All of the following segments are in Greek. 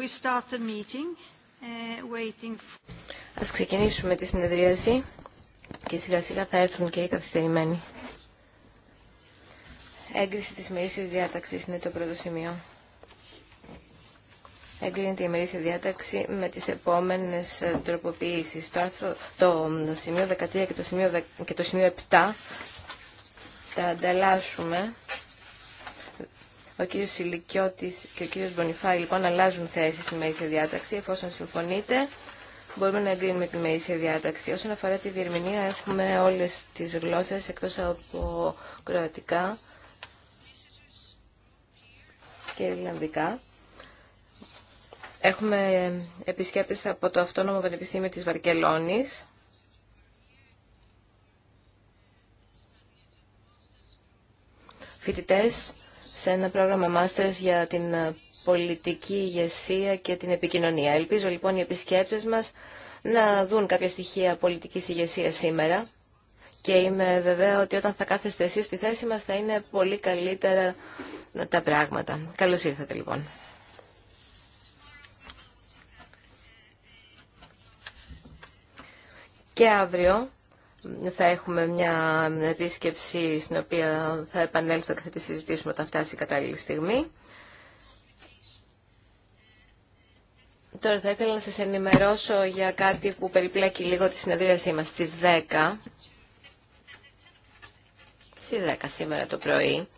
We uh, Ας ξεκινήσουμε τη συνεδρίαση και σιγά σιγά θα έρθουν και οι καθυστερημένοι. Έγκριση της μερίσης διάταξης είναι το πρώτο σημείο. Έγκρινεται η μερίση διάταξη με τις επόμενες ε, τροποποιήσεις. Το, άρθρο, το σημείο 13 και το σημείο, και το σημείο 7 τα ανταλλάσσουμε ο κύριος Σιλικιώτη και ο κύριος Μπονιφάη λοιπόν αλλάζουν θέση στη μέση διάταξη. Εφόσον συμφωνείτε, μπορούμε να εγκρίνουμε τη μέση διάταξη. Όσον αφορά τη διερμηνία, έχουμε όλε τι γλώσσε εκτό από κροατικά και ελληνικά. Έχουμε επισκέπτες από το Αυτόνομο Πανεπιστήμιο της Βαρκελόνης. Φοιτητές σε ένα πρόγραμμα Masters για την ε, πολιτική ηγεσία και την επικοινωνία. Ελπίζω λοιπόν οι επισκέπτες μας να δουν κάποια στοιχεία πολιτικής ηγεσία σήμερα και είμαι βεβαία ότι όταν θα κάθεστε εσείς στη θέση μας θα είναι πολύ καλύτερα τα πράγματα. Καλώς ήρθατε λοιπόν. Και αύριο θα έχουμε μια επίσκεψη στην οποία θα επανέλθω και θα τη συζητήσουμε όταν φτάσει η κατάλληλη στιγμή. Τώρα θα ήθελα να σας ενημερώσω για κάτι που περιπλέκει λίγο τη συνεδρίασή μας στις 10. Στις 10 σήμερα το πρωί.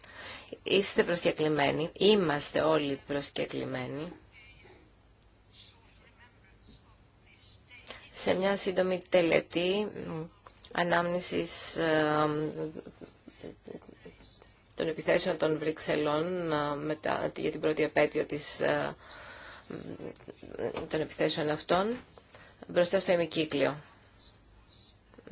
Είστε προσκεκλημένοι. Είμαστε όλοι προσκεκλημένοι. Σε μια σύντομη τελετή ανάμνησης των επιθέσεων των Βρυξελών ε, μετά, για την πρώτη επέτειο ε, των επιθέσεων αυτών μπροστά στο ημικύκλιο.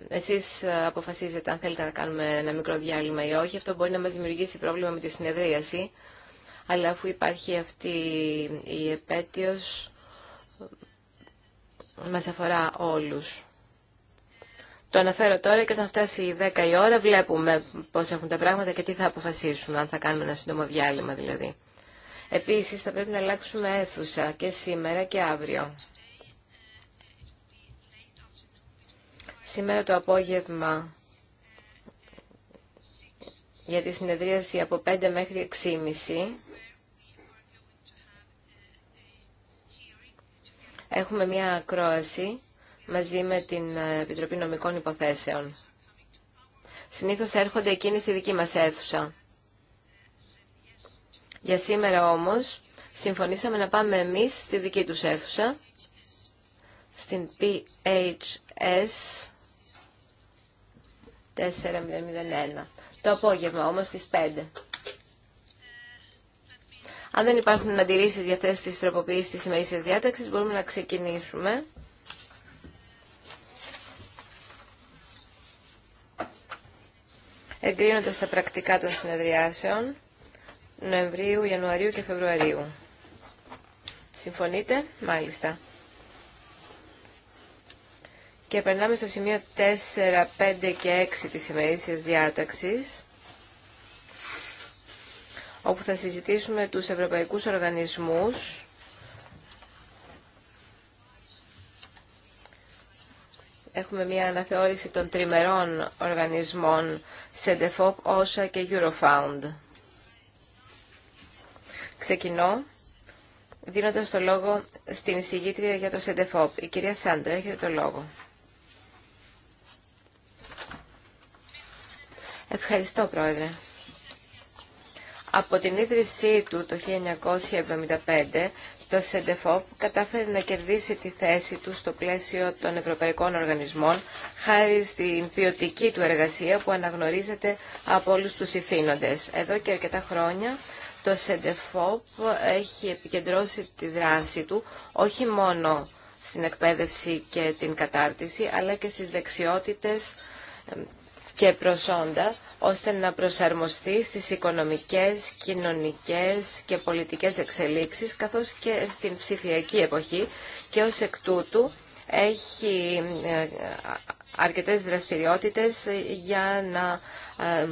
Εσείς ε, αποφασίζετε αν θέλετε να κάνουμε ένα μικρό διάλειμμα ή όχι. Αυτό μπορεί να μας δημιουργήσει πρόβλημα με τη συνεδρίαση. Αλλά αφού υπάρχει αυτή η επέτειος, μας αφορά όλους. Το αναφέρω τώρα και όταν φτάσει η 10 η ώρα βλέπουμε πώς έχουν τα πράγματα και τι θα αποφασίσουμε, αν θα κάνουμε ένα σύντομο διάλειμμα δηλαδή. Επίσης θα πρέπει να αλλάξουμε αίθουσα και σήμερα και αύριο. Σήμερα το απόγευμα για τη συνεδρίαση από 5 μέχρι 6.30 έχουμε μια ακρόαση μαζί με την ε, Επιτροπή Νομικών Υποθέσεων. Συνήθως έρχονται εκείνοι στη δική μας αίθουσα. Για σήμερα όμως συμφωνήσαμε να πάμε εμείς στη δική τους αίθουσα, στην PHS 4001. Το απόγευμα όμως στις 5. Αν δεν υπάρχουν αντιρρήσεις για αυτές τις τροποποιήσεις της σημερινής διάταξης, μπορούμε να ξεκινήσουμε. Εγκρίνοντας τα πρακτικά των συνεδριάσεων Νοεμβρίου, Ιανουαρίου και Φεβρουαρίου. Συμφωνείτε? Μάλιστα. Και περνάμε στο σημείο 4, 5 και 6 της ημερήσιας διάταξης, όπου θα συζητήσουμε τους ευρωπαϊκούς οργανισμούς Έχουμε μια αναθεώρηση των τριμερών οργανισμών ΣΕΝΤΕΦΟΠ, OSHA και Eurofound. Ξεκινώ δίνοντας το λόγο στην εισηγήτρια για το ΣΕΝΤΕΦΟΠ. Η κυρία Σάντρα, έχετε το λόγο. Ευχαριστώ, Πρόεδρε. Από την ίδρυσή του το 1975, το ΣΕΝΤΕΦΟΠ κατάφερε να κερδίσει τη θέση του στο πλαίσιο των ευρωπαϊκών οργανισμών χάρη στην ποιοτική του εργασία που αναγνωρίζεται από όλους τους ηθήνοντες. Εδώ και αρκετά χρόνια το ΣΕΝΤΕΦΟΠ έχει επικεντρώσει τη δράση του όχι μόνο στην εκπαίδευση και την κατάρτιση αλλά και στις δεξιότητες και προσόντα ώστε να προσαρμοστεί στις οικονομικές, κοινωνικές και πολιτικές εξελίξεις καθώς και στην ψηφιακή εποχή και ως εκ τούτου έχει ε, αρκετές δραστηριότητες για να ε,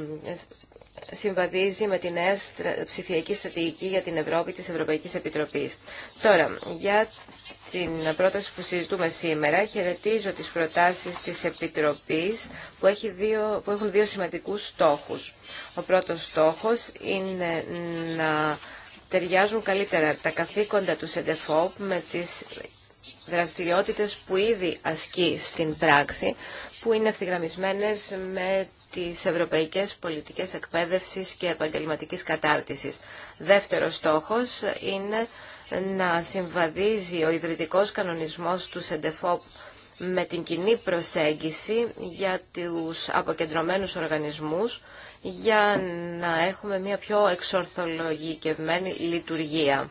συμβαδίζει με τη νέα ψηφιακή στρατηγική για την Ευρώπη της Ευρωπαϊκής Επιτροπής. Τώρα, για στην πρόταση που συζητούμε σήμερα χαιρετίζω τις προτάσεις της Επιτροπής που, έχει δύο, που έχουν δύο σημαντικούς στόχους. Ο πρώτος στόχος είναι να ταιριάζουν καλύτερα τα καθήκοντα του ΣΕΝΤΕΦΟΠ με τις δραστηριότητες που ήδη ασκεί στην πράξη, που είναι ευθυγραμμισμένες με τις ευρωπαϊκές πολιτικές εκπαίδευσης και επαγγελματικής κατάρτισης. Δεύτερος στόχος είναι να συμβαδίζει ο ιδρυτικός κανονισμός του ΣΕΝΤΕΦΟΠ με την κοινή προσέγγιση για τους αποκεντρωμένους οργανισμούς για να έχουμε μια πιο εξορθολογικευμένη λειτουργία.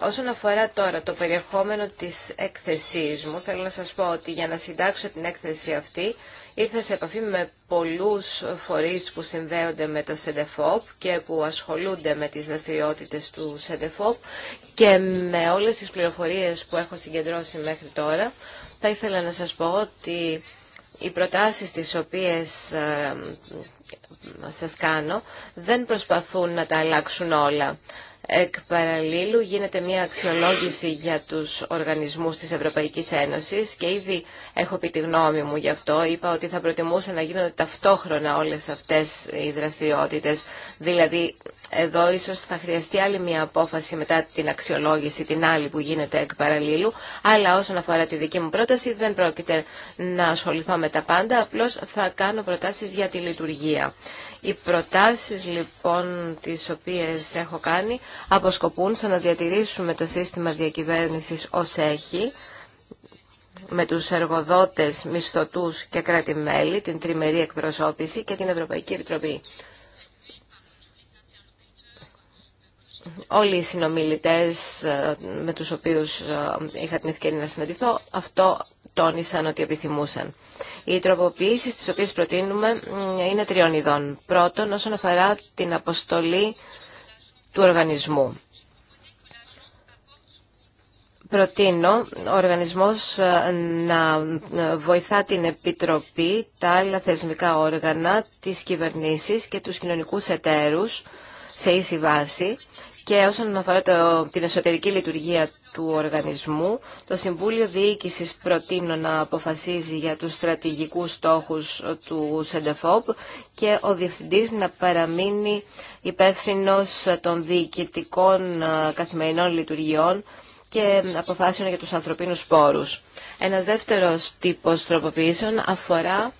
Όσον αφορά τώρα το περιεχόμενο της έκθεσής μου, θέλω να σας πω ότι για να συντάξω την έκθεση αυτή ήρθα σε επαφή με πολλούς φορείς που συνδέονται με το ΣΕΝΤΕΦΟΠ και που ασχολούνται με τις δραστηριότητες του ΣΕΝΤΕΦΟΠ και με όλες τις πληροφορίες που έχω συγκεντρώσει μέχρι τώρα, θα ήθελα να σας πω ότι οι προτάσεις τις οποίες ε, σας κάνω δεν προσπαθούν να τα αλλάξουν όλα. Εκ παραλλήλου γίνεται μια αξιολόγηση για τους οργανισμούς της Ευρωπαϊκής Ένωσης και ήδη έχω πει τη γνώμη μου γι' αυτό. Είπα ότι θα προτιμούσα να γίνονται ταυτόχρονα όλες αυτές οι δραστηριότητες, δηλαδή εδώ ίσως θα χρειαστεί άλλη μια απόφαση μετά την αξιολόγηση, την άλλη που γίνεται εκ παραλίλου, αλλά όσον αφορά τη δική μου πρόταση δεν πρόκειται να ασχοληθώ με τα πάντα, απλώς θα κάνω προτάσεις για τη λειτουργία. Οι προτάσεις λοιπόν τις οποίες έχω κάνει αποσκοπούν στο να διατηρήσουμε το σύστημα διακυβέρνησης ως έχει, με τους εργοδότες, μισθωτούς και κράτη-μέλη, την τριμερή εκπροσώπηση και την Ευρωπαϊκή Επιτροπή. όλοι οι συνομιλητές ε, με τους οποίους ε, είχα την ευκαιρία να συναντηθώ, αυτό τόνισαν ότι επιθυμούσαν. Οι τροποποιήσεις τις οποίες προτείνουμε ε, είναι τριών ειδών. Πρώτον, όσον αφορά την αποστολή του οργανισμού. Προτείνω ο οργανισμός να βοηθά την Επιτροπή, τα άλλα θεσμικά όργανα, τις κυβερνήσεις και τους κοινωνικούς εταίρους σε ίση βάση και όσον αφορά την εσωτερική λειτουργία του οργανισμού, το Συμβούλιο Διοίκησης προτείνω να αποφασίζει για τους στρατηγικούς στόχους του ΣΕΝΤΕΦΟΠ και ο Διευθυντής να παραμείνει υπεύθυνο των διοικητικών ε, καθημερινών λειτουργιών και αποφάσεων για τους ανθρωπίνους πόρους. Ένας δεύτερος τύπος τροποποιήσεων αφορά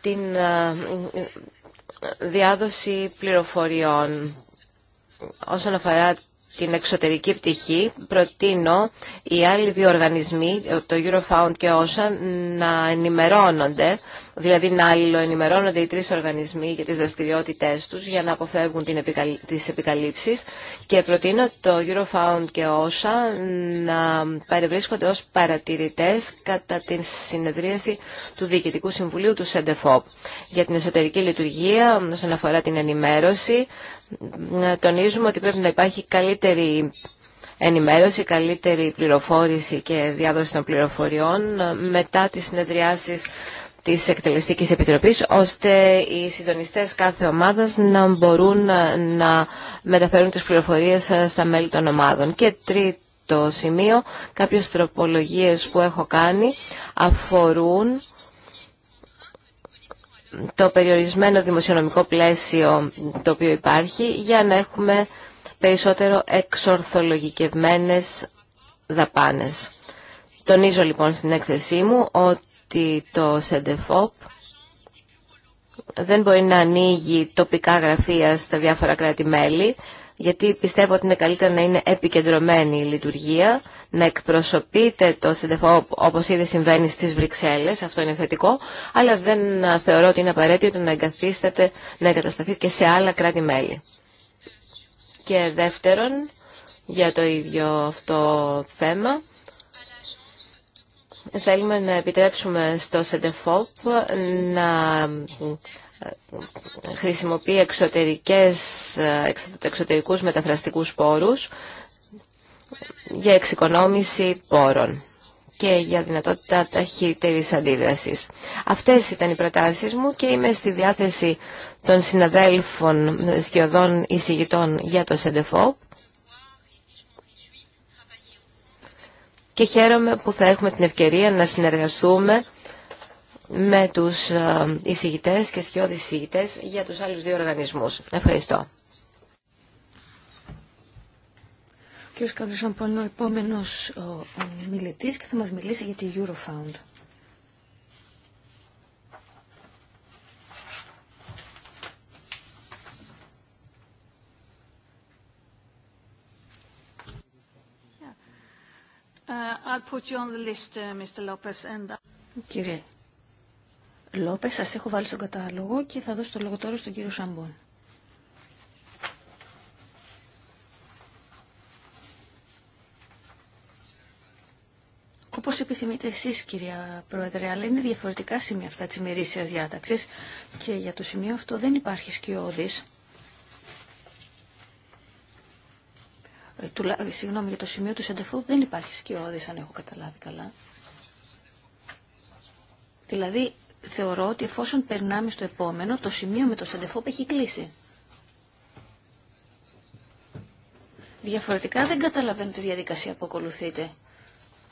την ε, ε, διάδοση πληροφοριών όσον αφορά την εξωτερική πτυχή, προτείνω οι άλλοι δύο οργανισμοί, το Eurofound και όσα, να ενημερώνονται, δηλαδή να ενημερώνονται οι τρεις οργανισμοί για τις δραστηριότητές τους για να αποφεύγουν την τις επικαλύψεις και προτείνω το Eurofound και όσα να παρευρίσκονται ως παρατηρητές κατά την συνεδρίαση του Διοικητικού Συμβουλίου του ΣΕΝΤΕΦΟΠ για την εσωτερική λειτουργία όσον αφορά την ενημέρωση τονίζουμε ότι πρέπει να υπάρχει καλύτερη ενημέρωση, καλύτερη πληροφόρηση και διάδοση των πληροφοριών μετά τις συνεδριάσεις της Εκτελεστικής Επιτροπής, ώστε οι συντονιστές κάθε ομάδας να μπορούν να μεταφέρουν τις πληροφορίες στα μέλη των ομάδων. Και τρίτο σημείο, κάποιες τροπολογίες που έχω κάνει αφορούν το περιορισμένο δημοσιονομικό πλαίσιο το οποίο υπάρχει για να έχουμε περισσότερο εξορθολογικευμένες δαπάνες. Τονίζω λοιπόν στην έκθεσή μου ότι το ΣΕΝΤΕΦΟΠ δεν μπορεί να ανοίγει τοπικά γραφεία στα διάφορα κράτη-μέλη γιατί πιστεύω ότι είναι καλύτερα να είναι επικεντρωμένη η λειτουργία, να εκπροσωπείται το ΣΕΝΤΕΦΟΠ όπως ήδη συμβαίνει στις Βρυξέλλες, αυτό είναι θετικό, αλλά δεν θεωρώ ότι είναι απαραίτητο να, εγκαθίσταται, να εγκατασταθεί και σε άλλα κράτη-μέλη. Και δεύτερον, για το ίδιο αυτό θέμα, θέλουμε να επιτρέψουμε στο ΣΕΝΤΕΦΟΠ να χρησιμοποιεί εξωτερικές, εξωτερικούς μεταφραστικούς πόρους για εξοικονόμηση πόρων και για δυνατότητα ταχύτερης αντίδρασης. Αυτές ήταν οι προτάσεις μου και είμαι στη διάθεση των συναδέλφων σκιωδών εισηγητών για το ΣΕΝΤΕΦΟΠ και χαίρομαι που θα έχουμε την ευκαιρία να συνεργαστούμε με τους ε, εισηγητές και σκιώδεις εισηγητές για τους άλλους δύο οργανισμούς. Ευχαριστώ. Ο κ. Καρλίσαν Πόλνο, ο μιλητής και θα μας μιλήσει για τη Eurofound. Uh, I'll put you on the list, uh, Mr. Lopez, and... Uh, Κύριε Λόπε, σα έχω βάλει στον κατάλογο και θα δώσω το λόγο τώρα στον κύριο Σαμπόν. Όπω επιθυμείτε εσεί, κυρία Πρόεδρε, αλλά είναι διαφορετικά σημεία αυτά τη ημερήσια διάταξη. και για το σημείο αυτό δεν υπάρχει σκιώδη. Ε, ε, συγγνώμη, για το σημείο του Σεντεφού δεν υπάρχει σκιώδη, αν έχω καταλάβει καλά. Δηλαδή, θεωρώ ότι εφόσον περνάμε στο επόμενο, το σημείο με το ΣΕΝΤΕΦΟΠ έχει κλείσει. Διαφορετικά δεν καταλαβαίνω τη διαδικασία που ακολουθείτε.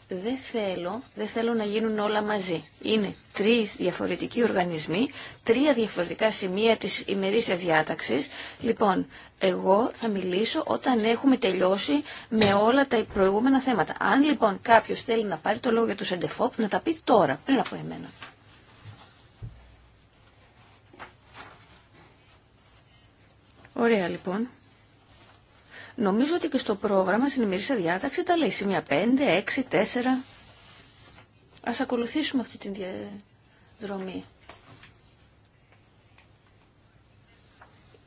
Δεν θέλω, δεν θέλω να γίνουν όλα μαζί. Είναι τρεις διαφορετικοί οργανισμοί, τρία διαφορετικά σημεία της ημερήσια διάταξης. Λοιπόν, εγώ θα μιλήσω όταν έχουμε τελειώσει με όλα τα προηγούμενα θέματα. Αν λοιπόν κάποιος θέλει να πάρει το λόγο για το ΣΕΝΤΕΦΟΠ, να τα πει τώρα, πριν από εμένα. Ωραία λοιπόν. Νομίζω ότι και στο πρόγραμμα στην ημερήσια διάταξη τα λέει σημεία 5, 6, 4. Ας ακολουθήσουμε αυτή τη διαδρομή.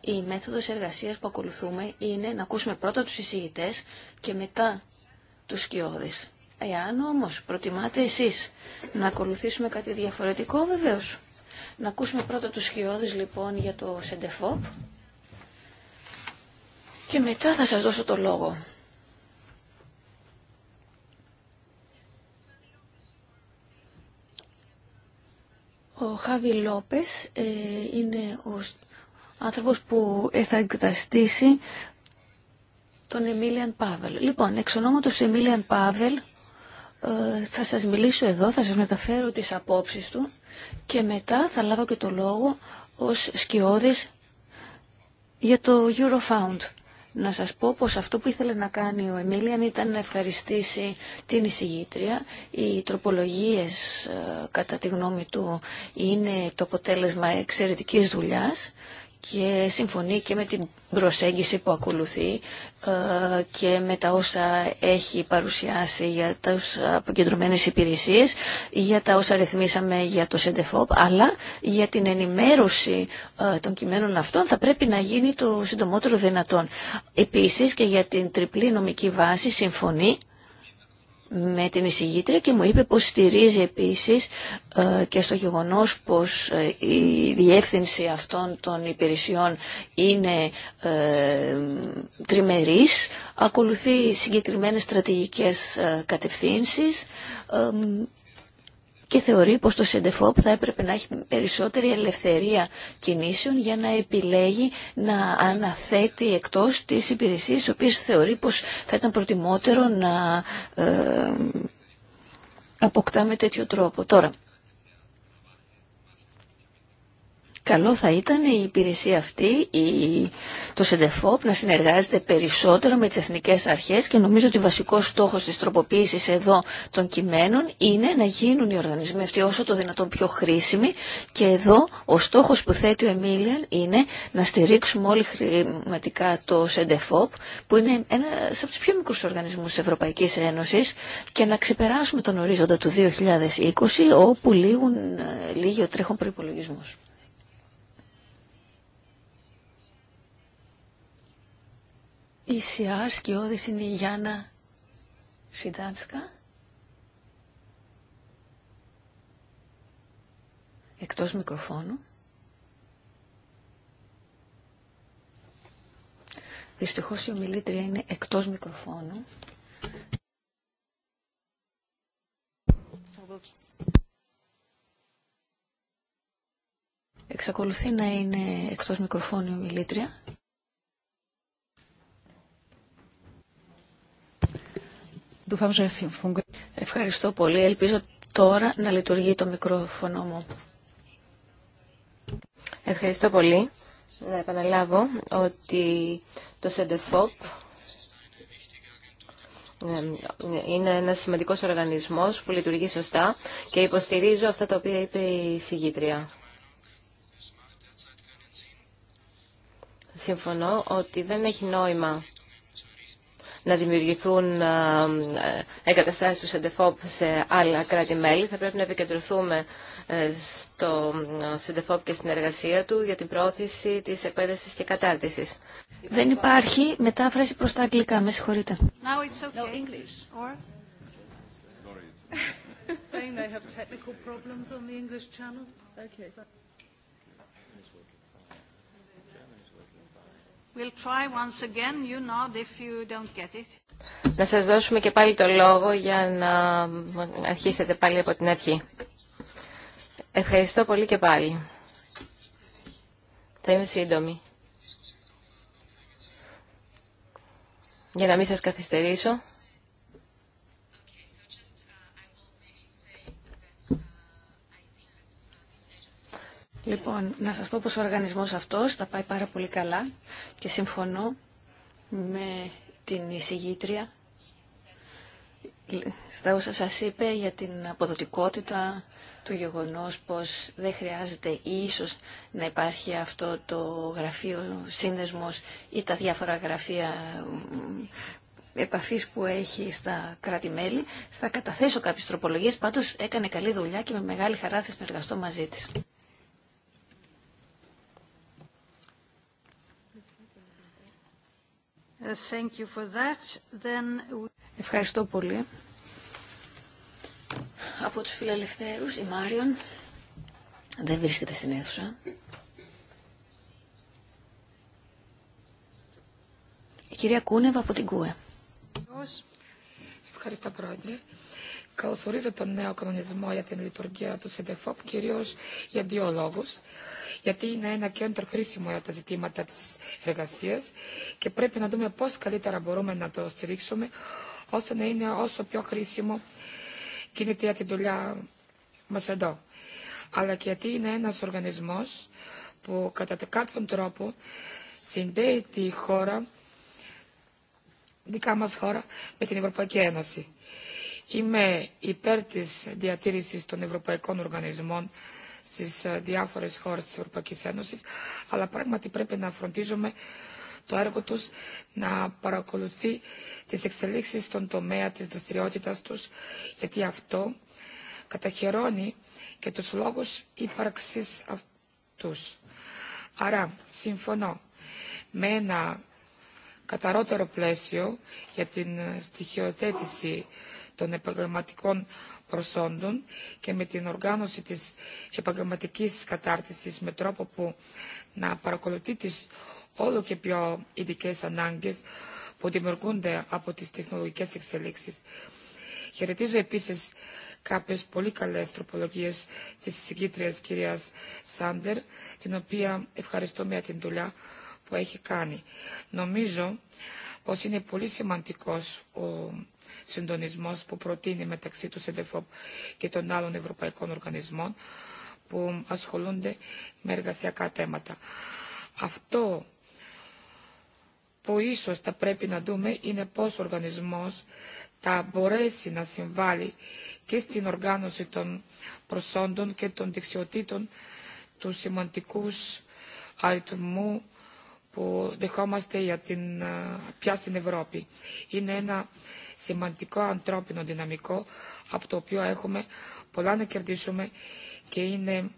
Η μέθοδος εργασίας που ακολουθούμε είναι να ακούσουμε πρώτα τους εισηγητές και μετά τους σκιώδες. Εάν όμως προτιμάτε εσείς να ακολουθήσουμε κάτι διαφορετικό βεβαίως. Να ακούσουμε πρώτα τους σκιώδες λοιπόν για το Σεντεφόπ και μετά θα σας δώσω το λόγο. Ο Χάβι Λόπες ε, είναι ο άνθρωπος που θα εγκαταστήσει τον Εμίλιαν Πάβελ. Λοιπόν, εξ ονόματος Εμίλιαν Πάβελ ε, θα σας μιλήσω εδώ, θα σας μεταφέρω τις απόψεις του και μετά θα λάβω και το λόγο ως σκιώδης για το Eurofound. Να σας πω πως αυτό που ήθελε να κάνει ο Εμίλιαν ήταν να ευχαριστήσει την εισηγήτρια. Οι τροπολογίες, ε, κατά τη γνώμη του, είναι το αποτέλεσμα εξαιρετικής δουλειάς και συμφωνεί και με την προσέγγιση που ακολουθεί ε, και με τα όσα έχει παρουσιάσει για τα αποκεντρωμένες υπηρεσίες, για τα όσα ρυθμίσαμε για το ΣΕΝΤΕΦΟΠ, αλλά για την ενημέρωση ε, των κειμένων αυτών θα πρέπει να γίνει το συντομότερο δυνατόν. Επίσης και για την τριπλή νομική βάση συμφωνεί με την εισηγήτρια και μου είπε πως στηρίζει επίσης ε, και στο γεγονός πως ε, η διεύθυνση αυτών των υπηρεσιών είναι ε, τριμερής, ακολουθεί συγκεκριμένες στρατηγικές κατευθύνσεις και θεωρεί πως το ΣΕΝΤΕΦΟΠ θα έπρεπε να έχει περισσότερη ελευθερία κινήσεων για να επιλέγει να αναθέτει εκτός τις υπηρεσίες τις θεωρεί πως θα ήταν προτιμότερο να ε, αποκτά με τέτοιο τρόπο. Τώρα, Καλό θα ήταν η υπηρεσία αυτή, η, το ΣΕΝΤΕΦΟΠ, να συνεργάζεται περισσότερο με τις εθνικές αρχές και νομίζω ότι βασικός στόχος της τροποποίησης εδώ των κειμένων είναι να γίνουν οι οργανισμοί αυτοί όσο το δυνατόν πιο χρήσιμοι και εδώ ο στόχος που θέτει ο Εμίλιαν είναι να στηρίξουμε όλοι χρηματικά το ΣΕΝΤΕΦΟΠ που είναι ένα από τους πιο μικρού οργανισμού της Ευρωπαϊκής Ένωσης και να ξεπεράσουμε τον ορίζοντα του 2020 όπου λίγουν ε, λήγει ο τρέχον προπολογισμό. Η ΣΙΑ όδης είναι η Γιάννα Σιντάτσκα. Εκτός μικροφώνου. Δυστυχώς η ομιλήτρια είναι εκτός μικροφώνου. Εξακολουθεί να είναι εκτός μικροφώνου η ομιλήτρια. Ευχαριστώ πολύ. Ελπίζω τώρα να λειτουργεί το μικρόφωνο μου. Ευχαριστώ πολύ. Να επαναλάβω ότι το ΣΕΝΤΕΦΟΠ ε, είναι ένας σημαντικός οργανισμός που λειτουργεί σωστά και υποστηρίζω αυτά τα οποία είπε η συγγήτρια. Συμφωνώ ότι δεν έχει νόημα να δημιουργηθούν ε, ε, εγκαταστάσεις του ΣΕΝΤΕΦΟΠ σε άλλα κράτη-μέλη. Θα πρέπει να επικεντρωθούμε ε, στο ΣΕΝΤΕΦΟΠ και στην εργασία του για την πρόθεση της εκπαίδευσης και κατάρτισης. Δεν υπάρχει μετάφραση προς τα αγγλικά. Με συγχωρείτε. Okay. We'll try Να σας δώσουμε και πάλι το λόγο για να αρχίσετε πάλι από την αρχή. Ευχαριστώ πολύ και πάλι. Θα είμαι σύντομη. Για να μην σας καθυστερήσω. Λοιπόν, να σας πω πως ο οργανισμός αυτός θα πάει πάρα πολύ καλά και συμφωνώ με την εισηγήτρια στα όσα σας είπε για την αποδοτικότητα του γεγονός πως δεν χρειάζεται ίσως να υπάρχει αυτό το γραφείο σύνδεσμος ή τα διάφορα γραφεία επαφής που έχει στα κράτη-μέλη. Θα καταθέσω κάποιες τροπολογίες, πάντως έκανε καλή δουλειά και με μεγάλη χαρά θα συνεργαστώ μαζί της. Uh, Ευχαριστώ πολύ. Από τους φιλελευθέρους, η Μάριον δεν βρίσκεται στην αίθουσα. Η κυρία Κούνεβα από την ΚΟΕ. Ευχαριστώ πρόεδρε. Καλωσορίζω τον νέο κανονισμό για την λειτουργία του ΣΕΔΕΦΟΠ κυρίως για δύο λόγους. Γιατί είναι ένα κέντρο χρήσιμο για τα ζητήματα της και πρέπει να δούμε πώς καλύτερα μπορούμε να το στηρίξουμε ώστε να είναι όσο πιο χρήσιμο κινητή για την δουλειά μας εδώ. Αλλά γιατί είναι ένας οργανισμός που κατά κάποιον τρόπο συνδέει τη χώρα, δικά μας χώρα, με την Ευρωπαϊκή Ένωση. Είμαι υπέρ της διατήρησης των ευρωπαϊκών οργανισμών στις ε, διάφορες χώρες της Ευρωπαϊκής Ένωσης, αλλά πράγματι πρέπει να φροντίζουμε το έργο τους να παρακολουθεί τις εξελίξεις στον τομέα της δραστηριότητας τους, γιατί αυτό καταχαιρώνει και τους λόγους ύπαρξης αυτούς. Άρα, συμφωνώ με ένα καταρότερο πλαίσιο για την στοιχειοθέτηση των επαγγελματικών προσόντων και με την οργάνωση της επαγγελματικής κατάρτισης με τρόπο που να παρακολουθεί τις όλο και πιο ειδικέ ανάγκες που δημιουργούνται από τις τεχνολογικές εξελίξεις. Χαιρετίζω επίσης κάποιες πολύ καλές τροπολογίες της συγκήτριας κυρίας Σάντερ, την οποία ευχαριστώ για την δουλειά που έχει κάνει. Νομίζω πως είναι πολύ σημαντικός ο Συντονισμό που προτείνει μεταξύ του ΣΕΝΤΕΦΟΠ και των άλλων ευρωπαϊκών οργανισμών που ασχολούνται με εργασιακά θέματα. Αυτό που ίσως θα πρέπει να δούμε είναι πώς ο οργανισμός θα μπορέσει να συμβάλλει και στην οργάνωση των προσόντων και των δεξιοτήτων του σημαντικού αριθμού που δεχόμαστε για την, πια στην Ευρώπη. Είναι ένα σημαντικό ανθρώπινο δυναμικό από το οποίο έχουμε πολλά να κερδίσουμε και είναι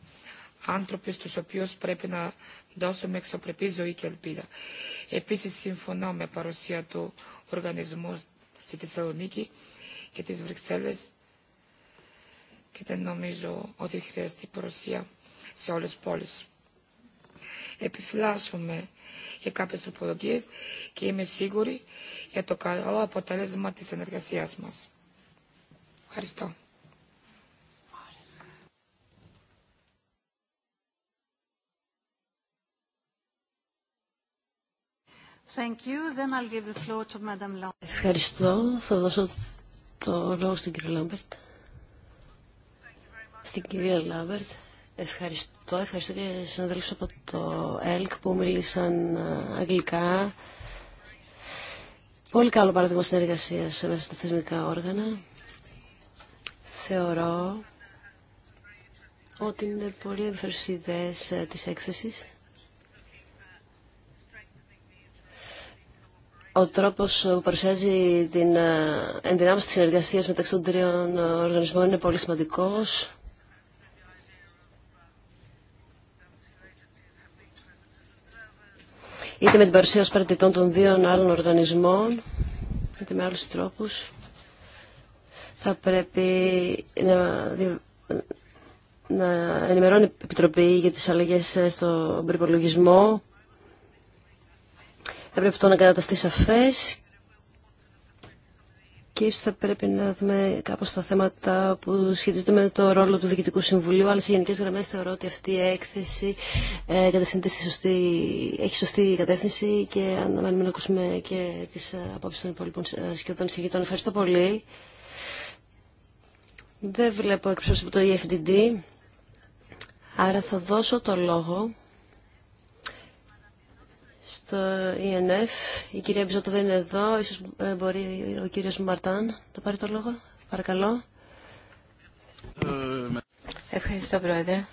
άνθρωποι στους οποίους πρέπει να δώσουμε εξωπρεπή ζωή και ελπίδα. Επίσης συμφωνώ με παρουσία του οργανισμού στη Θεσσαλονίκη και τις Βρυξέλλες και δεν νομίζω ότι χρειάζεται παρουσία σε όλες τις πόλεις. Επιφυλάσσουμε για κάποιες τροπολογίες και είμαι σίγουρη για το καλό αποτέλεσμα της ενεργασίας μας. Ευχαριστώ. Thank you. Then I'll give the floor to Ευχαριστώ. Θα δώσω το λόγο στην κυρία Λάμπερτ. Στην κυρία Λάμπερτ. Ευχαριστώ. Ευχαριστώ και συναδέλφους από το ΕΛΚ που μίλησαν ε, αγγλικά. Πολύ καλό παράδειγμα συνεργασία μέσα στα θεσμικά όργανα. Θεωρώ ότι είναι πολύ ενδιαφέρουσε ιδέε ε, τη έκθεση. Ο τρόπος που παρουσιάζει την ε, ενδυνάμωση της συνεργασία μεταξύ των τριών ε, οργανισμών είναι πολύ σημαντικός. είτε με την παρουσία ως παρατητών των δύο άλλων οργανισμών, είτε με άλλους τρόπους, θα πρέπει να, να ενημερώνει η Επιτροπή για τις αλλαγές ε, στον προπολογισμό. Θα πρέπει αυτό να καταταστεί σαφές και ίσως θα πρέπει να δούμε κάπως τα θέματα που σχετίζονται με το ρόλο του Διοικητικού Συμβουλίου, αλλά σε γενικές γραμμές θεωρώ ότι αυτή η έκθεση ε, κατευθύνεται στη σωστή, έχει σωστή κατεύθυνση και αναμένουμε να ακούσουμε και τις ε, απόψεις των υπόλοιπων ε, σχεδόν συγκεκριτών. Ευχαριστώ πολύ. Δεν βλέπω εκπρόσωπο το EFDD, ε άρα θα δώσω το λόγο στο ΕΝΕΦ, e Η κυρία Μπιζότο δεν είναι εδώ. Ίσως ε, μπορεί ο κύριος Μαρτάν να πάρει το λόγο. Παρακαλώ. Ευχαριστώ, Πρόεδρε.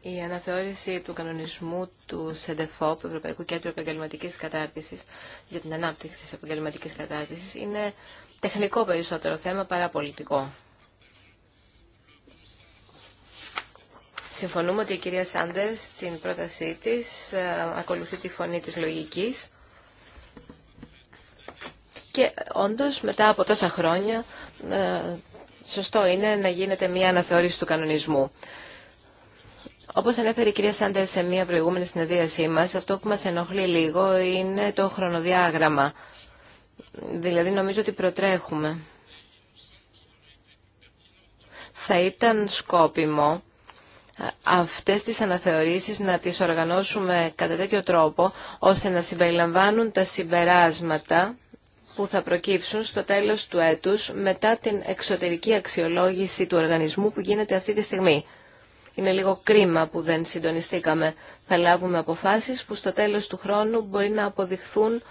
Η αναθεώρηση του κανονισμού του ΣΕΝΤΕΦΟΠ, Ευρωπαϊκού Κέντρου Επαγγελματική Κατάρτισης για την ανάπτυξη της επαγγελματική Κατάρτισης, είναι τεχνικό περισσότερο θέμα παρά πολιτικό. Συμφωνούμε ότι η κυρία Σάντερ στην πρότασή της ε, ακολουθεί τη φωνή της λογικής και όντως μετά από τόσα χρόνια ε, σωστό είναι να γίνεται μια αναθεώρηση του κανονισμού. Όπω ανέφερε η κυρία Σάντερ σε μια προηγούμενη συνεδρίασή μα, αυτό που μα ενοχλεί λίγο είναι το χρονοδιάγραμμα. Δηλαδή, νομίζω ότι προτρέχουμε. Θα ήταν σκόπιμο αυτές τις αναθεωρήσεις να τις οργανώσουμε κατά τέτοιο τρόπο ώστε να συμπεριλαμβάνουν τα συμπεράσματα που θα προκύψουν στο τέλος του έτους μετά την εξωτερική αξιολόγηση του οργανισμού που γίνεται αυτή τη στιγμή. Είναι λίγο κρίμα που δεν συντονιστήκαμε. Θα λάβουμε αποφάσεις που στο τέλος του χρόνου μπορεί να αποδειχθούν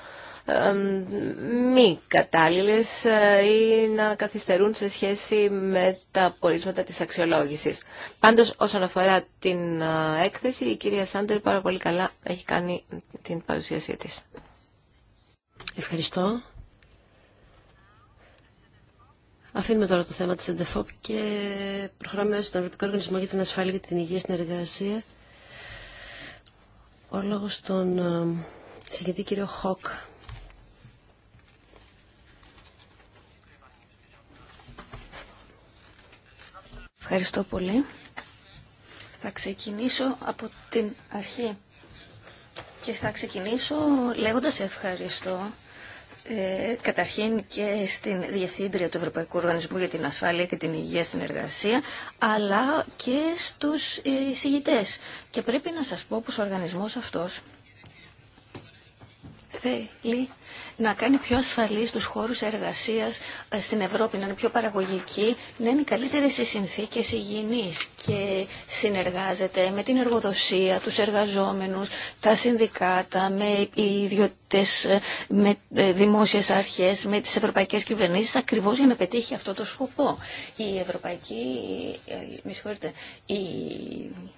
μη κατάλληλες ε, ή να καθυστερούν σε σχέση με τα πορίσματα της αξιολόγησης. Πάντως, όσον αφορά την ε, έκθεση, η κυρία Σάντερ πάρα πολύ καλά έχει κάνει την παρουσίασή της. Ευχαριστώ. Αφήνουμε τώρα το θέμα της ΕΝΤΕΦΟΠ και προχωράμε στον Ευρωπαϊκό Οργανισμό για την Ασφάλεια και την Υγεία στην Εργασία. Ο λόγος των ε, συγκεκριτή κύριο Χοκ. Ευχαριστώ πολύ. Θα ξεκινήσω από την αρχή και θα ξεκινήσω λέγοντας ευχαριστώ ε, καταρχήν και στην Διευθύντρια του Ευρωπαϊκού Οργανισμού για την Ασφάλεια και την Υγεία στην Εργασία, αλλά και στους ε, εισηγητές. Και πρέπει να σας πω πως ο οργανισμός αυτός θέλει να κάνει πιο ασφαλή τους χώρους εργασίας ε, στην Ευρώπη, να είναι πιο παραγωγική, να είναι καλύτερη σε συνθήκες υγιεινής και συνεργάζεται με την εργοδοσία, τους εργαζόμενους, τα συνδικάτα, με ιδιωτές, ε, με ε, δημόσιες αρχές, με τις ευρωπαϊκές κυβερνήσεις, ακριβώς για να πετύχει αυτό το σκοπό. Η Ευρωπαϊκή, η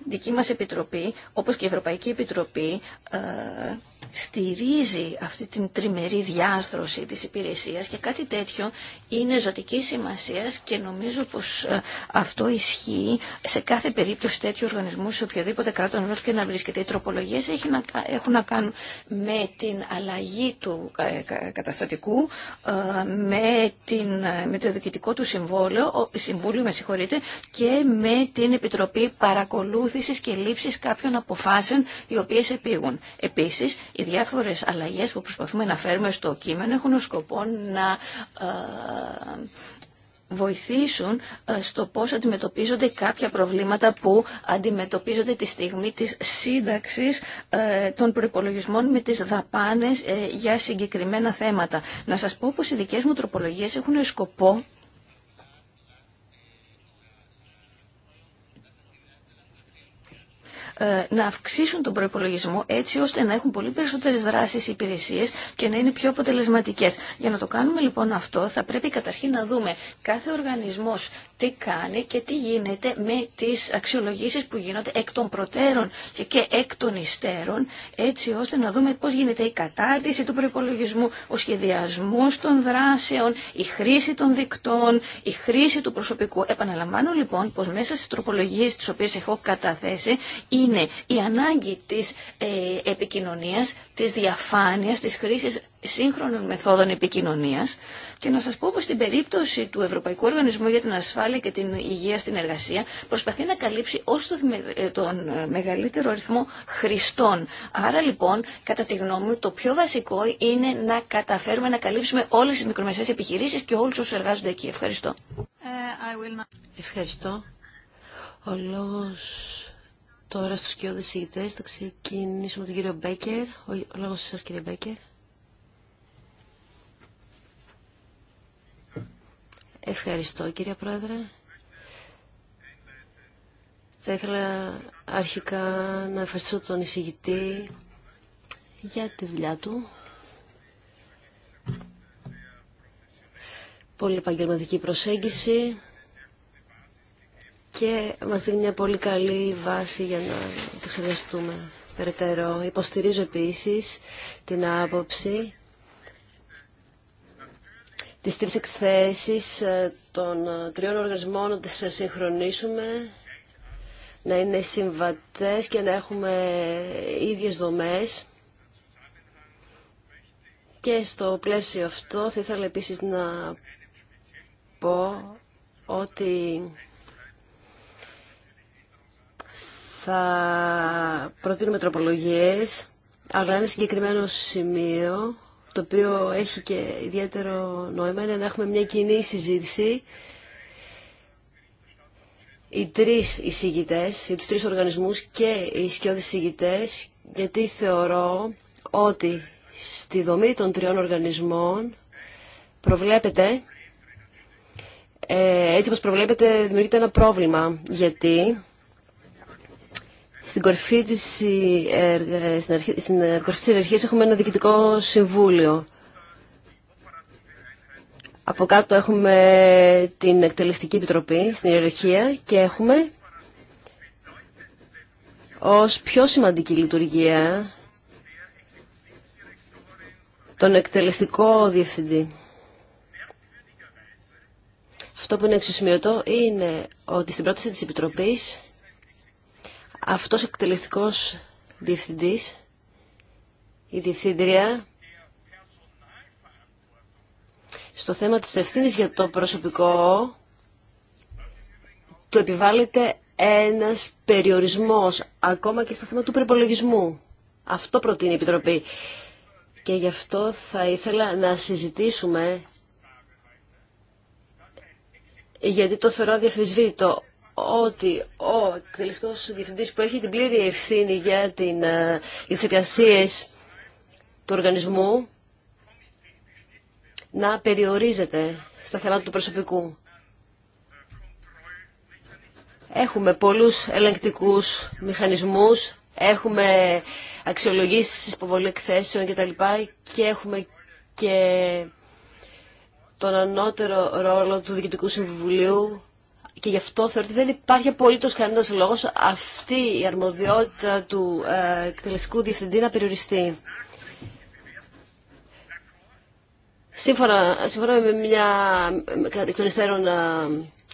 δική μας Επιτροπή, όπως και η Ευρωπαϊκή Επιτροπή, στηρίζει αυτή την τριμερή διάρθρωση της υπηρεσίας και κάτι τέτοιο είναι ζωτική σημασία και νομίζω πως ε, αυτό ισχύει σε κάθε περίπτωση τέτοιου οργανισμού σε οποιοδήποτε κράτος και να βρίσκεται. Οι τροπολογίες έχουν να κάνουν με την αλλαγή του ε, καταστατικού, ε, με, την, με το διοικητικό του συμβόλαιο, συμβούλιο με και με την Επιτροπή Παρακολούθησης και Λήψης κάποιων αποφάσεων οι οποίες επήγουν. Επίσης, οι διάφορες αλλαγές που προσπαθούμε να φέρουμε στο κείμενο έχουν ως σκοπό να ε, βοηθήσουν ε, στο πώς αντιμετωπίζονται κάποια προβλήματα που αντιμετωπίζονται τη στιγμή της σύνταξης ε, των προϋπολογισμών με τις δαπάνες για συγκεκριμένα θέματα. Να σας πω πως οι δικές μου τροπολογίες έχουν σκοπό Ε, να αυξήσουν τον προπολογισμό έτσι ώστε να έχουν πολύ περισσότερες δράσεις υπηρεσίε και να είναι πιο αποτελεσματικές. Για να το κάνουμε λοιπόν αυτό θα πρέπει καταρχήν να δούμε κάθε οργανισμός τι κάνει και τι γίνεται με τις αξιολογήσεις που γίνονται εκ των προτέρων και, και εκ των υστέρων, έτσι ώστε να δούμε πώς γίνεται η κατάρτιση του προπολογισμού, ο σχεδιασμός των δράσεων, η χρήση των δικτών, η χρήση του προσωπικού. Επαναλαμβάνω λοιπόν πως μέσα στις τροπολογίες τις οποίες έχω καταθέσει είναι η ανάγκη της ε, επικοινωνίας της διαφάνειας, της χρήσης σύγχρονων μεθόδων επικοινωνίας και να σας πω πως στην περίπτωση του Ευρωπαϊκού Οργανισμού για την Ασφάλεια και την Υγεία στην Εργασία προσπαθεί να καλύψει ως το, ε, τον ε, μεγαλύτερο αριθμό χρηστών. Άρα λοιπόν, κατά τη γνώμη μου, το πιο βασικό είναι να καταφέρουμε να καλύψουμε όλες τις μικρομεσαίες επιχειρήσεις και όλους όσους εργάζονται εκεί. Ευχαριστώ. Ε, Τώρα στους κοιόδες ηγητές θα ξεκινήσουμε τον κύριο Μπέκερ. Ο, ο λόγος σας κύριε Μπέκερ. Ευχαριστώ κύριε Πρόεδρε. Θα ήθελα αρχικά να ευχαριστήσω τον εισηγητή για τη δουλειά του. Πολύ επαγγελματική προσέγγιση και μας δίνει μια πολύ καλή βάση για να εξεργαστούμε περαιτέρω. Υποστηρίζω επίσης την άποψη της τρεις εκθέσεις ε, των ε, τριών οργανισμών να τις συγχρονίσουμε, να είναι συμβατές και να έχουμε ίδιες δομές. Και στο πλαίσιο αυτό θα ήθελα επίσης να πω ότι θα προτείνουμε τροπολογίες, αλλά ένα συγκεκριμένο σημείο, το οποίο έχει και ιδιαίτερο νόημα, είναι να έχουμε μια κοινή συζήτηση. Οι τρεις εισηγητές, οι τους τρεις οργανισμούς και οι σκιώδεις εισηγητές, γιατί θεωρώ ότι στη δομή των τριών οργανισμών προβλέπεται, ε, έτσι όπως προβλέπεται, δημιουργείται ένα πρόβλημα, γιατί στην κορφή της, ε, στην ε, της έχουμε ένα διοικητικό συμβούλιο. Από κάτω έχουμε την εκτελεστική επιτροπή στην ιεραρχία και έχουμε ως πιο σημαντική λειτουργία τον εκτελεστικό διευθυντή. Αυτό που είναι εξωσημειωτό είναι ότι στην πρόταση της Επιτροπής αυτός ο εκτελεστικός διευθυντής, η διευθύντρια, στο θέμα της ευθύνης για το προσωπικό, του επιβάλλεται ένας περιορισμός, ακόμα και στο θέμα του προπολογισμού. Αυτό προτείνει η Επιτροπή. Και γι' αυτό θα ήθελα να συζητήσουμε, γιατί το θεωρώ διαφυσβήτο, ότι ο εκτελεστικό διευθυντή που έχει την πλήρη ευθύνη για, την, ε, εργασίε του οργανισμού να περιορίζεται στα θέματα του προσωπικού. Έχουμε πολλούς ελεγκτικούς μηχανισμούς, έχουμε αξιολογήσεις, υποβολή εκθέσεων κτλ. και έχουμε και τον ανώτερο ρόλο του Διοικητικού Συμβουλίου και γι' αυτό θεωρώ ότι δεν υπάρχει απολύτω κανένα λόγο αυτή η αρμοδιότητα του ε, εκτελεστικού διευθυντή να περιοριστεί. Σύμφωνα, σύμφωνα με μια εκ των υστέρων ε,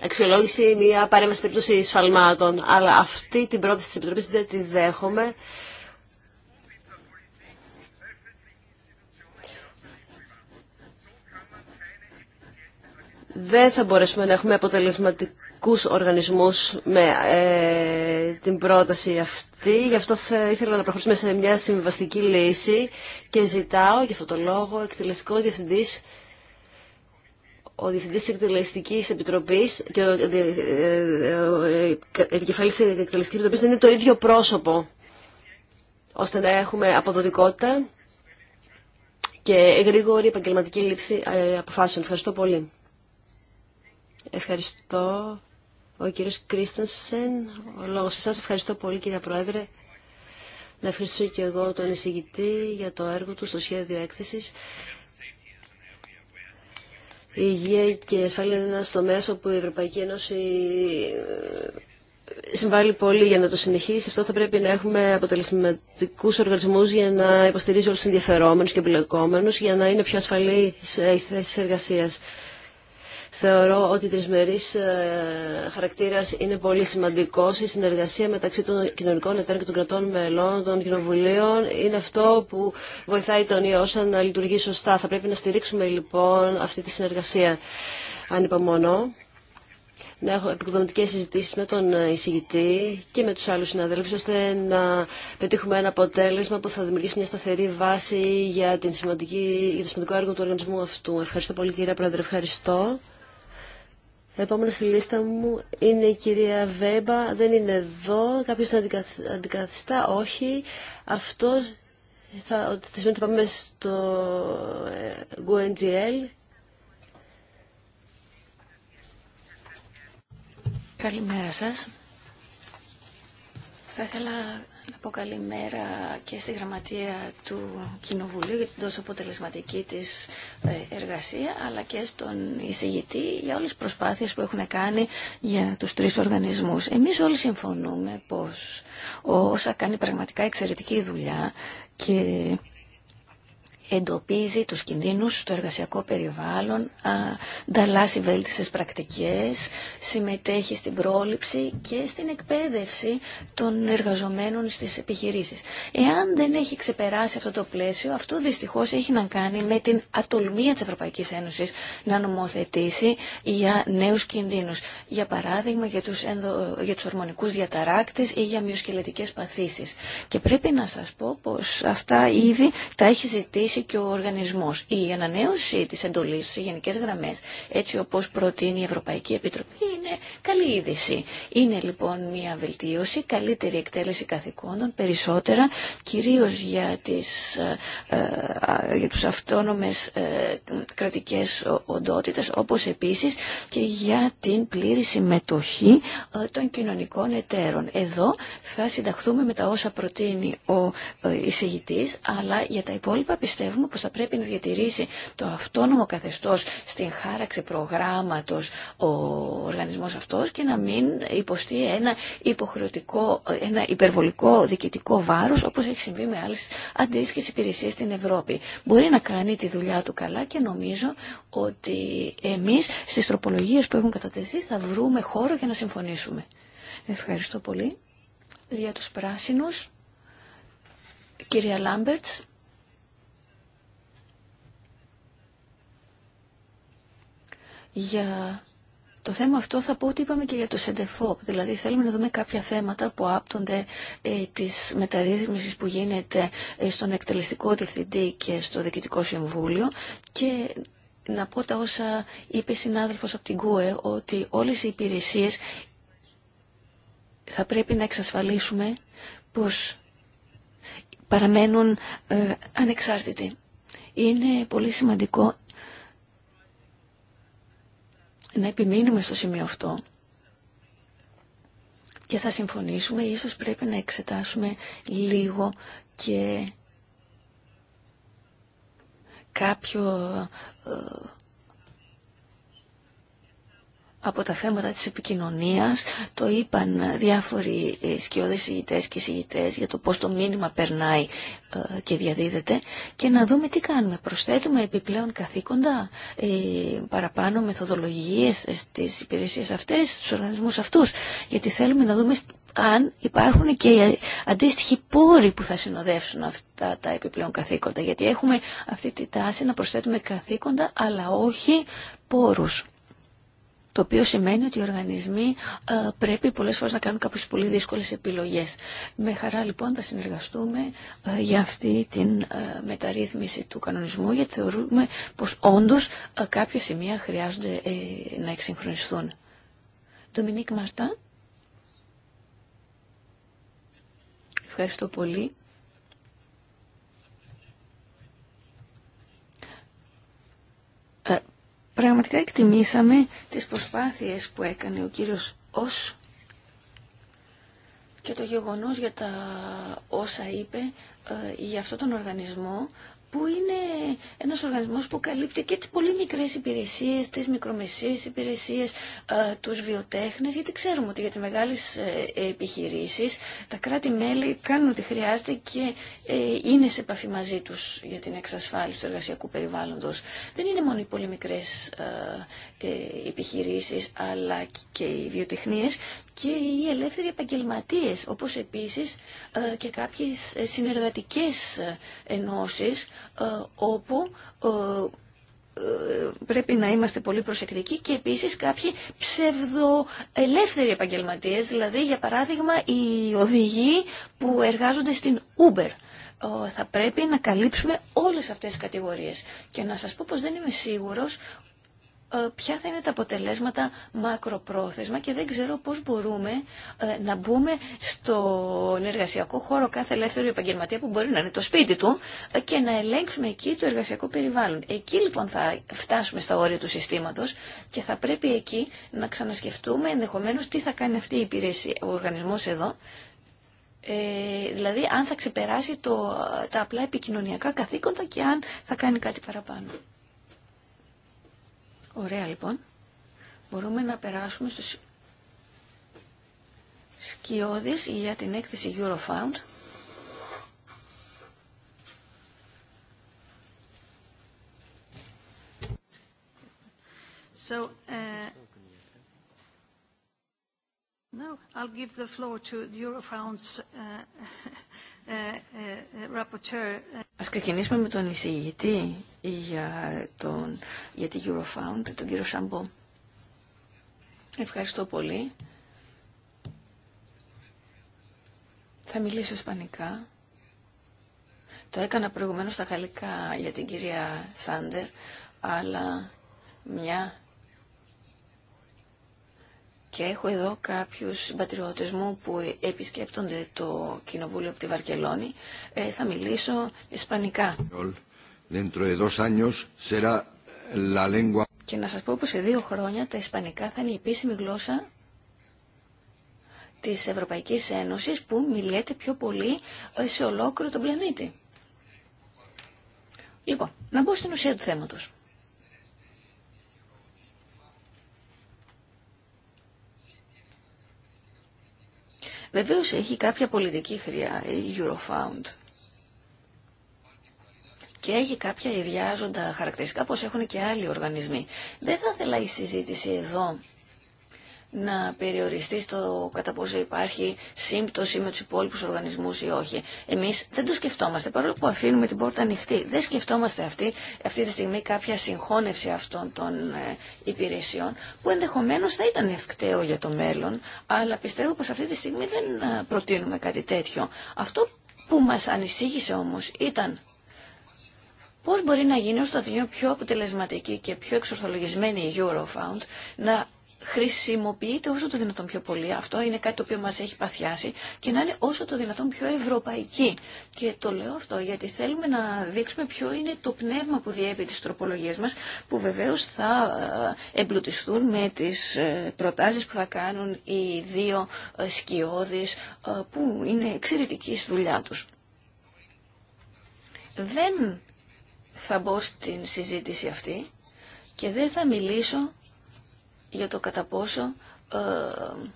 αξιολόγηση, μια παρέμβαση περίπτωση σφαλμάτων, αλλά αυτή την πρόταση τη επιτροπή δεν τη δέχομαι. δεν θα μπορέσουμε να έχουμε αποτελεσματικό θεσμικούς οργανισμούς με ε, την πρόταση αυτή. Γι' αυτό θα ήθελα να προχωρήσουμε σε μια συμβαστική λύση και ζητάω, για αυτό το λόγο, εκτελεστικό διευθυντής ο Διευθυντή τη Εκτελεστική Επιτροπή και ο ε, ε, ε, Επικεφαλή τη Εκτελεστική Επιτροπή δεν είναι το ίδιο πρόσωπο, ώστε να έχουμε αποδοτικότητα και γρήγορη επαγγελματική λήψη αποφάσεων. Ευχαριστώ πολύ. Ευχαριστώ. Ο κύριος Κρίστανσεν, ο λόγος σας. Ευχαριστώ πολύ κύριε Πρόεδρε. Να ευχαριστήσω και εγώ τον εισηγητή για το έργο του στο σχέδιο έκθεσης. Η υγεία και η ασφάλεια είναι ένας τομέας όπου η Ευρωπαϊκή Ένωση ε, συμβάλλει πολύ για να το συνεχίσει. Αυτό θα πρέπει να έχουμε αποτελεσματικούς οργανισμούς για να υποστηρίζει όλους τους ενδιαφερόμενους και εμπλεκόμενους, για να είναι πιο ασφαλή η ε, θέση εργασίας. Θεωρώ ότι η τρισμερής ε, χαρακτήρα είναι πολύ σημαντικό. Η συνεργασία μεταξύ των κοινωνικών εταίρων και των κρατών μελών, των κοινοβουλίων, είναι αυτό που βοηθάει τον ΙΟΣΑ να λειτουργεί σωστά. Θα πρέπει να στηρίξουμε λοιπόν αυτή τη συνεργασία. Ανυπομονώ να έχω επικοδομητικές συζητήσεις με τον ε, εισηγητή και με τους άλλους συναδέλφους, ώστε να πετύχουμε ένα αποτέλεσμα που θα δημιουργήσει μια σταθερή βάση για, την σημαντική, για το σημαντικό έργο του οργανισμού αυτού. Ευχαριστώ πολύ κύριε Πρόεδρε, ευχαριστώ. Επόμενο στη λίστα μου είναι η κυρία Βέμπα. Δεν είναι εδώ. Κάποιος την αντικαθιστά. Όχι. Αυτό θα, θα σημαίνει ότι πάμε στο GUNGL. Ε, Καλημέρα σας. Θα ήθελα πω καλημέρα και στη γραμματεία του Κοινοβουλίου για την τόσο αποτελεσματική της ε, εργασία, αλλά και στον εισηγητή για όλες τις προσπάθειες που έχουν κάνει για τους τρεις οργανισμούς. Εμείς όλοι συμφωνούμε πως όσα κάνει πραγματικά εξαιρετική δουλειά και εντοπίζει τους κινδύνους στο εργασιακό περιβάλλον, ανταλλάσσει βέλτιστες πρακτικές, συμμετέχει στην πρόληψη και στην εκπαίδευση των εργαζομένων στις επιχειρήσεις. Εάν δεν έχει ξεπεράσει αυτό το πλαίσιο, αυτό δυστυχώς έχει να κάνει με την ατολμία της Ευρωπαϊκής Ένωσης να νομοθετήσει για νέους κινδύνους. Για παράδειγμα, για τους, ενδο... για τους ορμονικούς διαταράκτες ή για μυοσκελετικές παθήσεις. Και πρέπει να σας πω πως αυτά ήδη τα έχει ζητήσει και ο οργανισμό. Η ανανέωση της εντολής σε γενικέ γραμμές, έτσι όπως προτείνει η Ευρωπαϊκή Επιτροπή, είναι καλή είδηση. Είναι λοιπόν μια βελτίωση, καλύτερη εκτέλεση καθηκόντων, περισσότερα, κυρίως για, τις, ε, ε, για τους αυτόνομες ε, κρατικές οντότητες, όπως επίσης και για την πλήρη συμμετοχή των κοινωνικών εταίρων. Εδώ θα συνταχθούμε με τα όσα προτείνει ο εισηγητή, αλλά για τα υπόλοιπα πιστεύω πιστεύουμε πως θα πρέπει να διατηρήσει το αυτόνομο καθεστώς στην χάραξη προγράμματος ο οργανισμός αυτός και να μην υποστεί ένα υποχρεωτικό, ένα υπερβολικό διοικητικό βάρος όπως έχει συμβεί με άλλες αντίστοιχες υπηρεσίες στην Ευρώπη. Μπορεί να κάνει τη δουλειά του καλά και νομίζω ότι εμείς στις τροπολογίες που έχουν κατατεθεί θα βρούμε χώρο για να συμφωνήσουμε. Ευχαριστώ πολύ. Για τους πράσινους, κυρία Λάμπερτς. Για το θέμα αυτό θα πω ότι είπαμε και για το ΣΕΝΤΕΦΟΠ. Δηλαδή θέλουμε να δούμε κάποια θέματα που άπτονται ε, της μεταρρύθμισης που γίνεται ε, στον εκτελεστικό διευθυντή και στο διοικητικό συμβούλιο και να πω τα όσα είπε συνάδελφος από την ΚΟΕ ότι όλες οι υπηρεσίες θα πρέπει να εξασφαλίσουμε πως παραμένουν ε, ανεξάρτητοι. Είναι πολύ σημαντικό να επιμείνουμε στο σημείο αυτό και θα συμφωνήσουμε. Ίσως πρέπει να εξετάσουμε λίγο και κάποιο ε, από τα θέματα της επικοινωνίας. Το είπαν διάφοροι σκιώδες συγητές και συγητές για το πώς το μήνυμα περνάει ε, και διαδίδεται και να δούμε τι κάνουμε. Προσθέτουμε επιπλέον καθήκοντα, ε, παραπάνω μεθοδολογίες ε, στις υπηρεσίες αυτές, στους οργανισμούς αυτούς, γιατί θέλουμε να δούμε αν υπάρχουν και οι αντίστοιχοι πόροι που θα συνοδεύσουν αυτά τα επιπλέον καθήκοντα. Γιατί έχουμε αυτή τη τάση να προσθέτουμε καθήκοντα, αλλά όχι πόρους. Το οποίο σημαίνει ότι οι οργανισμοί ε, πρέπει πολλές φορές να κάνουν κάποιες πολύ δύσκολες επιλογές. Με χαρά λοιπόν θα συνεργαστούμε ε, για αυτή την ε, μεταρρύθμιση του κανονισμού γιατί θεωρούμε πως όντως κάποια σημεία χρειάζονται να εξυγχρονιστούν. Ντομινίκ Μαρτά. Ευχαριστώ πολύ. Πραγματικά εκτιμήσαμε τις προσπάθειες που έκανε ο κύριος Ως και το γεγονός για τα όσα είπε ε, για αυτόν τον οργανισμό που είναι ένας οργανισμός που καλύπτει και τις πολύ μικρές υπηρεσίες, τις μικρομεσίες υπηρεσίες, ε, τους βιοτέχνες, γιατί ξέρουμε ότι για τις μεγάλες ε, επιχειρήσεις τα κράτη-μέλη κάνουν ό,τι χρειάζεται και ε, είναι σε επαφή μαζί τους για την εξασφάλιση του εργασιακού περιβάλλοντος. Δεν είναι μόνο οι πολύ μικρές επιχειρήσεις, αλλά και οι βιοτεχνίες και οι ελεύθεροι επαγγελματίες, όπως επίσης ε, και κάποιες ε, συνεργατικές ε, ενώσεις όπου πρέπει να είμαστε πολύ προσεκτικοί και επίσης κάποιοι ψευδοελεύθεροι επαγγελματίες, δηλαδή για παράδειγμα οι οδηγοί που εργάζονται στην Uber. Θα πρέπει να καλύψουμε όλες αυτές τις κατηγορίες. Και να σας πω πως δεν είμαι σίγουρος ε, ποια θα είναι τα αποτελέσματα μακροπρόθεσμα και δεν ξέρω πώς μπορούμε ε, να μπούμε στο εργασιακό χώρο κάθε ελεύθερη επαγγελματία που μπορεί να είναι το σπίτι του ε, και να ελέγξουμε εκεί το εργασιακό περιβάλλον. Εκεί λοιπόν θα φτάσουμε στα όρια του συστήματος και θα πρέπει εκεί να ξανασκεφτούμε ενδεχομένως τι θα κάνει αυτή η υπηρεσία, ο οργανισμός εδώ, ε, δηλαδή αν θα ξεπεράσει το, τα απλά επικοινωνιακά καθήκοντα και αν θα κάνει κάτι παραπάνω. Ωραία λοιπόν. Μπορούμε να περάσουμε στους σκιώδεις για την έκθεση Eurofound. So, uh, no, I'll give the floor to Eurofound's uh, ε, ε, ε, Ας ξεκινήσουμε με τον εισηγητή για, τον, για τη Eurofound, τον κύριο Σαμπό. Ευχαριστώ πολύ. Θα μιλήσω ισπανικά. Το έκανα προηγουμένως στα γαλλικά για την κυρία Σάντερ, αλλά μια και έχω εδώ κάποιους συμπατριώτες μου που επισκέπτονται το κοινοβούλιο από τη Βαρκελόνη. Ε, θα μιλήσω ισπανικά. Και να σας πω πως σε δύο χρόνια τα ισπανικά θα είναι η επίσημη γλώσσα της Ευρωπαϊκής Ένωσης που μιλιέται πιο πολύ ε, σε ολόκληρο τον πλανήτη. Λοιπόν, να μπω στην ουσία του θέματος. Βεβαίως έχει κάποια πολιτική χρειά, η Eurofound. Και έχει κάποια ιδιάζοντα χαρακτηριστικά, όπως έχουν και άλλοι οργανισμοί. Δεν θα ήθελα η συζήτηση εδώ να περιοριστεί στο κατά πόσο υπάρχει σύμπτωση με του υπόλοιπου οργανισμού ή όχι. Εμεί δεν το σκεφτόμαστε, παρόλο που αφήνουμε την πόρτα ανοιχτή. Δεν σκεφτόμαστε αυτή, αυτή τη στιγμή κάποια συγχώνευση αυτών των ε, υπηρεσιών, που ενδεχομένω θα ήταν ευκταίο για το μέλλον, αλλά πιστεύω πω αυτή τη στιγμή δεν ε, προτείνουμε κάτι τέτοιο. Αυτό που μα ανησύχησε όμω ήταν Πώς μπορεί να γίνει το Αθηνείο πιο αποτελεσματική και πιο εξορθολογισμένη η Eurofound να χρησιμοποιείται όσο το δυνατόν πιο πολύ. Αυτό είναι κάτι το οποίο μας έχει παθιάσει και να είναι όσο το δυνατόν πιο ευρωπαϊκή. Και το λέω αυτό γιατί θέλουμε να δείξουμε ποιο είναι το πνεύμα που διέπει τις τροπολογίες μας που βεβαίως θα ε, εμπλουτιστούν με τις ε, προτάσεις που θα κάνουν οι δύο ε, σκιώδεις που είναι εξαιρετικοί στη δουλειά τους. Δεν θα μπω στην συζήτηση αυτή και δεν θα μιλήσω για το κατά πόσο ε,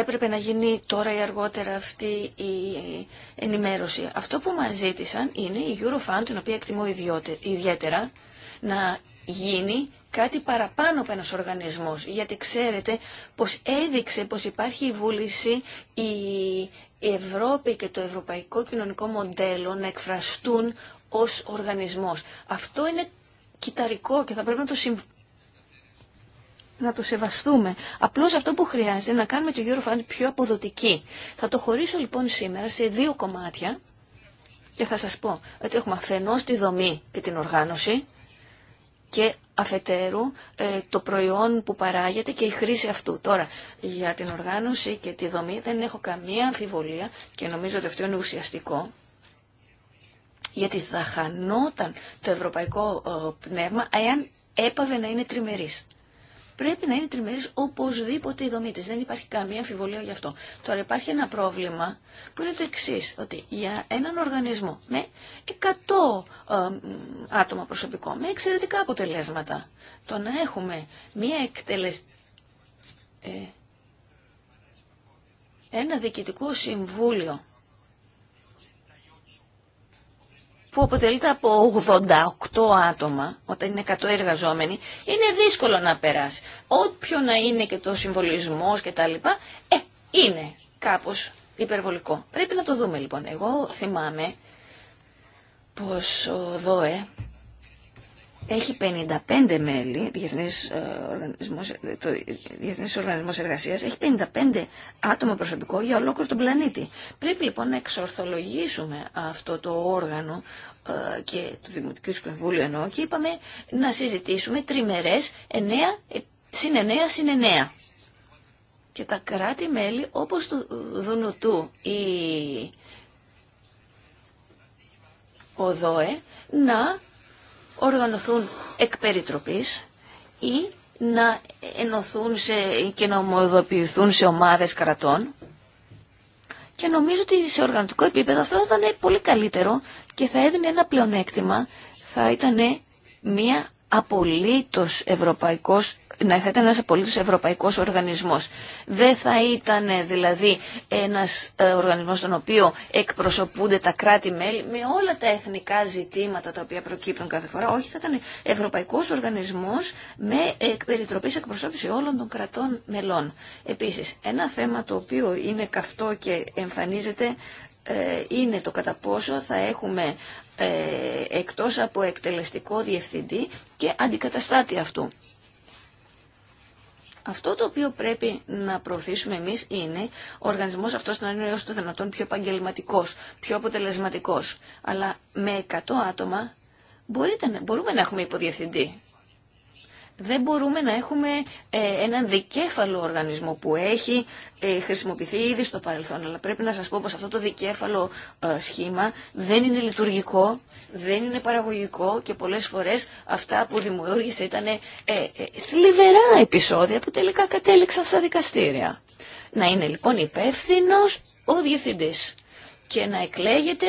έπρεπε να γίνει τώρα ή αργότερα αυτή η ενημέρωση. Αυτό που μας ζήτησαν είναι η Eurofund, την οποία εκτιμώ ιδιαίτερα, να γίνει κάτι παραπάνω από ένας οργανισμός. Γιατί ξέρετε πως έδειξε πως υπάρχει η βούληση, η, Ευρώπη και το ευρωπαϊκό κοινωνικό μοντέλο να εκφραστούν ως οργανισμός. Αυτό είναι κυταρικό και θα πρέπει να το να το σεβαστούμε. Απλώς αυτό που χρειάζεται είναι να κάνουμε το Eurofund πιο αποδοτική. Θα το χωρίσω λοιπόν σήμερα σε δύο κομμάτια και θα σας πω ότι έχουμε αφενός τη δομή και την οργάνωση και αφετέρου ε, το προϊόν που παράγεται και η χρήση αυτού. Τώρα, για την οργάνωση και τη δομή δεν έχω καμία αμφιβολία και νομίζω ότι αυτό είναι ουσιαστικό γιατί θα χανόταν το ευρωπαϊκό ε, πνεύμα εάν έπαβε να είναι τριμερής πρέπει να είναι τριμερής οπωσδήποτε η δομή τη. Δεν υπάρχει καμία αμφιβολία γι' αυτό. Τώρα υπάρχει ένα πρόβλημα που είναι το εξή ότι για έναν οργανισμό με 100 ε, άτομα προσωπικό, με εξαιρετικά αποτελέσματα, το να έχουμε μία εκτελεσ... Ε, ένα διοικητικό συμβούλιο που αποτελείται από 88 άτομα, όταν είναι 100 εργαζόμενοι, είναι δύσκολο να περάσει. Όποιο να είναι και το συμβολισμός και τα λοιπά, ε, είναι κάπως υπερβολικό. Πρέπει να το δούμε λοιπόν. Εγώ θυμάμαι πως ο ΔΟΕ έχει 55 μέλη, διεθνής, ε, το Διεθνής Οργανισμός Εργασίας, έχει 55 άτομα προσωπικό για ολόκληρο τον πλανήτη. Πρέπει λοιπόν να εξορθολογήσουμε αυτό το όργανο ε, και το Δημοτικό Συμβούλιο, ενώ και είπαμε να συζητήσουμε τριμερές 9, ε, συν 9 συν 9. Και τα κράτη-μέλη όπως του Δουνουτού η... ο ΔΟΕ να οργανωθούν εκ περιτροπής ή να ενωθούν σε, και να ομοδοποιηθούν σε ομάδες κρατών. Και νομίζω ότι σε οργανωτικό επίπεδο αυτό θα ήταν πολύ καλύτερο και θα έδινε ένα πλεονέκτημα, θα ήταν μια απολύτως ευρωπαϊκός να θα ήταν ένας απολύτως ευρωπαϊκός οργανισμός. Δεν θα ήταν δηλαδή ένας ε, οργανισμός στον οποίο εκπροσωπούνται τα κράτη-μέλη με όλα τα εθνικά ζητήματα τα οποία προκύπτουν κάθε φορά. Όχι, θα ήταν ευρωπαϊκός οργανισμός με σε εκπροσώπηση όλων των κρατών μελών. Επίσης, ένα θέμα το οποίο είναι καυτό και εμφανίζεται ε, είναι το κατά πόσο θα έχουμε ε, εκτός από εκτελεστικό διευθυντή και αντικαταστάτη αυτού. Αυτό το οποίο πρέπει να προωθήσουμε εμείς είναι ο οργανισμός αυτός να είναι όσο το δυνατόν πιο επαγγελματικό, πιο αποτελεσματικός. Αλλά με 100 άτομα μπορείτε, μπορούμε να έχουμε υποδιευθυντή δεν μπορούμε να έχουμε ε, έναν δικέφαλο οργανισμό που έχει ε, χρησιμοποιηθεί ήδη στο παρελθόν. Αλλά πρέπει να σας πω πως αυτό το δικέφαλο ε, σχήμα δεν είναι λειτουργικό, δεν είναι παραγωγικό και πολλές φορές αυτά που δημιούργησε ήταν θλιβερά επεισόδια που τελικά κατέληξαν στα δικαστήρια. Να είναι λοιπόν υπεύθυνο ο διευθυντής και να εκλέγεται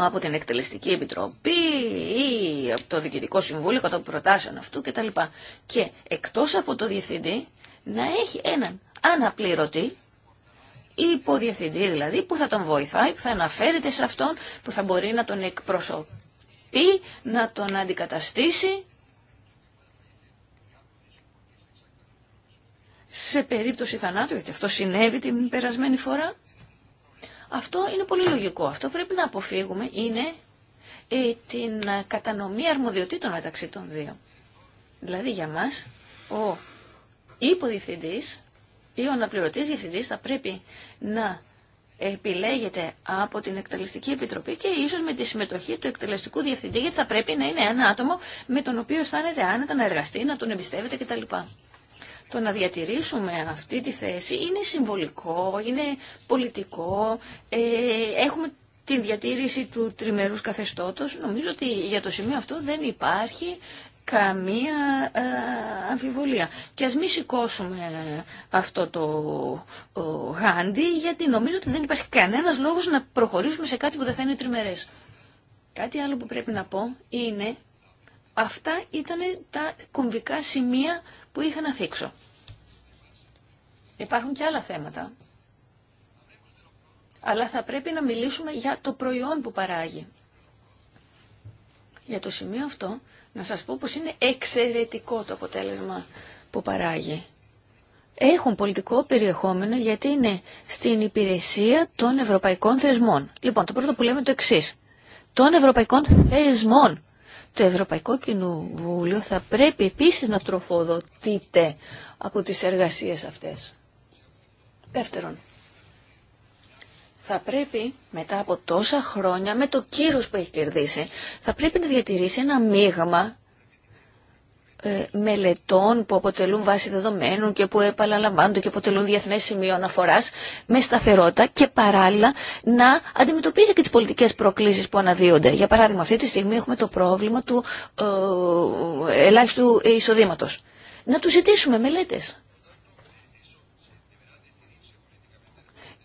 από την Εκτελεστική Επιτροπή ή από το Διοικητικό Συμβούλιο κατά προτάσεων αυτού κτλ. Και εκτός από το Διευθυντή να έχει έναν αναπληρωτή υποδιευθυντή δηλαδή που θα τον βοηθάει, που θα αναφέρεται σε αυτόν, που θα μπορεί να τον εκπροσωπεί, να τον αντικαταστήσει σε περίπτωση θανάτου, γιατί αυτό συνέβη την περασμένη φορά. Αυτό είναι πολύ λογικό. Αυτό πρέπει να αποφύγουμε είναι ε, την κατανομή αρμοδιοτήτων μεταξύ των δύο. Δηλαδή για μας ο υποδιευθυντής ή ο αναπληρωτής διευθυντής θα πρέπει να επιλέγεται από την Εκτελεστική Επιτροπή και ίσως με τη συμμετοχή του εκτελεστικού διευθυντή γιατί θα πρέπει να είναι ένα άτομο με τον οποίο αισθάνεται άνετα να εργαστεί, να τον εμπιστεύεται κτλ. Το να διατηρήσουμε αυτή τη θέση είναι συμβολικό, είναι πολιτικό. Ε, έχουμε την διατήρηση του τριμερούς καθεστώτος. Νομίζω ότι για το σημείο αυτό δεν υπάρχει καμία ε, αμφιβολία. Και ας μην σηκώσουμε αυτό το γάντι, γιατί νομίζω ότι δεν υπάρχει κανένας λόγος να προχωρήσουμε σε κάτι που δεν θα είναι τριμερές. Κάτι άλλο που πρέπει να πω είναι Αυτά ήταν τα κομβικά σημεία που είχα να θίξω. Υπάρχουν και άλλα θέματα. Αλλά θα πρέπει να μιλήσουμε για το προϊόν που παράγει. Για το σημείο αυτό, να σας πω πως είναι εξαιρετικό το αποτέλεσμα που παράγει. Έχουν πολιτικό περιεχόμενο γιατί είναι στην υπηρεσία των ευρωπαϊκών θεσμών. Λοιπόν, το πρώτο που λέμε είναι το εξή. Των ευρωπαϊκών θεσμών το Ευρωπαϊκό Κοινοβούλιο θα πρέπει επίσης να τροφοδοτείται από τις εργασίες αυτές. Δεύτερον, θα πρέπει μετά από τόσα χρόνια με το κύρος που έχει κερδίσει, θα πρέπει να διατηρήσει ένα μείγμα ε, μελετών που αποτελούν βάση δεδομένων και που επαναλαμβάνονται και αποτελούν διεθνέ σημείο αναφορά με σταθερότητα και παράλληλα να αντιμετωπίζει και τις πολιτικές προκλήσεις που αναδύονται. Για παράδειγμα, αυτή τη στιγμή έχουμε το πρόβλημα του ε, ελάχιστου εισοδήματος. Να του ζητήσουμε μελέτες.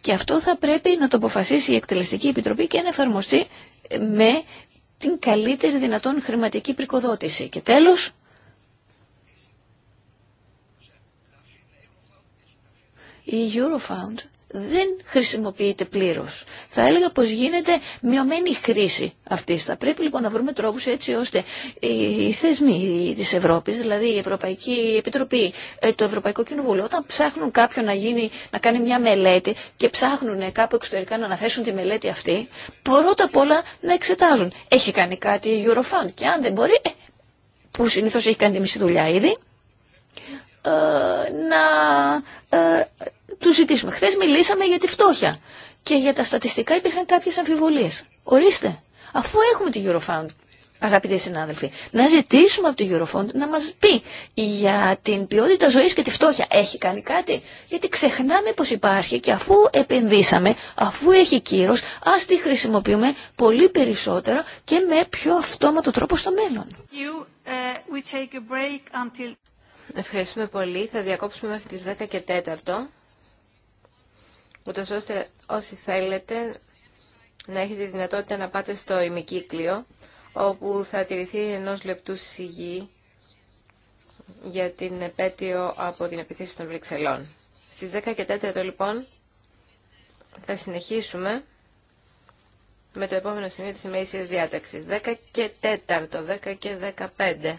Και αυτό θα πρέπει να το αποφασίσει η Εκτελεστική Επιτροπή και να εφαρμοστεί με την καλύτερη δυνατόν χρηματική πρικοδότηση. Και τέλος, η Eurofound δεν χρησιμοποιείται πλήρως. Θα έλεγα πως γίνεται μειωμένη χρήση αυτή. Θα πρέπει λοιπόν να βρούμε τρόπους έτσι ώστε οι θεσμοί της Ευρώπης, δηλαδή η Ευρωπαϊκή Επιτροπή, ε, το Ευρωπαϊκό Κοινοβούλιο, όταν ψάχνουν κάποιον να, γίνει, να κάνει μια μελέτη και ψάχνουν κάπου εξωτερικά να αναθέσουν τη μελέτη αυτή, πρώτα απ' όλα να εξετάζουν. Έχει κάνει κάτι η Eurofound και αν δεν μπορεί, ε, που συνήθως έχει κάνει τη μισή δουλειά ήδη, ε, να ε, του ζητήσουμε. Χθε μιλήσαμε για τη φτώχεια και για τα στατιστικά υπήρχαν κάποιες αμφιβολίες. Ορίστε, αφού έχουμε τη Eurofound, αγαπητοί συνάδελφοι, να ζητήσουμε από τη Eurofound να μας πει για την ποιότητα ζωής και τη φτώχεια. Έχει κάνει κάτι, γιατί ξεχνάμε πως υπάρχει και αφού επενδύσαμε, αφού έχει κύρος, ας τη χρησιμοποιούμε πολύ περισσότερο και με πιο αυτόματο τρόπο στο μέλλον. Ε, Ευχαριστούμε πολύ. Θα διακόψουμε μέχρι τις 10 και 4, ούτως ώστε όσοι θέλετε να έχετε δυνατότητα να πάτε στο ημικύκλιο, όπου θα τηρηθεί ενός λεπτού σιγή για την επέτειο από την επιθέση των Βρυξελών. Στις 10 και 4 λοιπόν θα συνεχίσουμε με το επόμενο σημείο της ημερήσιας διάταξης. 10 και 4, 10 και 15.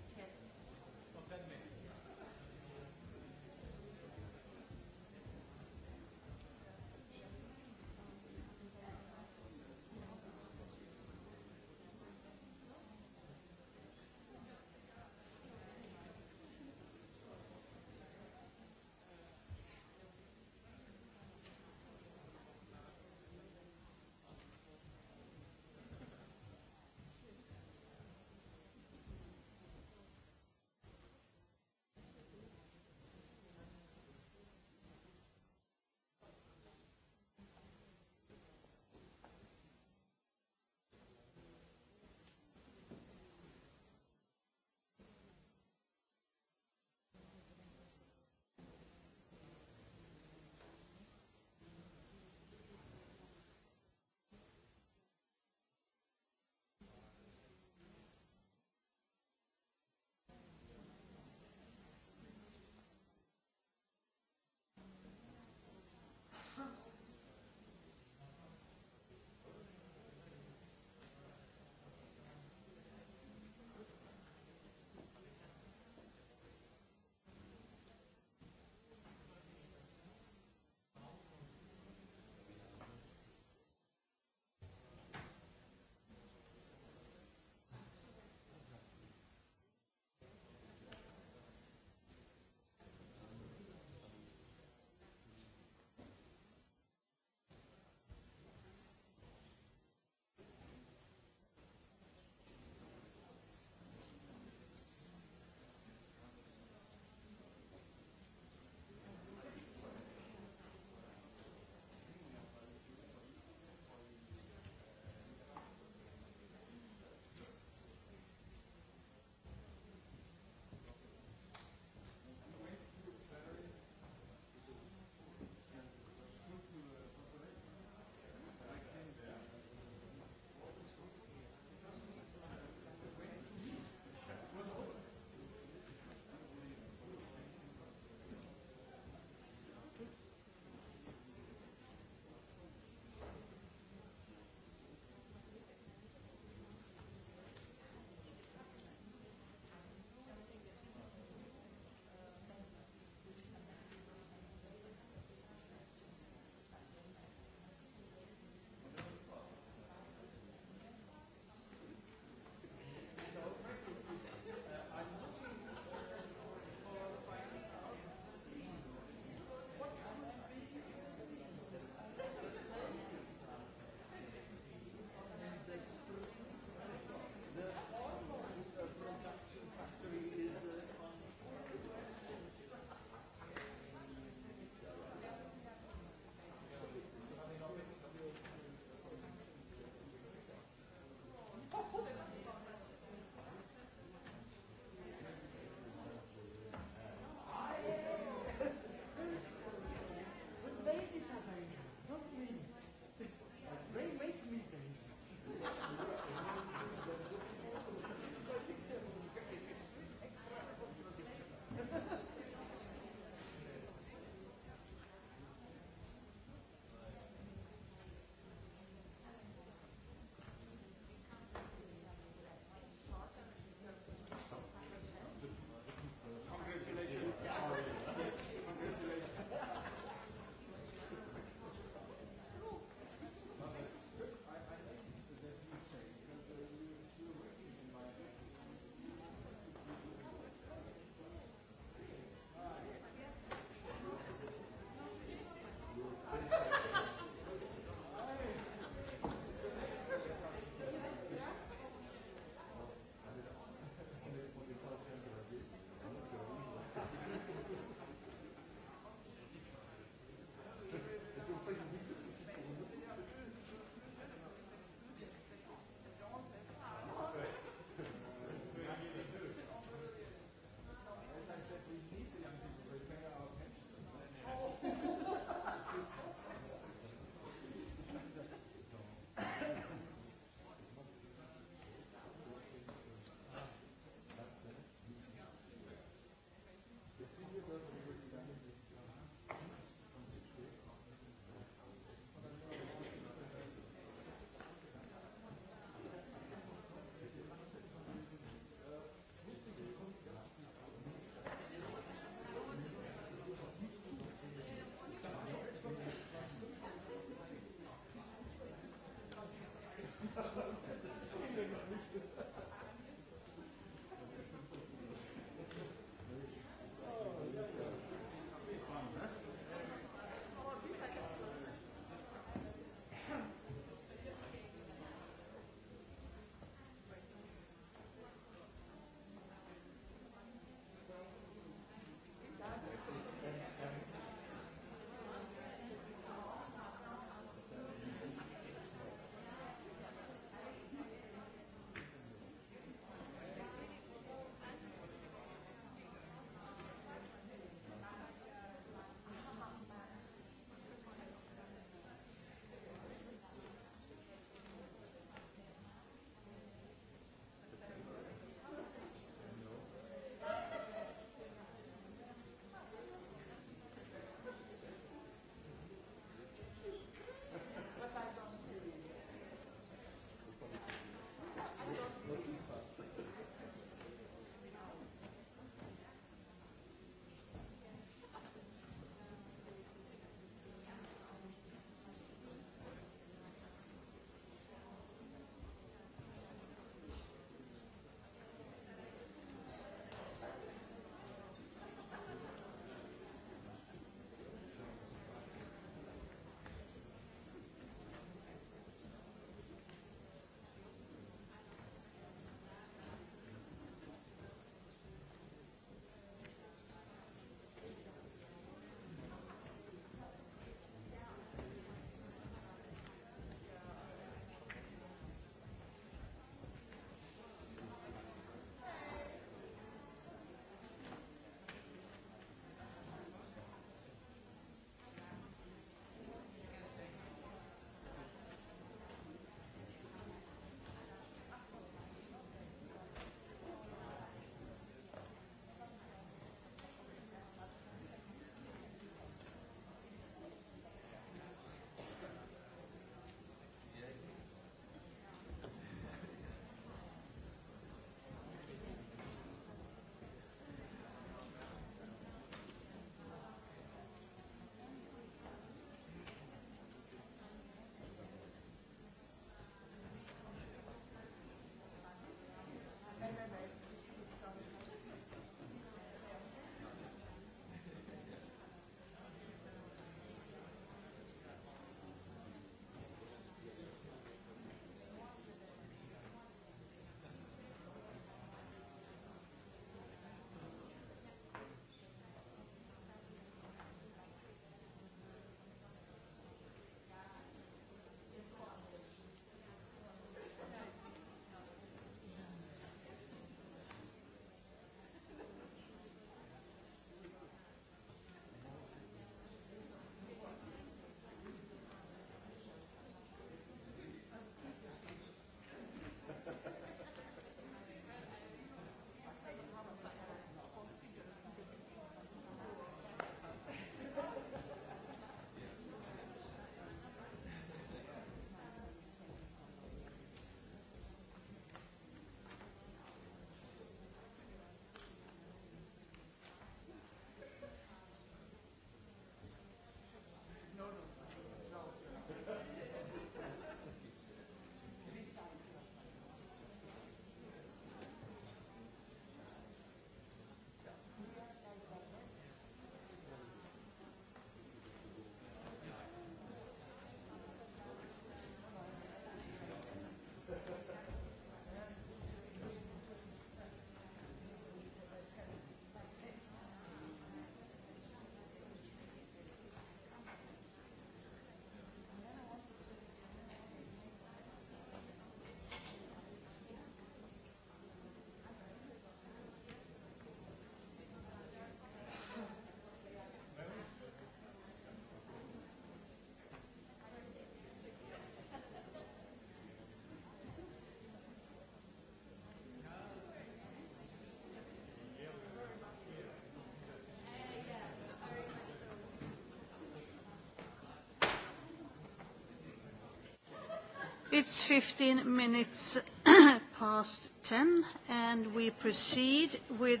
It's 15 minutes past 10 and we proceed with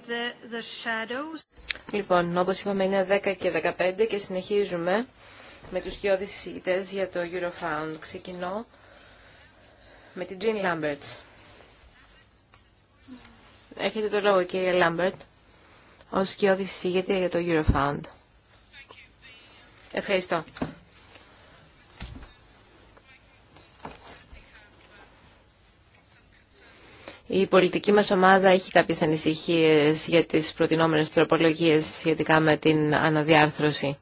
the, shadows. Λοιπόν, όπως είπαμε είναι 10 και 15 και συνεχίζουμε με τους κοιόδης συζητητές για το Eurofound. Ξεκινώ με την Jean Lambert. Έχετε το λόγο κύριε Lambert ως κοιόδης συζητητή για το Eurofound. Ευχαριστώ. Η πολιτική μας ομάδα έχει κάποιες ανησυχίες για τις προτινόμενες τροπολογίες σχετικά με την αναδιάρθρωση.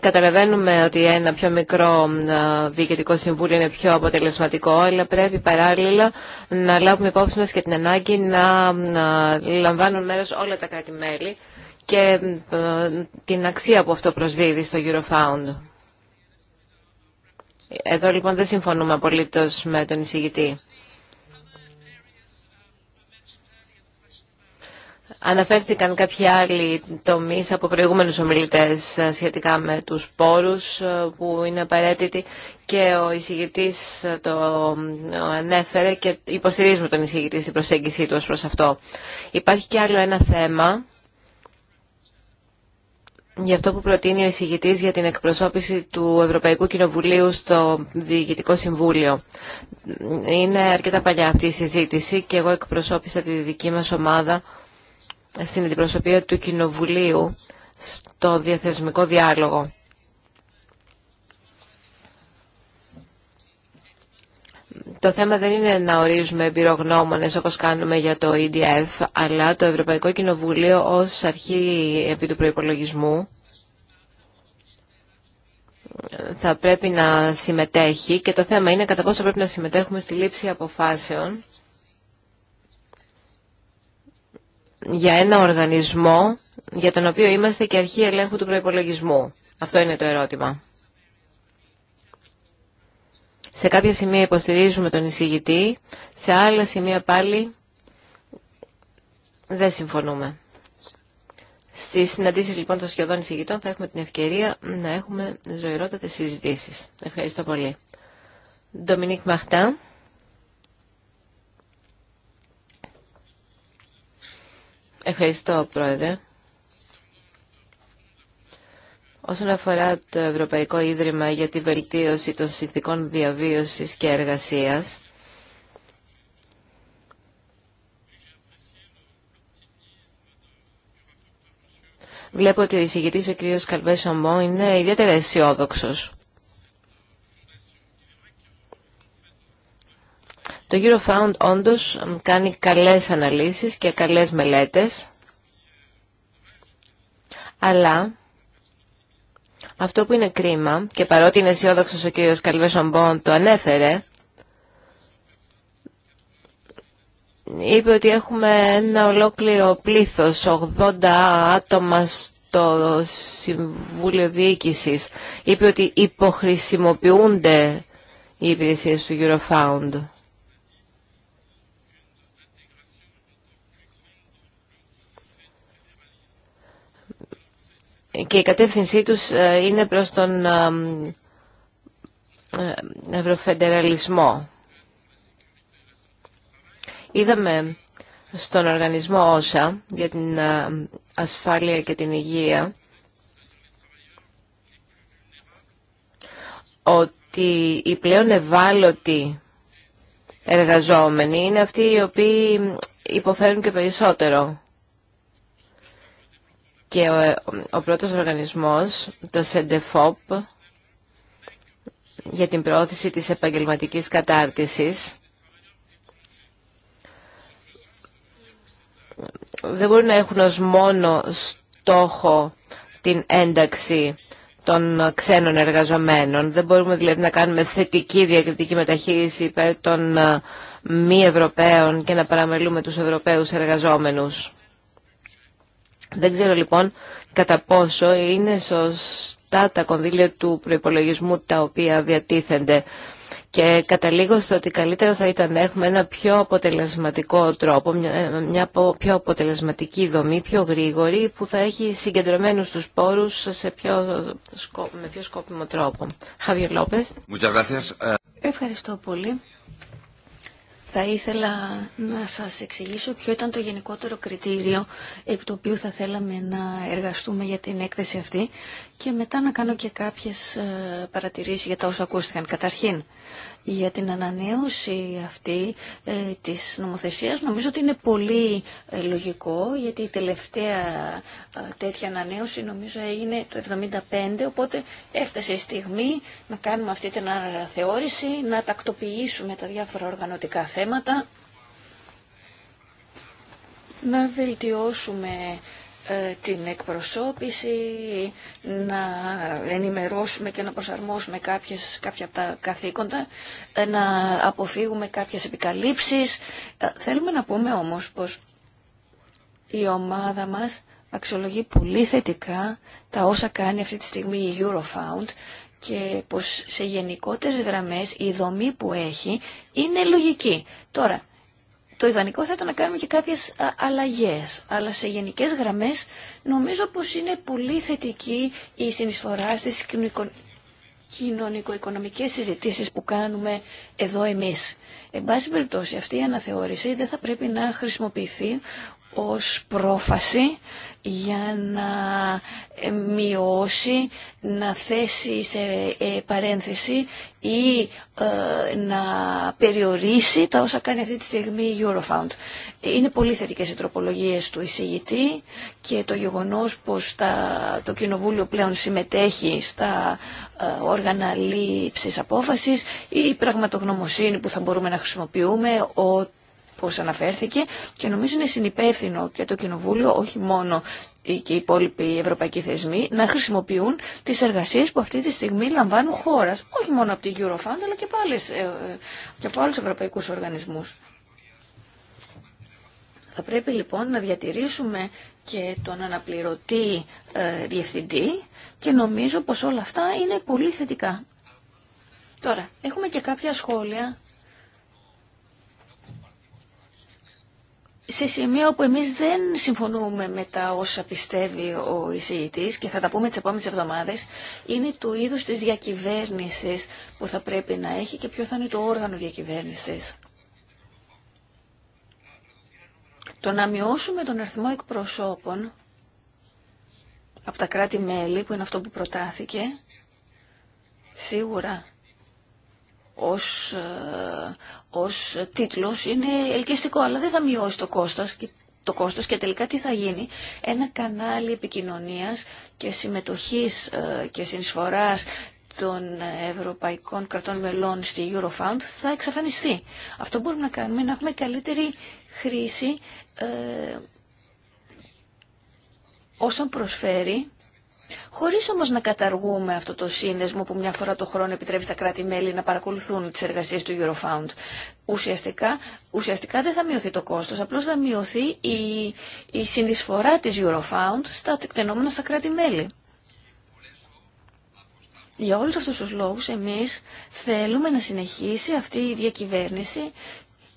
Καταλαβαίνουμε ότι ένα πιο μικρό ε, διοικητικό συμβούλιο είναι πιο αποτελεσματικό, αλλά πρέπει παράλληλα να λάβουμε υπόψη μας και την ανάγκη να ε, λαμβάνουν μέρος όλα τα κράτη-μέλη και ε, την αξία που αυτό προσδίδει στο Eurofound. Εδώ λοιπόν δεν συμφωνούμε απολύτως με τον εισηγητή. Αναφέρθηκαν κάποιοι άλλοι τομεί από προηγούμενους ομιλητές σχετικά με τους πόρους ε, που είναι απαραίτητοι και ο εισηγητής ε, το ε, ανέφερε και υποστηρίζουμε τον εισηγητή στην προσέγγιση του ως προς αυτό. Υπάρχει και άλλο ένα θέμα Γι' αυτό που προτείνει ο εισηγητής για την εκπροσώπηση του Ευρωπαϊκού Κοινοβουλίου στο Διοικητικό Συμβούλιο. Είναι αρκετά παλιά αυτή η συζήτηση και εγώ εκπροσώπησα τη δική μας ομάδα στην αντιπροσωπεία του Κοινοβουλίου στο διαθεσμικό διάλογο. Το θέμα δεν είναι να ορίζουμε εμπειρογνώμονες όπως κάνουμε για το EDF, αλλά το Ευρωπαϊκό Κοινοβούλιο ως αρχή επί του προϋπολογισμού θα πρέπει να συμμετέχει και το θέμα είναι κατά πόσο πρέπει να συμμετέχουμε στη λήψη αποφάσεων για ένα οργανισμό για τον οποίο είμαστε και αρχή ελέγχου του προϋπολογισμού. Αυτό είναι το ερώτημα. Σε κάποια σημεία υποστηρίζουμε τον εισηγητή, σε άλλα σημεία πάλι δεν συμφωνούμε. Στις συναντήσει λοιπόν των σχεδόν εισηγητών θα έχουμε την ευκαιρία να έχουμε ζωηρότατε συζητήσεις. Ευχαριστώ πολύ. Ντομινίκ Μαχτά. Ευχαριστώ, Πρόεδρε. Όσον αφορά το Ευρωπαϊκό Ίδρυμα για τη βελτίωση των συνθηκών διαβίωσης και εργασίας, Βλέπω ότι ο εισηγητής ο κ. Καλβέ είναι ιδιαίτερα αισιόδοξο. Το Eurofound όντως κάνει καλές αναλύσεις και καλές μελέτες, αλλά αυτό που είναι κρίμα, και παρότι είναι αισιόδοξο ο κύριος Μπον το ανέφερε, είπε ότι έχουμε ένα ολόκληρο πλήθος, 80 άτομα στο Συμβούλιο Διοίκησης. Είπε ότι υποχρησιμοποιούνται οι υπηρεσίες του Eurofound. και η κατεύθυνσή τους ε, είναι προς τον ε, ε, ευρωφεντεραλισμό. Είδαμε στον οργανισμό όσα για την ασφάλεια και την υγεία ότι οι πλέον ευάλωτοι εργαζόμενοι είναι αυτοί οι οποίοι υποφέρουν και περισσότερο. Και ο, ο πρώτος οργανισμός, το ΣΕΝΤΕΦΟΠ, για την προώθηση της επαγγελματικής κατάρτισης, δεν μπορεί να έχουν ως μόνο στόχο την ένταξη των ξένων εργαζομένων. Δεν μπορούμε δηλαδή να κάνουμε θετική διακριτική μεταχείριση υπέρ των ε, μη Ευρωπαίων και να παραμελούμε τους Ευρωπαίους εργαζόμενους. Δεν ξέρω λοιπόν κατά πόσο είναι σωστά τα κονδύλια του προϋπολογισμού τα οποία διατίθενται και καταλήγω στο ότι καλύτερο θα ήταν να έχουμε ένα πιο αποτελεσματικό τρόπο, μια πιο αποτελεσματική δομή, πιο γρήγορη, που θα έχει συγκεντρωμένους τους πόρους σε πιο, με πιο σκόπιμο τρόπο. Χαβιερ Λόπες. Ευχαριστώ πολύ. Θα ήθελα να σας εξηγήσω ποιο ήταν το γενικότερο κριτήριο επί το οποίο θα θέλαμε να εργαστούμε για την έκθεση αυτή και μετά να κάνω και κάποιες ε, παρατηρήσεις για τα όσα ακούστηκαν. Καταρχήν, για την ανανέωση αυτή ε, της νομοθεσίας νομίζω ότι είναι πολύ ε, λογικό γιατί η τελευταία ε, τέτοια ανανέωση νομίζω έγινε το 1975 οπότε έφτασε η στιγμή να κάνουμε αυτή την αναθεώρηση, να τακτοποιήσουμε τα διάφορα οργανωτικά θέματα να βελτιώσουμε ε, την εκπροσώπηση, να ενημερώσουμε και να προσαρμόσουμε κάποιες, κάποια από τα καθήκοντα, ε, να αποφύγουμε κάποιες επικαλύψεις. Ε, θέλουμε να πούμε όμως πως η ομάδα μας αξιολογεί πολύ θετικά τα όσα κάνει αυτή τη στιγμή η Eurofound και πως σε γενικότερες γραμμές η δομή που έχει είναι λογική. Τώρα, το ιδανικό θα ήταν να κάνουμε και κάποιες αλλαγές, αλλά σε γενικές γραμμές νομίζω πως είναι πολύ θετική η συνεισφορά στις κοινωνικο-οικονομικές συζητήσεις που κάνουμε εδώ εμείς. Εν πάση περιπτώσει, αυτή η αναθεώρηση δεν θα πρέπει να χρησιμοποιηθεί ως πρόφαση για να μειώσει, να θέσει σε ε, παρένθεση ή ε, να περιορίσει τα όσα κάνει αυτή τη στιγμή η Eurofound. Είναι πολύ θετικές οι τροπολογίες του εισηγητή και το γεγονός πως το Κοινοβούλιο πλέον συμμετέχει στα ε, όργανα λήψης απόφασης, η πραγματογνωμοσύνη που θα μπορούμε να χρησιμοποιούμε, ότι όπως αναφέρθηκε και νομίζω είναι συνυπεύθυνο και το Κοινοβούλιο, όχι μόνο και οι υπόλοιποι ευρωπαϊκοί θεσμοί, να χρησιμοποιούν τις εργασίες που αυτή τη στιγμή λαμβάνουν χώρας, όχι μόνο από τη Eurofund αλλά και από, άλλου ε, ε, και Οργανισμού. ευρωπαϊκούς οργανισμούς. Θα πρέπει λοιπόν να διατηρήσουμε και τον αναπληρωτή ε, διευθυντή και νομίζω πως όλα αυτά είναι πολύ θετικά. Τώρα, έχουμε και κάποια σχόλια σε σημείο που εμείς δεν συμφωνούμε με τα όσα πιστεύει ο εισηγητής και θα τα πούμε τις επόμενες εβδομάδες, είναι του είδους της διακυβέρνησης που θα πρέπει να έχει και ποιο θα είναι το όργανο διακυβέρνησης. Το να μειώσουμε τον αριθμό εκπροσώπων από τα κράτη-μέλη, που είναι αυτό που προτάθηκε, σίγουρα ως, ε, ως τίτλος είναι ελκυστικό, αλλά δεν θα μειώσει το κόστος και το κόστος και τελικά τι θα γίνει. Ένα κανάλι επικοινωνίας και συμμετοχής ε, και συνσφοράς των ευρωπαϊκών κρατών μελών στη Eurofound θα εξαφανιστεί. Αυτό μπορούμε να κάνουμε να έχουμε καλύτερη χρήση ε, προσφέρει Χωρίς όμως να καταργούμε αυτό το σύνδεσμο που μια φορά το χρόνο επιτρέπει στα κράτη-μέλη να παρακολουθούν τις εργασίες του Eurofound. Ουσιαστικά, ουσιαστικά δεν θα μειωθεί το κόστος, απλώς θα μειωθεί η, η συνεισφορά της Eurofound στα τεκτενόμενα στα κράτη-μέλη. Για όλους αυτούς τους λόγους εμείς θέλουμε να συνεχίσει αυτή η διακυβέρνηση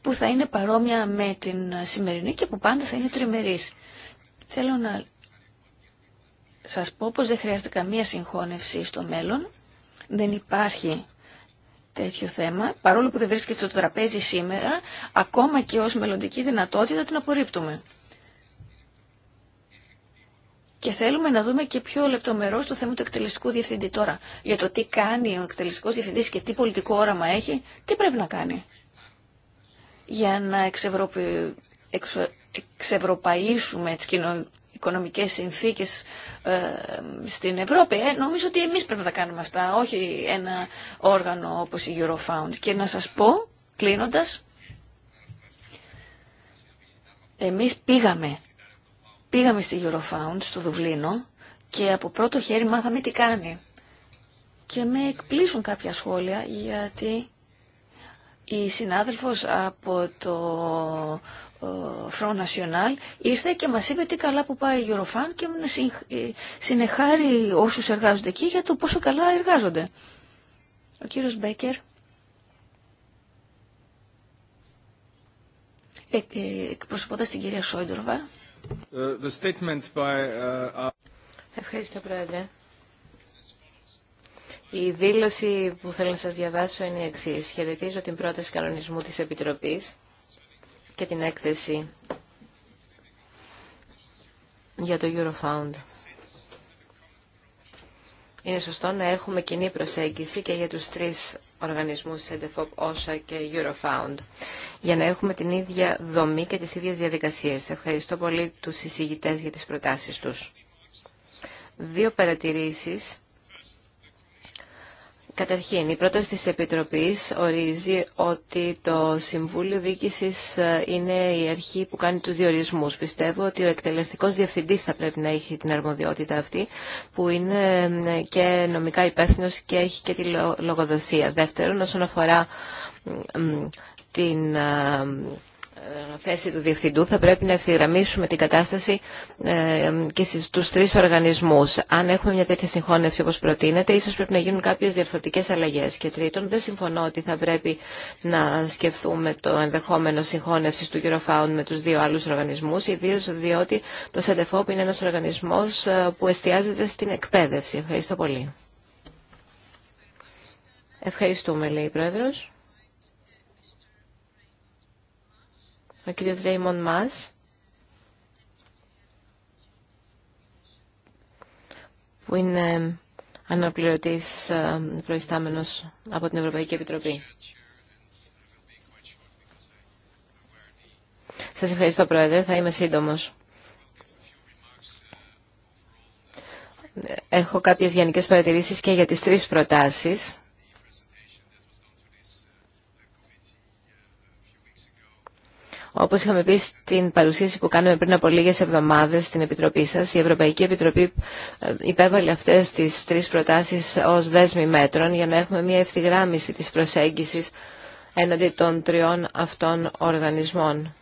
που θα είναι παρόμοια με την σημερινή και που πάντα θα είναι τριμερής. Θέλω να σας πω πως δεν χρειάζεται καμία συγχώνευση στο μέλλον. Δεν υπάρχει τέτοιο θέμα. Παρόλο που δεν βρίσκεται στο τραπέζι σήμερα, ακόμα και ως μελλοντική δυνατότητα την απορρίπτουμε. Και θέλουμε να δούμε και πιο λεπτομερό το θέμα του εκτελεστικού διευθυντή τώρα. Για το τι κάνει ο εκτελεστικό διευθυντή και τι πολιτικό όραμα έχει, τι πρέπει να κάνει. Για να εξευρωπαϊσουμε τις οικονομικές συνθήκες ε, στην Ευρώπη. Ε, νομίζω ότι εμείς πρέπει να τα κάνουμε αυτά, όχι ένα όργανο όπως η Eurofound. Και να σας πω, κλείνοντας, εμείς πήγαμε, πήγαμε στη Eurofound, στο Δουβλίνο, και από πρώτο χέρι μάθαμε τι κάνει. Και με εκπλήσουν κάποια σχόλια γιατί η συνάδελφος από το ε, Front National ήρθε και μας είπε τι καλά που πάει η Eurofan και ε, συνεχάρει όσους εργάζονται εκεί για το πόσο καλά εργάζονται. Ο κύριος Μπέκερ ε, εκπροσωπώντας την κυρία Σόιντροβα. Ευχαριστώ Πρόεδρε. Η δήλωση που θέλω να σας διαβάσω είναι η εξής. Χαιρετίζω την πρόταση κανονισμού της Επιτροπής και την έκθεση για το Eurofound. Είναι σωστό να έχουμε κοινή προσέγγιση και για τους τρεις οργανισμούς CEDEFOP, και Eurofound για να έχουμε την ίδια δομή και τις ίδιες διαδικασίες. Ευχαριστώ πολύ τους εισηγητές για τις προτάσεις τους. Δύο παρατηρήσεις Καταρχήν, η πρόταση της Επιτροπής ορίζει ότι το Συμβούλιο Διοίκησης ε, είναι η αρχή που κάνει τους διορισμούς. Πιστεύω ότι ο εκτελεστικός διευθυντής θα πρέπει να έχει την αρμοδιότητα αυτή, που είναι ε, και νομικά υπεύθυνο και έχει και τη λογοδοσία. Δεύτερον, όσον αφορά την ε, ε, θέση του Διευθυντού θα πρέπει να ευθυγραμμίσουμε την κατάσταση ε, και στους τρεις οργανισμούς. Αν έχουμε μια τέτοια συγχώνευση όπως προτείνεται, ίσως πρέπει να γίνουν κάποιες διορθωτικές αλλαγές. Και τρίτον, δεν συμφωνώ ότι θα πρέπει να σκεφτούμε το ενδεχόμενο συγχώνευση του Eurofound με τους δύο άλλους οργανισμούς, ιδίως διότι το ΣΕΝΤΕΦΟΠ είναι ένας οργανισμός ε, που εστιάζεται στην εκπαίδευση. Ευχαριστώ πολύ. Ευχαριστούμε, λέει η Πρόεδρος. ο κύριος Ρέιμον Μας, που είναι αναπληρωτής ε, προϊστάμενος από την Ευρωπαϊκή Επιτροπή. Σας ευχαριστώ, Πρόεδρε. Θα είμαι σύντομος. Έχω κάποιες γενικές παρατηρήσεις και για τις τρεις προτάσεις. Όπως είχαμε πει στην παρουσίαση που κάναμε πριν από λίγες εβδομάδες στην Επιτροπή σας, η Ευρωπαϊκή Επιτροπή ε, υπέβαλε αυτές τις τρεις προτάσεις ως δέσμη μέτρων για να έχουμε μια ευθυγράμμιση της προσέγγισης έναντι των τριών αυτών οργανισμών.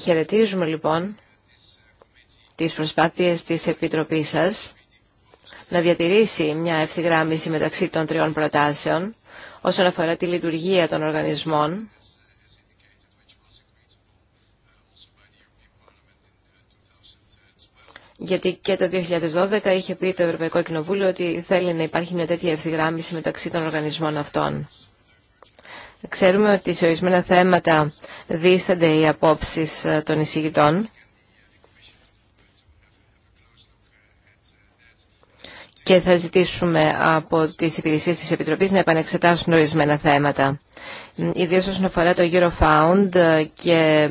Χαιρετίζουμε λοιπόν τις προσπάθειες της Επιτροπής σας να διατηρήσει μια ευθυγράμμιση μεταξύ των τριών προτάσεων όσον αφορά τη λειτουργία των οργανισμών γιατί και το 2012 είχε πει το Ευρωπαϊκό Κοινοβούλιο ότι θέλει να υπάρχει μια τέτοια ευθυγράμμιση μεταξύ των οργανισμών αυτών. Ξέρουμε ότι σε ορισμένα θέματα δίστανται οι απόψεις ε, των εισηγητών και θα ζητήσουμε από τις υπηρεσίες της Επιτροπής να επανεξετάσουν ορισμένα θέματα. Ιδίως όσον αφορά το Eurofound και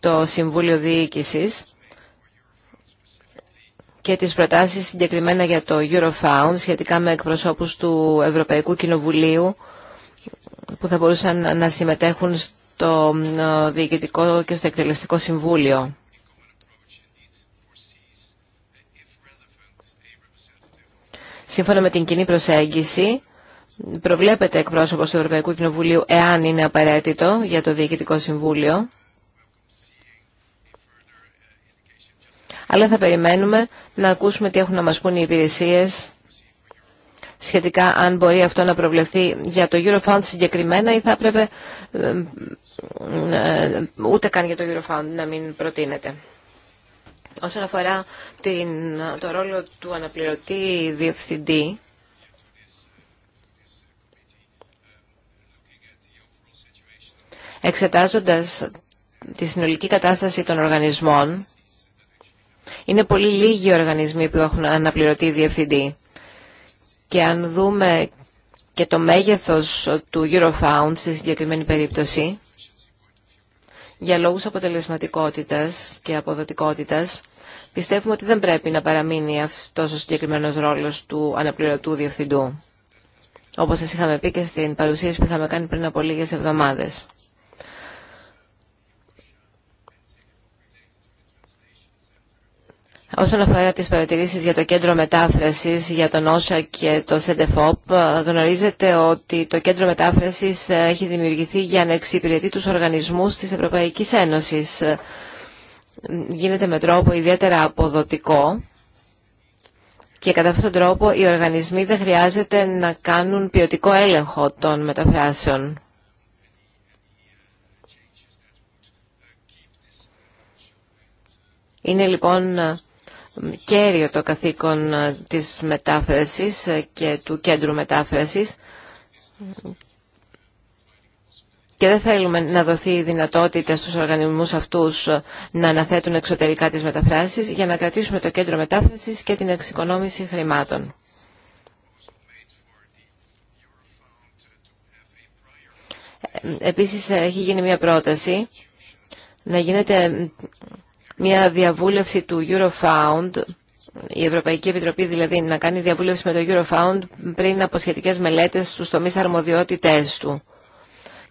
το Συμβούλιο Διοίκησης και τις προτάσεις συγκεκριμένα για το Eurofound σχετικά με εκπροσώπους του Ευρωπαϊκού Κοινοβουλίου που θα μπορούσαν να συμμετέχουν στο ε, Διοικητικό και στο Εκτελεστικό Συμβούλιο. Σύμφωνα με την κοινή προσέγγιση, προβλέπεται εκπρόσωπο του Ευρωπαϊκού Κοινοβουλίου εάν είναι απαραίτητο για το Διοικητικό Συμβούλιο. Αλλά θα περιμένουμε να ακούσουμε τι έχουν να μας πούν οι υπηρεσίες σχετικά αν μπορεί αυτό να προβλεφθεί για το Eurofound συγκεκριμένα ή θα έπρεπε ε, ε, ε, ούτε καν για το Eurofound να μην προτείνεται. Όσον αφορά την, το ρόλο του αναπληρωτή διευθυντή, εξετάζοντας τη συνολική κατάσταση των οργανισμών, είναι πολύ λίγοι οργανισμοί που έχουν αναπληρωτή διευθυντή. Και αν δούμε και το μέγεθος του Eurofound στη συγκεκριμένη περίπτωση, για λόγους αποτελεσματικότητας και αποδοτικότητας, Πιστεύουμε ότι δεν πρέπει να παραμείνει αυτός ο συγκεκριμένος ρόλος του αναπληρωτού διευθυντού, όπως σας είχαμε πει και στην παρουσίαση που είχαμε κάνει πριν από λίγες εβδομάδες. Όσον αφορά τις παρατηρήσεις για το κέντρο μετάφρασης, για τον Όσα και το ΣΕΝΤΕΦΟΠ, γνωρίζετε ότι το κέντρο μετάφρασης έχει δημιουργηθεί για να εξυπηρετεί τους οργανισμούς της Ευρωπαϊκής Ένωσης γίνεται με τρόπο ιδιαίτερα αποδοτικό και κατά αυτόν τον τρόπο οι οργανισμοί δεν χρειάζεται να κάνουν ποιοτικό έλεγχο των μεταφράσεων. Είναι λοιπόν κέριο το καθήκον ε, της μετάφρασης ε, και του κέντρου μετάφρασης και δεν θέλουμε να δοθεί η δυνατότητα στους οργανισμούς αυτούς να αναθέτουν εξωτερικά τις μεταφράσεις για να κρατήσουμε το κέντρο μετάφρασης και την εξοικονόμηση χρημάτων. Επίσης έχει γίνει μια πρόταση να γίνεται μια διαβούλευση του Eurofound, η Ευρωπαϊκή Επιτροπή δηλαδή να κάνει διαβούλευση με το Eurofound πριν από σχετικές μελέτες στους τομείς αρμοδιότητές του.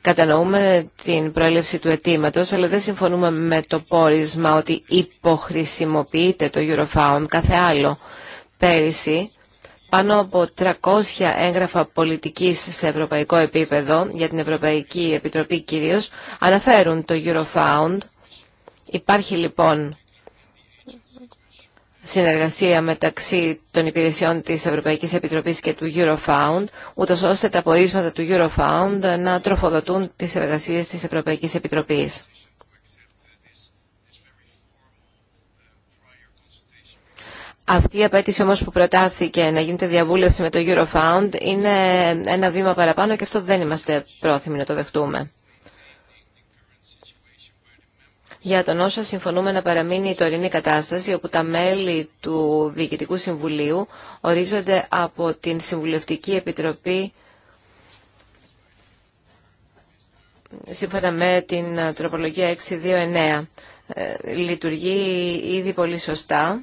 Κατανοούμε την προέλευση του αιτήματο, αλλά δεν συμφωνούμε με το πόρισμα ότι υποχρησιμοποιείται το Eurofound κάθε άλλο. Πέρυσι, πάνω από 300 έγγραφα πολιτικής σε ευρωπαϊκό επίπεδο, για την Ευρωπαϊκή Επιτροπή κυρίως, αναφέρουν το Eurofound. Υπάρχει λοιπόν συνεργασία μεταξύ των υπηρεσιών της Ευρωπαϊκής Επιτροπής και του Eurofound, ούτω ώστε τα πορίσματα του Eurofound να τροφοδοτούν τις εργασίες της Ευρωπαϊκής Επιτροπής. Αυτή η απέτηση όμως που προτάθηκε να γίνεται διαβούλευση με το Eurofound είναι ένα βήμα παραπάνω και αυτό δεν είμαστε πρόθυμοι να το δεχτούμε για τον όσο συμφωνούμε να παραμείνει η τωρινή κατάσταση όπου τα μέλη του Διοικητικού Συμβουλίου ορίζονται από την Συμβουλευτική Επιτροπή σύμφωνα με την τροπολογία 629. Ε, λειτουργεί ήδη πολύ σωστά.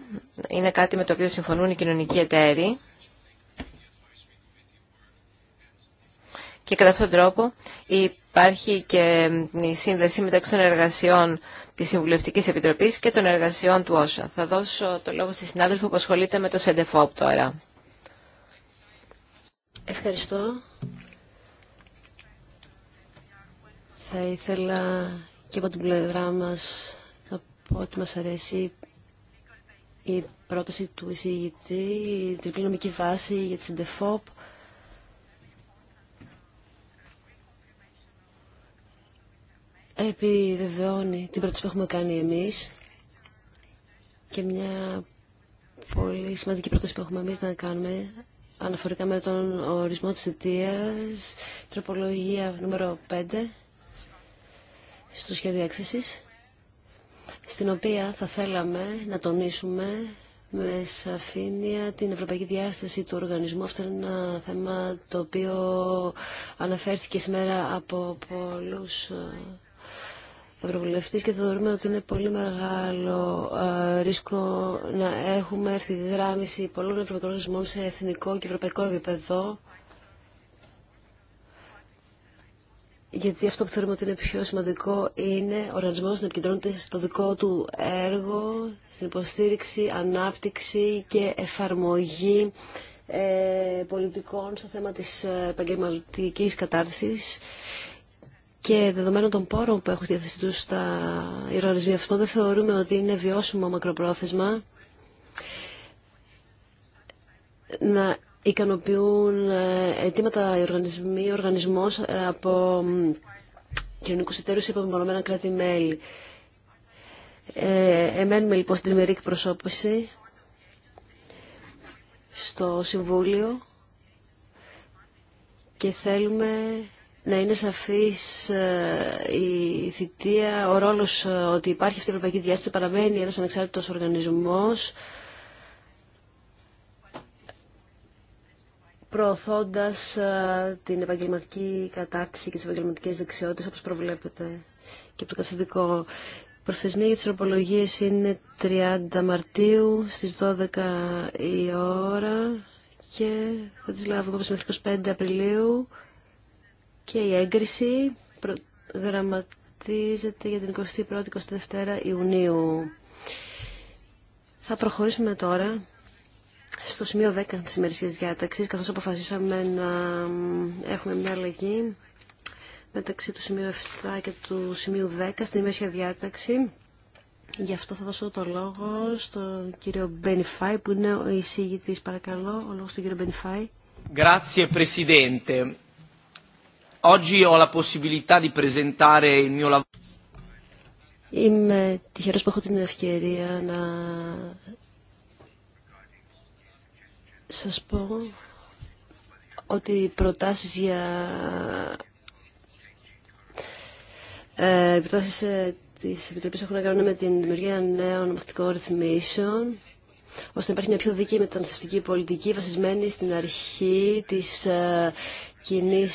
Είναι κάτι με το οποίο συμφωνούν οι κοινωνικοί εταίροι. Και κατά αυτόν τον τρόπο η Υπάρχει και η σύνδεση μεταξύ των εργασιών της Συμβουλευτικής Επιτροπής και των εργασιών του ΩΣΑ. Θα δώσω το λόγο στη συνάδελφο που ασχολείται με το ΣΕΝΤΕΦΟΠ τώρα. Ευχαριστώ. Θα ήθελα και από την πλευρά μας να πω ότι μας αρέσει η πρόταση του εισηγητή, η τριπλή νομική βάση για τη ΣΕΝΤΕΦΟΠ επιβεβαιώνει την πρόταση που έχουμε κάνει εμείς και μια πολύ σημαντική πρόταση που έχουμε εμείς να κάνουμε αναφορικά με τον ορισμό της θητείας, τροπολογία νούμερο 5 στο σχέδιο έκθεσης, στην οποία θα θέλαμε να τονίσουμε με σαφήνεια την ευρωπαϊκή διάσταση του οργανισμού. Αυτό είναι ένα θέμα το οποίο αναφέρθηκε σήμερα από πολλούς ε, Ευρωβουλευτής και θεωρούμε ότι είναι πολύ μεγάλο ε, ρίσκο να έχουμε ευθυγράμμιση πολλών ευρωπαϊκών οργανισμών σε εθνικό και ευρωπαϊκό επίπεδο. Γιατί αυτό που θεωρούμε ότι είναι πιο σημαντικό είναι ο οργανισμό να επικεντρώνεται στο δικό του έργο, στην υποστήριξη, ανάπτυξη και εφαρμογή ε, πολιτικών στο θέμα της ε, επαγγελματική κατάρτισης και δεδομένων των πόρων που έχουν στη διάθεσή στα οργανισμοί αυτό δεν θεωρούμε ότι είναι βιώσιμο μακροπρόθεσμα να ικανοποιούν ε, αιτήματα οι οργανισμοί, ο οργανισμός ε, από κοινωνικούς εταίρους από μεμονωμένα κράτη-μέλη. Ε, εμένουμε λοιπόν στην τριμερή εκπροσώπηση στο Συμβούλιο και θέλουμε να είναι σαφής ε, η θητεία, ο ρόλος ε, ότι υπάρχει αυτή η Ευρωπαϊκή Διάσταση, παραμένει ένας ανεξάρτητος οργανισμός, προωθώντας ε, την επαγγελματική κατάρτιση και τις επαγγελματικές δεξιότητες όπως προβλέπετε και από το καθηγητικό. Προθεσμία για τις τροπολογίες είναι 30 Μαρτίου στις 12 η ώρα και θα τις λάβουμε όπως μέχρι 25 Απριλίου και η έγκριση προγραμματίζεται για την 21η-22η Ιουνίου. Θα προχωρήσουμε τώρα στο σημείο 10 της ημερησίας διάταξης, καθώς αποφασίσαμε να έχουμε μια αλλαγή μεταξύ του σημείου 7 και του σημείου 10 στην ημερησία διάταξη. Γι' αυτό θα δώσω το λόγο στον κύριο Μπενιφάη, που είναι ο εισήγητης. Παρακαλώ, ο λόγος του κύριο Μπενιφάη. Grazie, Oggi ho la possibilità di presentare il mio lavoro. Είμαι τυχερός που έχω την ευκαιρία να σας πω ότι οι προτάσεις για ε, προτάσεις ε, της Επιτροπής έχουν να κάνουν με την δημιουργία νέων νομοθετικών ρυθμίσεων ώστε να υπάρχει μια πιο δική μεταναστευτική πολιτική βασισμένη στην αρχή της ε, κοινή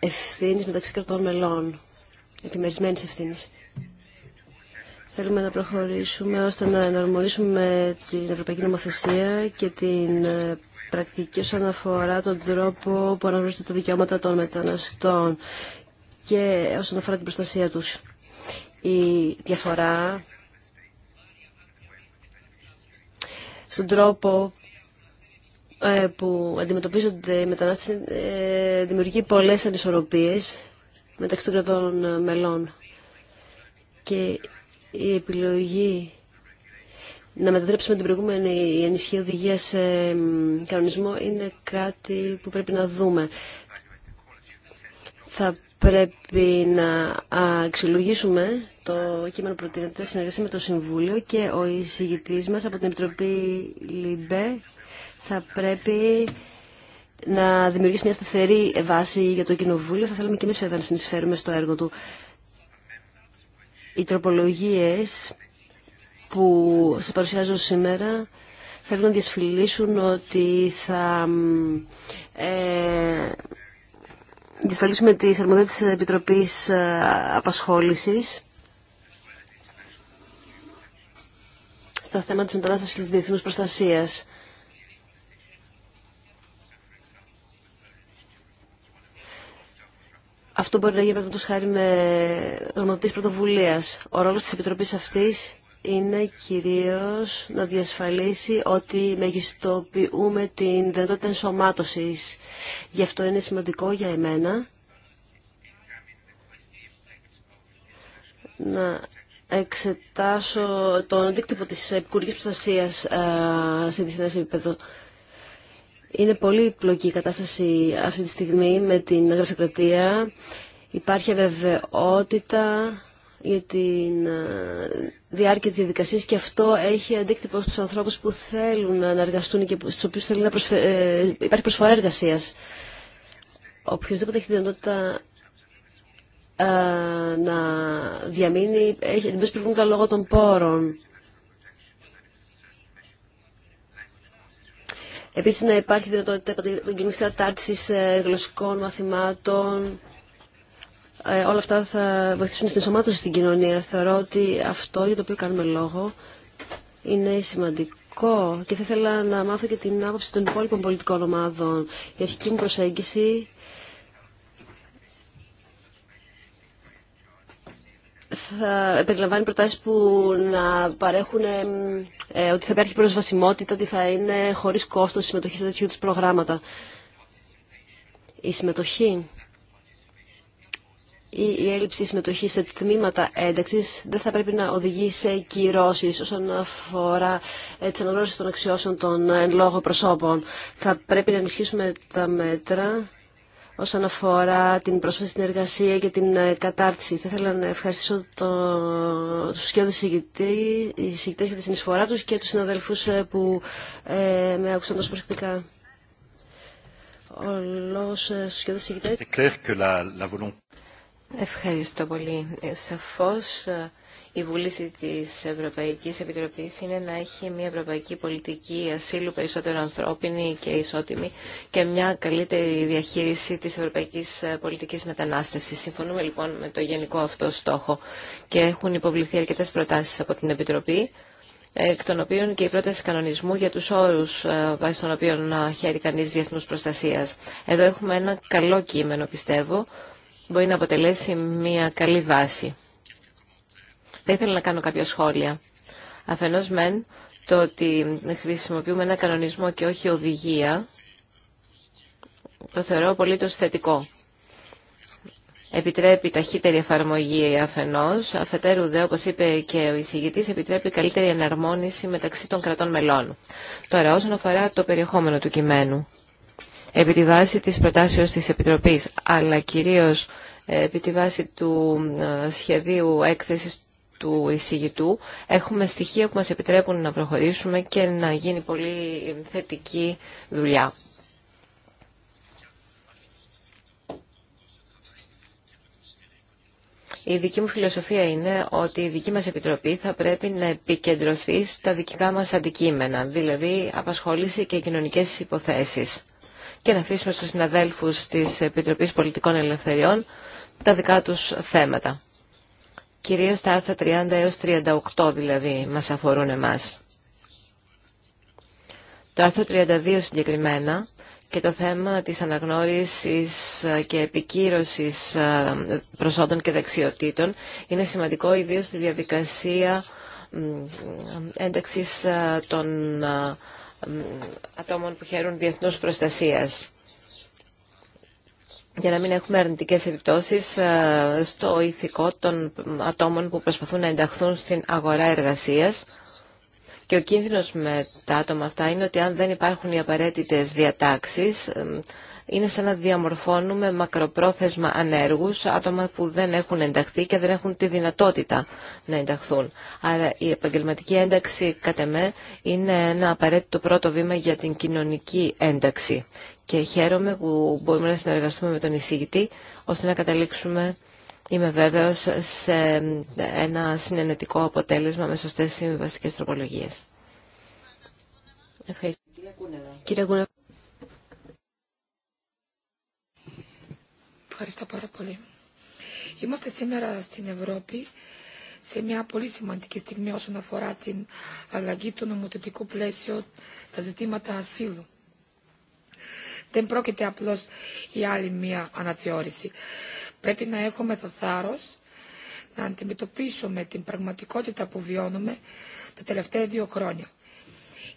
ευθύνη μεταξύ κρατών μελών, επιμερισμένη ευθύνη. Θέλουμε να προχωρήσουμε ώστε να εναρμονίσουμε την Ευρωπαϊκή Νομοθεσία και την ε, πρακτική όσον αφορά τον τρόπο που αναγνωρίζονται τα δικαιώματα των μεταναστών και όσον αφορά την προστασία τους. Η διαφορά στον τρόπο ε, που αντιμετωπίζονται οι μετανάστες ε, δημιουργεί πολλές ανισορροπίες μεταξύ των κρατών ε, μελών και η επιλογή να μετατρέψουμε την προηγούμενη ενισχύ οδηγία σε κανονισμό είναι κάτι που πρέπει να δούμε. Θα πρέπει να αξιολογήσουμε το κείμενο προτείνεται συνεργασία με το Συμβούλιο και ο εισηγητής μας από την Επιτροπή ΛΥΜΠΕ θα πρέπει να δημιουργήσει μια σταθερή βάση για το Κοινοβούλιο. Θα θέλαμε και εμείς βέβαια να συνεισφέρουμε στο έργο του. Οι τροπολογίες που σε παρουσιάζω σήμερα θέλουν να διασφυλίσουν ότι θα ε, διασφαλίσουμε τις αρμοδιότητες της Επιτροπής ε, Απασχόλησης στα θέματα της και της διεθνούς προστασίας. Αυτό μπορεί να γίνει παραδείγματο χάρη με γνωστή πρωτοβουλία. Ο ρόλο τη Επιτροπή αυτή είναι κυρίω να διασφαλίσει ότι μεγιστοποιούμε την δυνατότητα ενσωμάτωση. Γι' αυτό είναι σημαντικό για εμένα να εξετάσω τον αντίκτυπο της επικουρικής προστασίας ε, σε διεθνές επίπεδο. Είναι πολύ πλοκή η κατάσταση αυτή τη στιγμή με την γραφειοκρατία. Υπάρχει αβεβαιότητα για τη ε, διάρκεια της διαδικασίας και αυτό έχει αντίκτυπο στους ανθρώπους που θέλουν να εργαστούν και στους οποίους θέλουν να ε, υπάρχει προσφορά εργασίας. Οποιοςδήποτε έχει τη δυνατότητα ε, να διαμείνει, έχει αντιμετωπίσει προβλήματα λόγω των πόρων. Επίσης να υπάρχει δυνατότητα επαγγελματική κατάρτισης ε, γλωσσικών μαθημάτων. Ε, όλα αυτά θα βοηθήσουν στην σωμάτωση στην κοινωνία. Θεωρώ ότι αυτό για το οποίο κάνουμε λόγο είναι σημαντικό και θα ήθελα να μάθω και την άποψη των υπόλοιπων πολιτικών ομάδων. Η αρχική μου προσέγγιση θα περιλαμβάνει προτάσεις που να παρέχουν ε, ε, ότι θα υπάρχει προσβασιμότητα, ότι θα είναι χωρίς κόστος συμμετοχή σε τέτοιου είδους προγράμματα. Η συμμετοχή ή η έλλειψη συμμετοχή σε τμήματα ένταξη δεν θα πρέπει να οδηγεί σε κυρώσει όσον αφορά ε, τι αναγνώριση των αξιώσεων των εν λόγω προσώπων. Θα πρέπει να ενισχύσουμε τα μέτρα όσον αφορά την πρόσφαση στην εργασία και την ε, κατάρτιση. Θα ήθελα να ευχαριστήσω το, τους σκιώδες συγκητές για τη συνεισφορά τους και τους συναδελφούς ε, που ε, με άκουσαν τόσο προσεκτικά. στους Ευχαριστώ πολύ. Σαφώς η βούληση της Ευρωπαϊκής Επιτροπής είναι να έχει μια ευρωπαϊκή πολιτική ασύλου περισσότερο ανθρώπινη και ισότιμη και μια καλύτερη διαχείριση της ευρωπαϊκής πολιτικής μετανάστευσης. Συμφωνούμε λοιπόν με το γενικό αυτό στόχο και έχουν υποβληθεί αρκετές προτάσεις από την Επιτροπή εκ των οποίων και η πρόταση κανονισμού για τους όρους ε, βάσει των οποίων χαίρει κανείς διεθνούς προστασίας. Εδώ έχουμε ένα καλό κείμενο, πιστεύω. Μπορεί να αποτελέσει μια καλή βάση. Θα ήθελα να κάνω κάποια σχόλια. Αφενό μεν το ότι χρησιμοποιούμε ένα κανονισμό και όχι οδηγία, το θεωρώ το θετικό. Επιτρέπει ταχύτερη εφαρμογή αφενός, αφετέρου δε, όπω είπε και ο εισηγητή, επιτρέπει καλύτερη εναρμόνιση μεταξύ των κρατών μελών. Τώρα, όσον αφορά το περιεχόμενο του κειμένου, επί τη βάση τη προτάσεω τη Επιτροπή, αλλά κυρίω ε, επί τη βάση του ε, σχεδίου έκθεσης του εισηγητού έχουμε στοιχεία που μας επιτρέπουν να προχωρήσουμε και να γίνει πολύ θετική δουλειά. Η δική μου φιλοσοφία είναι ότι η δική μας Επιτροπή θα πρέπει να επικεντρωθεί στα δικά μας αντικείμενα, δηλαδή απασχόληση και κοινωνικές υποθέσεις. Και να αφήσουμε στους συναδέλφους της Επιτροπής Πολιτικών Ελευθεριών τα δικά τους θέματα κυρίως τα άρθρα 30 έως 38 δηλαδή μας αφορούν εμάς. Το άρθρο 32 συγκεκριμένα και το θέμα της αναγνώρισης και επικύρωσης ε, προσόντων και δεξιοτήτων είναι σημαντικό ιδίως στη διαδικασία ένταξης ε, των ε, ατόμων που χαίρουν διεθνούς προστασίας για να μην έχουμε αρνητικές επιπτώσεις ε, στο ηθικό των ατόμων που προσπαθούν να ενταχθούν στην αγορά εργασίας. Και ο κίνδυνος με τα άτομα αυτά είναι ότι αν δεν υπάρχουν οι απαραίτητες διατάξεις, ε, είναι σαν να διαμορφώνουμε μακροπρόθεσμα ανέργους, άτομα που δεν έχουν ενταχθεί και δεν έχουν τη δυνατότητα να ενταχθούν. Άρα η επαγγελματική ένταξη, κατά με, είναι ένα απαραίτητο πρώτο βήμα για την κοινωνική ένταξη και χαίρομαι που μπορούμε να συνεργαστούμε με τον εισηγητή ώστε να καταλήξουμε, είμαι βέβαιος, σε ένα συνενετικό αποτέλεσμα με σωστές συμβιβαστικές τροπολογίες. Ευχαριστώ. Κύριε Ευχαριστώ πάρα πολύ. Είμαστε σήμερα στην Ευρώπη σε μια πολύ σημαντική στιγμή όσον αφορά την αλλαγή του νομοθετικού πλαίσιο στα ζητήματα ασύλου. Δεν πρόκειται απλώς η άλλη μία αναθεώρηση. Πρέπει να έχουμε το θάρρος να αντιμετωπίσουμε την πραγματικότητα που βιώνουμε τα τελευταία δύο χρόνια.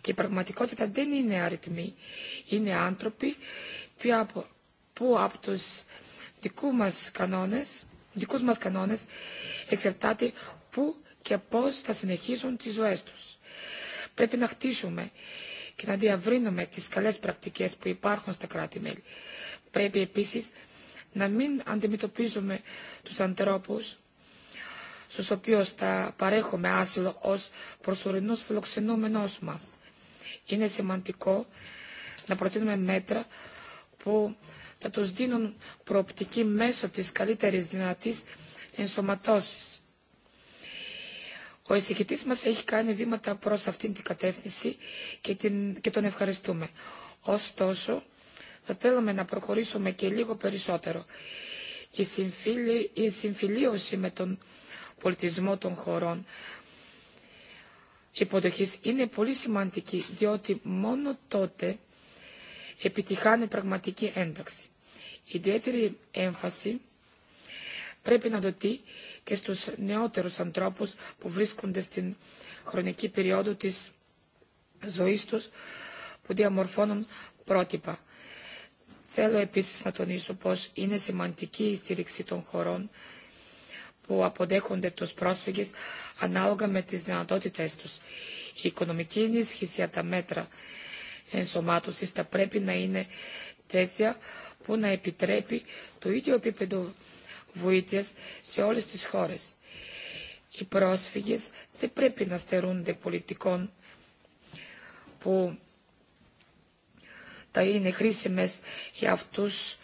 Και η πραγματικότητα δεν είναι αριθμοί. Είναι άνθρωποι που από τους δικούς μας κανόνες, δικούς μας κανόνες εξαρτάται πού και πώς θα συνεχίσουν τις ζωές τους. Πρέπει να χτίσουμε και να διαβρύνουμε τις καλές πρακτικές που υπάρχουν στα κράτη-μέλη. Πρέπει επίσης να μην αντιμετωπίζουμε τους ανθρώπους στους οποίους θα παρέχουμε άσυλο ως προσωρινούς φιλοξενούμενος μας. Είναι σημαντικό να προτείνουμε μέτρα που θα τους δίνουν προοπτική μέσω της καλύτερης δυνατής ενσωματώσης ο εισηγητή μα έχει κάνει βήματα προς αυτήν την κατεύθυνση και, την, και τον ευχαριστούμε. Ωστόσο, θα θέλαμε να προχωρήσουμε και λίγο περισσότερο. Η, συμφιλίωση, η συμφιλίωση με τον πολιτισμό των χωρών υποδοχής είναι πολύ σημαντική, διότι μόνο τότε επιτυχάνει πραγματική ένταξη. Η ιδιαίτερη έμφαση πρέπει να δοθεί και στους νεότερους ανθρώπους που βρίσκονται στην χρονική περίοδο της ζωής τους που διαμορφώνουν πρότυπα. Θέλω επίσης να τονίσω πως είναι σημαντική η στήριξη των χωρών που αποδέχονται τους πρόσφυγες ανάλογα με τις δυνατότητές τους. Η οικονομική ενίσχυση τα μέτρα ενσωμάτωσης θα πρέπει να είναι τέτοια που να επιτρέπει το ίδιο επίπεδο βοήθειας σε όλες τις χώρες. Οι πρόσφυγες δεν πρέπει να στερούνται πολιτικών που θα είναι χρήσιμες για αυτούς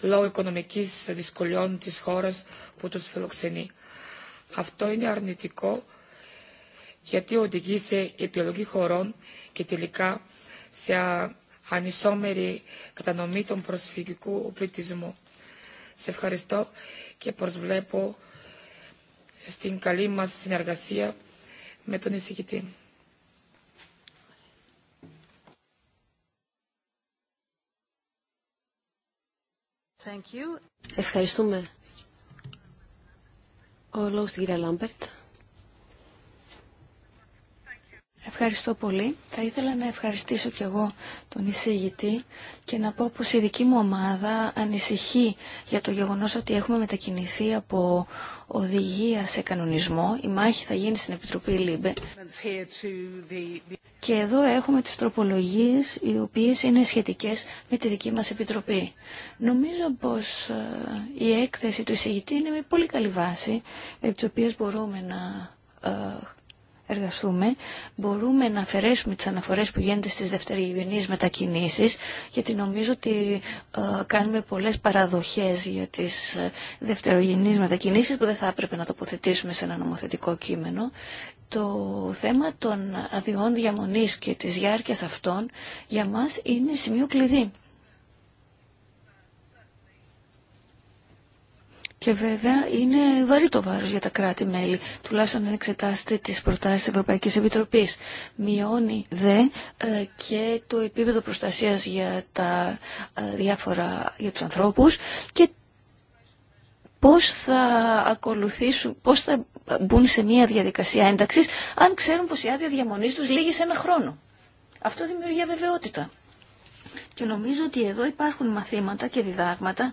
λόγω οικονομικής δυσκολιών της χώρας που τους φιλοξενεί. Αυτό είναι αρνητικό γιατί οδηγεί σε επιλογή χωρών και τελικά σε ανισόμερη κατανομή των προσφυγικού πληθυσμού. Σε ευχαριστώ και προσβλέπω στην καλή μας συνεργασία με τον εισηγητή. Thank you. Ευχαριστούμε. Ο λόγος στην κυρία Λάμπερτ. Ευχαριστώ πολύ. Θα ήθελα να ευχαριστήσω και εγώ τον εισηγητή και να πω πως η δική μου ομάδα ανησυχεί για το γεγονός ότι έχουμε μετακινηθεί από οδηγία σε κανονισμό. Η μάχη θα γίνει στην Επιτροπή ΛΥΜΠΕ. Και εδώ έχουμε τις τροπολογίες οι οποίες είναι σχετικές με τη δική μας Επιτροπή. Νομίζω πως ε, η έκθεση του εισηγητή είναι με πολύ καλή βάση επί μπορούμε να ε, εργαστούμε, μπορούμε να αφαιρέσουμε τις αναφορές που γίνονται στις δευτερογενείς μετακινήσεις, γιατί νομίζω ότι ε, κάνουμε πολλές παραδοχές για τις ε, δευτερογενείς μετακινήσεις που δεν θα έπρεπε να τοποθετήσουμε σε ένα νομοθετικό κείμενο. Το θέμα των αδειών διαμονής και της διάρκειας αυτών για μας είναι σημείο κλειδί. Και βέβαια είναι βαρύ το βάρος για τα κράτη-μέλη, τουλάχιστον αν εξετάσετε τις προτάσεις Ευρωπαϊκής Επιτροπής. Μειώνει δε ε, και το επίπεδο προστασίας για, τα, ε, διάφορα, για τους ανθρώπους και πώς θα ακολουθήσουν, πώς θα μπουν σε μια διαδικασία ένταξης αν ξέρουν πως η άδεια διαμονής τους λήγει σε ένα χρόνο. Αυτό δημιουργεί αβεβαιότητα. Και νομίζω ότι εδώ υπάρχουν μαθήματα και διδάγματα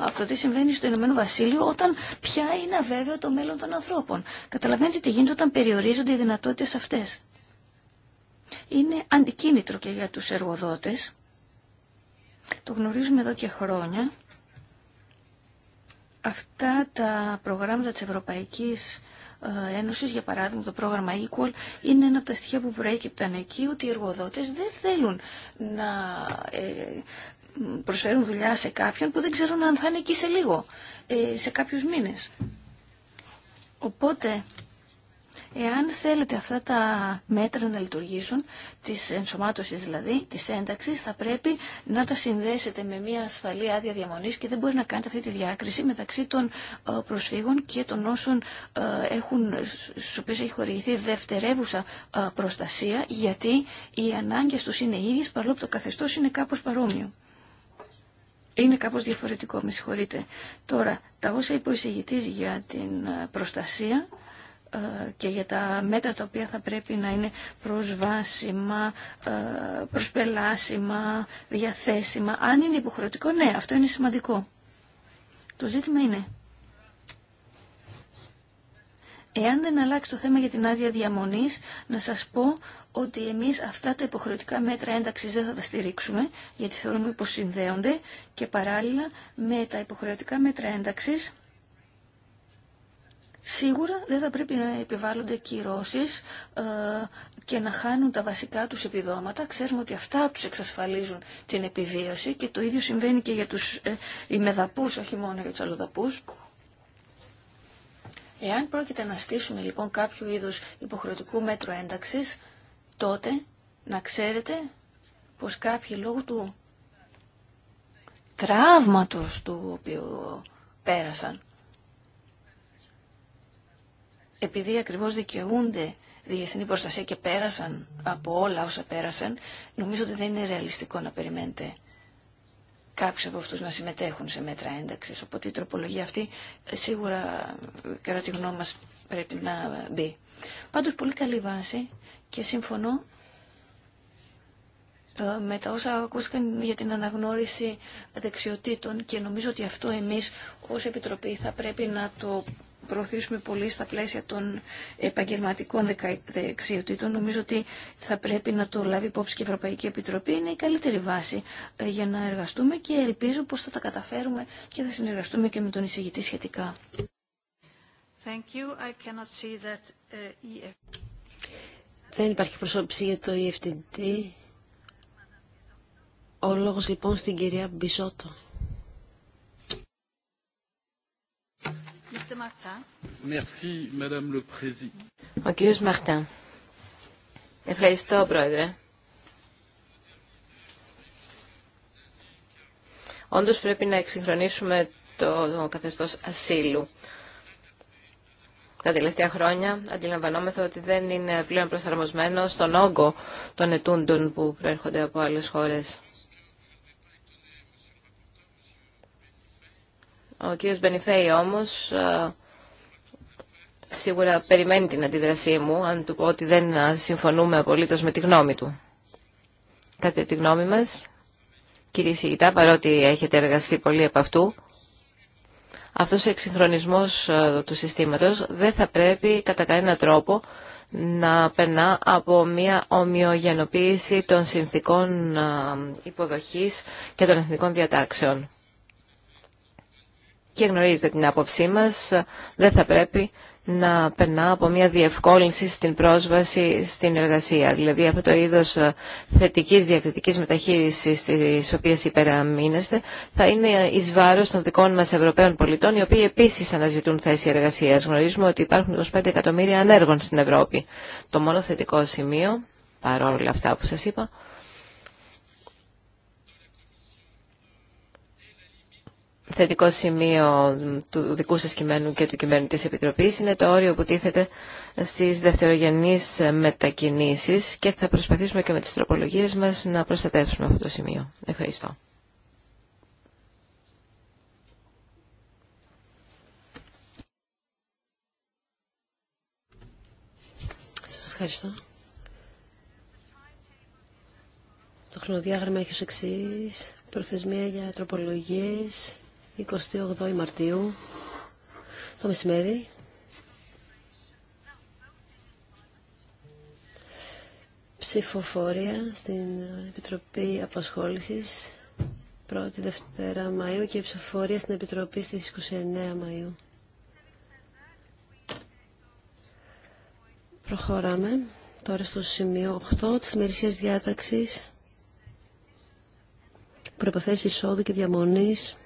από το τι συμβαίνει στο Ηνωμένο Βασίλειο όταν πια είναι αβέβαιο το μέλλον των ανθρώπων. Καταλαβαίνετε τι γίνεται όταν περιορίζονται οι δυνατότητες αυτές. Είναι αντικίνητρο και για τους εργοδότες. Το γνωρίζουμε εδώ και χρόνια. Αυτά τα προγράμματα της Ευρωπαϊκής ε, Ένωση, για παράδειγμα το πρόγραμμα Equal, είναι ένα από τα στοιχεία που προέκυπταν εκεί ότι οι εργοδότες δεν θέλουν να ε, προσφέρουν δουλειά σε κάποιον που δεν ξέρουν αν θα είναι εκεί σε λίγο, ε, σε κάποιου μήνε. Οπότε Εάν θέλετε αυτά τα μέτρα να λειτουργήσουν, της ενσωμάτωσης δηλαδή, της ένταξη, θα πρέπει να τα συνδέσετε με μια ασφαλή άδεια διαμονής και δεν μπορεί να κάνετε αυτή τη διάκριση μεταξύ των ε, προσφύγων και των όσων ε, έχουν, στους οποίους έχει χορηγηθεί δευτερεύουσα ε, προστασία, γιατί οι ανάγκες τους είναι ίδιες, παρόλο που το καθεστώς είναι κάπως παρόμοιο. Είναι κάπως διαφορετικό, με συγχωρείτε. Τώρα, τα όσα είπε ο για την προστασία ε, και για τα μέτρα τα οποία θα πρέπει να είναι προσβάσιμα, ε, προσπελάσιμα, διαθέσιμα. Αν είναι υποχρεωτικό, ναι, αυτό είναι σημαντικό. Το ζήτημα είναι, εάν δεν αλλάξει το θέμα για την άδεια διαμονής, να σας πω ότι εμείς αυτά τα υποχρεωτικά μέτρα ένταξης δεν θα τα στηρίξουμε, γιατί θεωρούμε πως συνδέονται και παράλληλα με τα υποχρεωτικά μέτρα ένταξης Σίγουρα δεν θα πρέπει να επιβάλλονται κυρώσεις ε, και να χάνουν τα βασικά τους επιδόματα. Ξέρουμε ότι αυτά τους εξασφαλίζουν την επιβίωση και το ίδιο συμβαίνει και για τους ε, ημεδαπούς, όχι μόνο για τους αλλοδαπούς. Εάν πρόκειται να στήσουμε λοιπόν κάποιο είδους υποχρεωτικού μέτρο ένταξης, τότε να ξέρετε πως κάποιοι λόγω του τραύματος του οποίου πέρασαν επειδή ακριβώς δικαιούνται διεθνή προστασία και πέρασαν από όλα όσα πέρασαν, νομίζω ότι δεν είναι ρεαλιστικό να περιμένετε κάποιους από αυτούς να συμμετέχουν σε μέτρα ένταξης. Οπότε η τροπολογία αυτή ε, σίγουρα κατά τη γνώμη μας πρέπει να μπει. Πάντως πολύ καλή βάση και συμφωνώ με τα όσα ακούστηκαν για την αναγνώριση δεξιοτήτων και νομίζω ότι αυτό εμείς ως Επιτροπή θα πρέπει να το προωθήσουμε πολύ στα πλαίσια των επαγγελματικών δεξιοτήτων. Νομίζω ότι θα πρέπει να το λάβει υπόψη και η Ευρωπαϊκή Επιτροπή. Είναι η καλύτερη βάση ε, για να εργαστούμε και ελπίζω πως θα τα καταφέρουμε και θα συνεργαστούμε και με τον εισηγητή σχετικά. Thank you. I cannot see that, uh, EF. Δεν υπάρχει προσώπηση για το EFTD. Ο λόγος λοιπόν στην κυρία Μπισότο. Ευχαριστώ, Πρόεδρε. Όντως πρέπει να εξυγχρονίσουμε το καθεστώς ασύλου. Τα τελευταία χρόνια αντιλαμβανόμεθα ότι δεν είναι πλέον προσαρμοσμένο στον όγκο των ετούντων που προέρχονται από άλλες χώρες. Ο κύριος Μπενιφέη όμως ε, σίγουρα περιμένει την αντίδρασή μου αν του πω ότι δεν ε, συμφωνούμε απολύτως με τη γνώμη του. Κατά τη γνώμη μας, κύριε Σιγητά, παρότι έχετε εργαστεί πολύ από αυτού, αυτός ο εξυγχρονισμός ε, του συστήματος δεν θα πρέπει κατά κανένα τρόπο να περνά από μια ομοιογενοποίηση των συνθήκων υποδοχής και των εθνικών διατάξεων και γνωρίζετε την άποψή μας, δεν θα πρέπει να περνά από μια διευκόλυνση στην πρόσβαση στην εργασία. Δηλαδή αυτό το είδος ε, θετικής διακριτικής μεταχείρισης της οποίας υπεραμείνεστε θα είναι εις βάρος των δικών μας Ευρωπαίων πολιτών οι οποίοι επίσης αναζητούν θέση εργασίας. Γνωρίζουμε ότι υπάρχουν 25 εκατομμύρια ανέργων στην Ευρώπη. Το μόνο θετικό σημείο, παρόλα αυτά που σας είπα, θετικό σημείο του δικού σας κειμένου και του κειμένου της Επιτροπής είναι το όριο που τίθεται στις δευτερογενείς μετακινήσεις και θα προσπαθήσουμε και με τις τροπολογίες μας να προστατεύσουμε αυτό το σημείο. Ευχαριστώ. Σας ευχαριστώ. Το χρονοδιάγραμμα έχει ως εξής. Προθεσμία για τροπολογίες 28 Μαρτίου το μεσημέρι. Ψηφοφορία στην Επιτροπή Απασχόλησης 1η Δευτέρα Μαΐου και ψηφοφορία στην Επιτροπή στις 29 Μαΐου. Προχωράμε τώρα στο σημείο 8 της ημερησίας διάταξης προϋποθέσεις εισόδου και διαμονής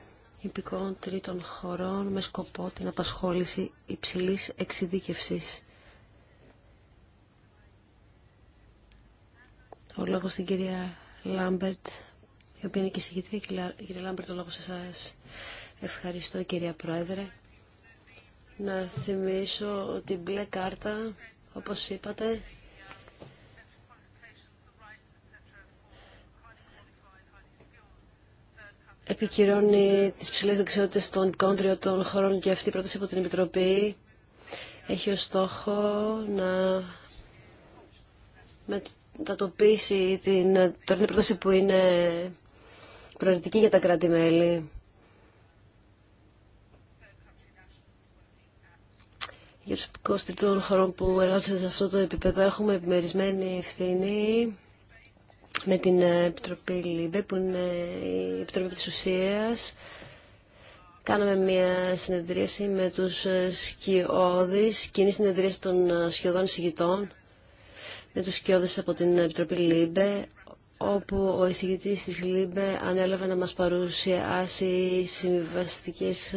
υπηκόων τρίτων χωρών με σκοπό την απασχόληση υψηλής εξειδίκευση. Ο λόγος στην κυρία Λάμπερτ, η οποία είναι και συγκεκριτή. Κυρία Λάμπερτ, ο λόγος σε εσάς. Ευχαριστώ κυρία Πρόεδρε. Να θυμίσω ότι μπλε κάρτα, όπως είπατε, επικυρώνει τις ψηλές δεξιότητες των κόντριων των χωρών και αυτή η πρόταση από την Επιτροπή έχει ως στόχο να μετατοπίσει την τωρινή πρόταση που είναι προαιρετική για τα κράτη-μέλη. Για τους των χωρών που εργάζονται σε αυτό το επίπεδο έχουμε επιμερισμένη ευθύνη με την ε, Επιτροπή ΛΥΜΠΕ που είναι η Επιτροπή της Ουσίας. Κάναμε μια συνεδρίαση με τους ε, σκιώδεις, κοινή συνεδρίαση των ε, σκιωδών συγγητών, με τους σκιώδεις από την Επιτροπή ΛΥΜΠΕ, όπου ο εισηγητής της ΛΥΜΠΕ ανέλαβε να μας παρουσιάσει συμβιβαστικές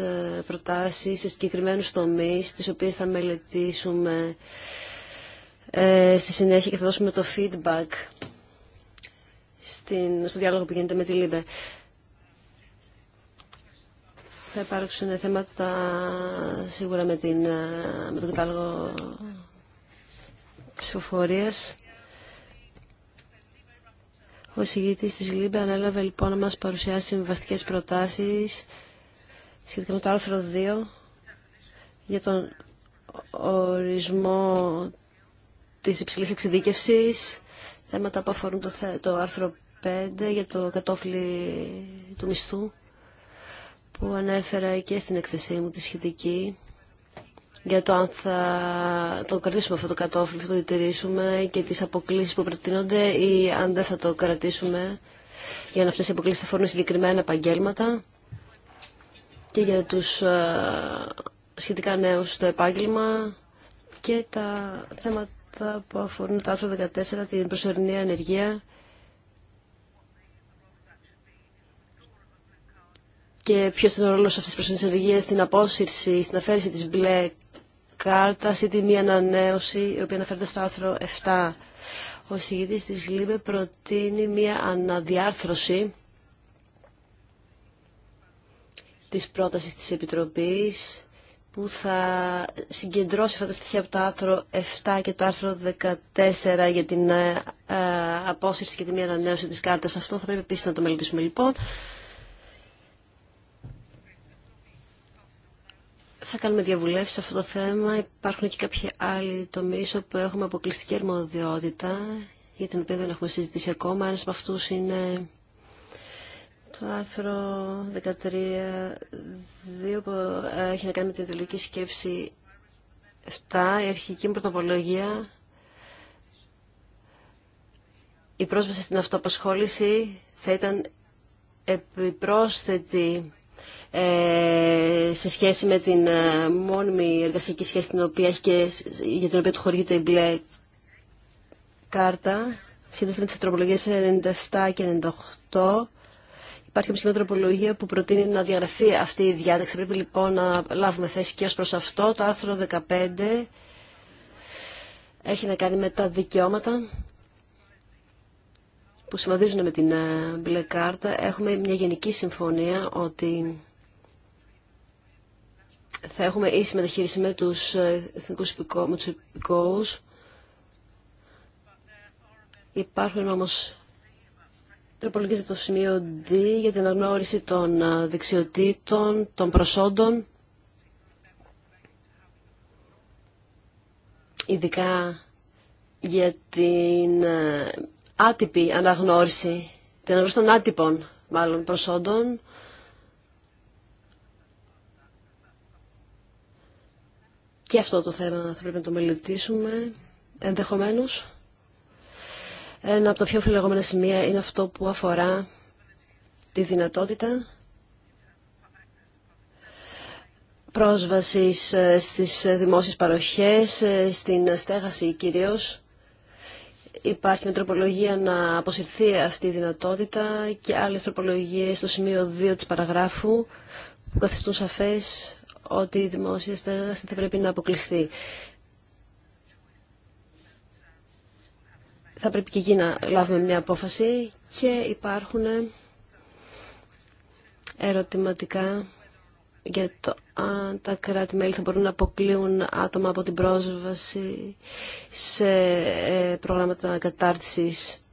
προτάσεις σε συγκεκριμένους τομείς, τις οποίες θα μελετήσουμε στη συνέχεια και θα δώσουμε το feedback στην, στο διάλογο που γίνεται με τη ΛΥΜΠΕ. Θα υπάρξουν θέματα σίγουρα με, την, ε, με τον κατάλογο ψηφοφορίας. Ο συγγητής της ΛΥΜΠΕ ανέλαβε λοιπόν να μας παρουσιάσει συμβαστικές προτάσεις σχετικά με το άρθρο 2 για τον ορισμό της υψηλής εξειδίκευσης θέματα που αφορούν το, το άρθρο 5 για το κατόφλι του μισθού που ανέφερα και στην εκθεσή μου τη σχετική για το αν θα το κρατήσουμε αυτό το κατόφλι, θα το διατηρήσουμε και τις αποκλήσεις που προτείνονται ή αν δεν θα το κρατήσουμε για να αυτές οι αποκλήσεις θα φορούν συγκεκριμένα επαγγέλματα και για τους ε, σχετικά νέους το επάγγελμα και τα θέματα θέματα που αφορούν το άρθρο 14, την προσωρινή ανεργία και ποιο είναι ο ρόλο αυτή τη προσωρινή ανεργία στην απόσυρση, στην αφαίρεση τη μπλε κάρτα ή τη μη ανανέωση, η οποία αναφέρεται στο άρθρο 7. Ο συγγητή της ΛΥΜΕ προτείνει μία αναδιάρθρωση της πρότασης της Επιτροπής που θα συγκεντρώσει αυτά τα στοιχεία από το άρθρο 7 και το άρθρο 14 για την ε, ε, απόσυρση και την μη ανανέωση της κάρτας. Αυτό θα πρέπει επίσης να το μελετήσουμε λοιπόν. Θα κάνουμε διαβουλεύσεις σε αυτό το θέμα. Υπάρχουν και κάποιοι άλλοι τομείς όπου έχουμε αποκλειστική αρμοδιότητα για την οποία δεν έχουμε συζητήσει ακόμα. Ένας από αυτούς είναι το άρθρο 13.2 που έχει να κάνει με την ιδεολογική σκέψη 7, η αρχική μου πρωτοπολογία, η πρόσβαση στην αυτοαπασχόληση θα ήταν επιπρόσθετη ε, σε σχέση με την ε, μόνιμη εργασιακή σχέση την οποία έχει για την οποία του χορηγείται η μπλε κάρτα σχετικά με τις 97 και 98 Υπάρχει μια τροπολογία που προτείνει να διαγραφεί αυτή η διάταξη. Πρέπει λοιπόν να λάβουμε θέση και ως προς αυτό. Το άρθρο 15 έχει να κάνει με τα δικαιώματα που συμβαδίζουν με την ε, μπλε κάρτα. Έχουμε μια γενική συμφωνία ότι θα έχουμε ίση μεταχείριση με τους ε, εθνικούς υπηκόους. Υπάρχουν όμως Τροπολογίζεται το σημείο D για την αναγνώριση των ε, δεξιοτήτων, των προσόντων, ειδικά για την ε, άτυπη αναγνώριση, την αναγνώριση των άτυπων μάλλον προσόντων, Και αυτό το θέμα θα πρέπει να το μελετήσουμε ενδεχομένως. Ένα από τα πιο φιλεγόμενα σημεία είναι αυτό που αφορά τη δυνατότητα πρόσβασης ε, στις ε, δημόσιες παροχές, ε, στην στέγαση κυρίως. Υπάρχει με τροπολογία να αποσυρθεί αυτή η δυνατότητα και άλλες τροπολογίες στο σημείο 2 της παραγράφου που καθιστούν σαφές ότι η δημόσια στέγαση θα πρέπει να αποκλειστεί. θα πρέπει και εκεί να λάβουμε μια απόφαση και υπάρχουν ερωτηματικά για το αν τα κράτη-μέλη θα μπορούν να αποκλείουν άτομα από την πρόσβαση σε ε, προγράμματα κατάρτισης.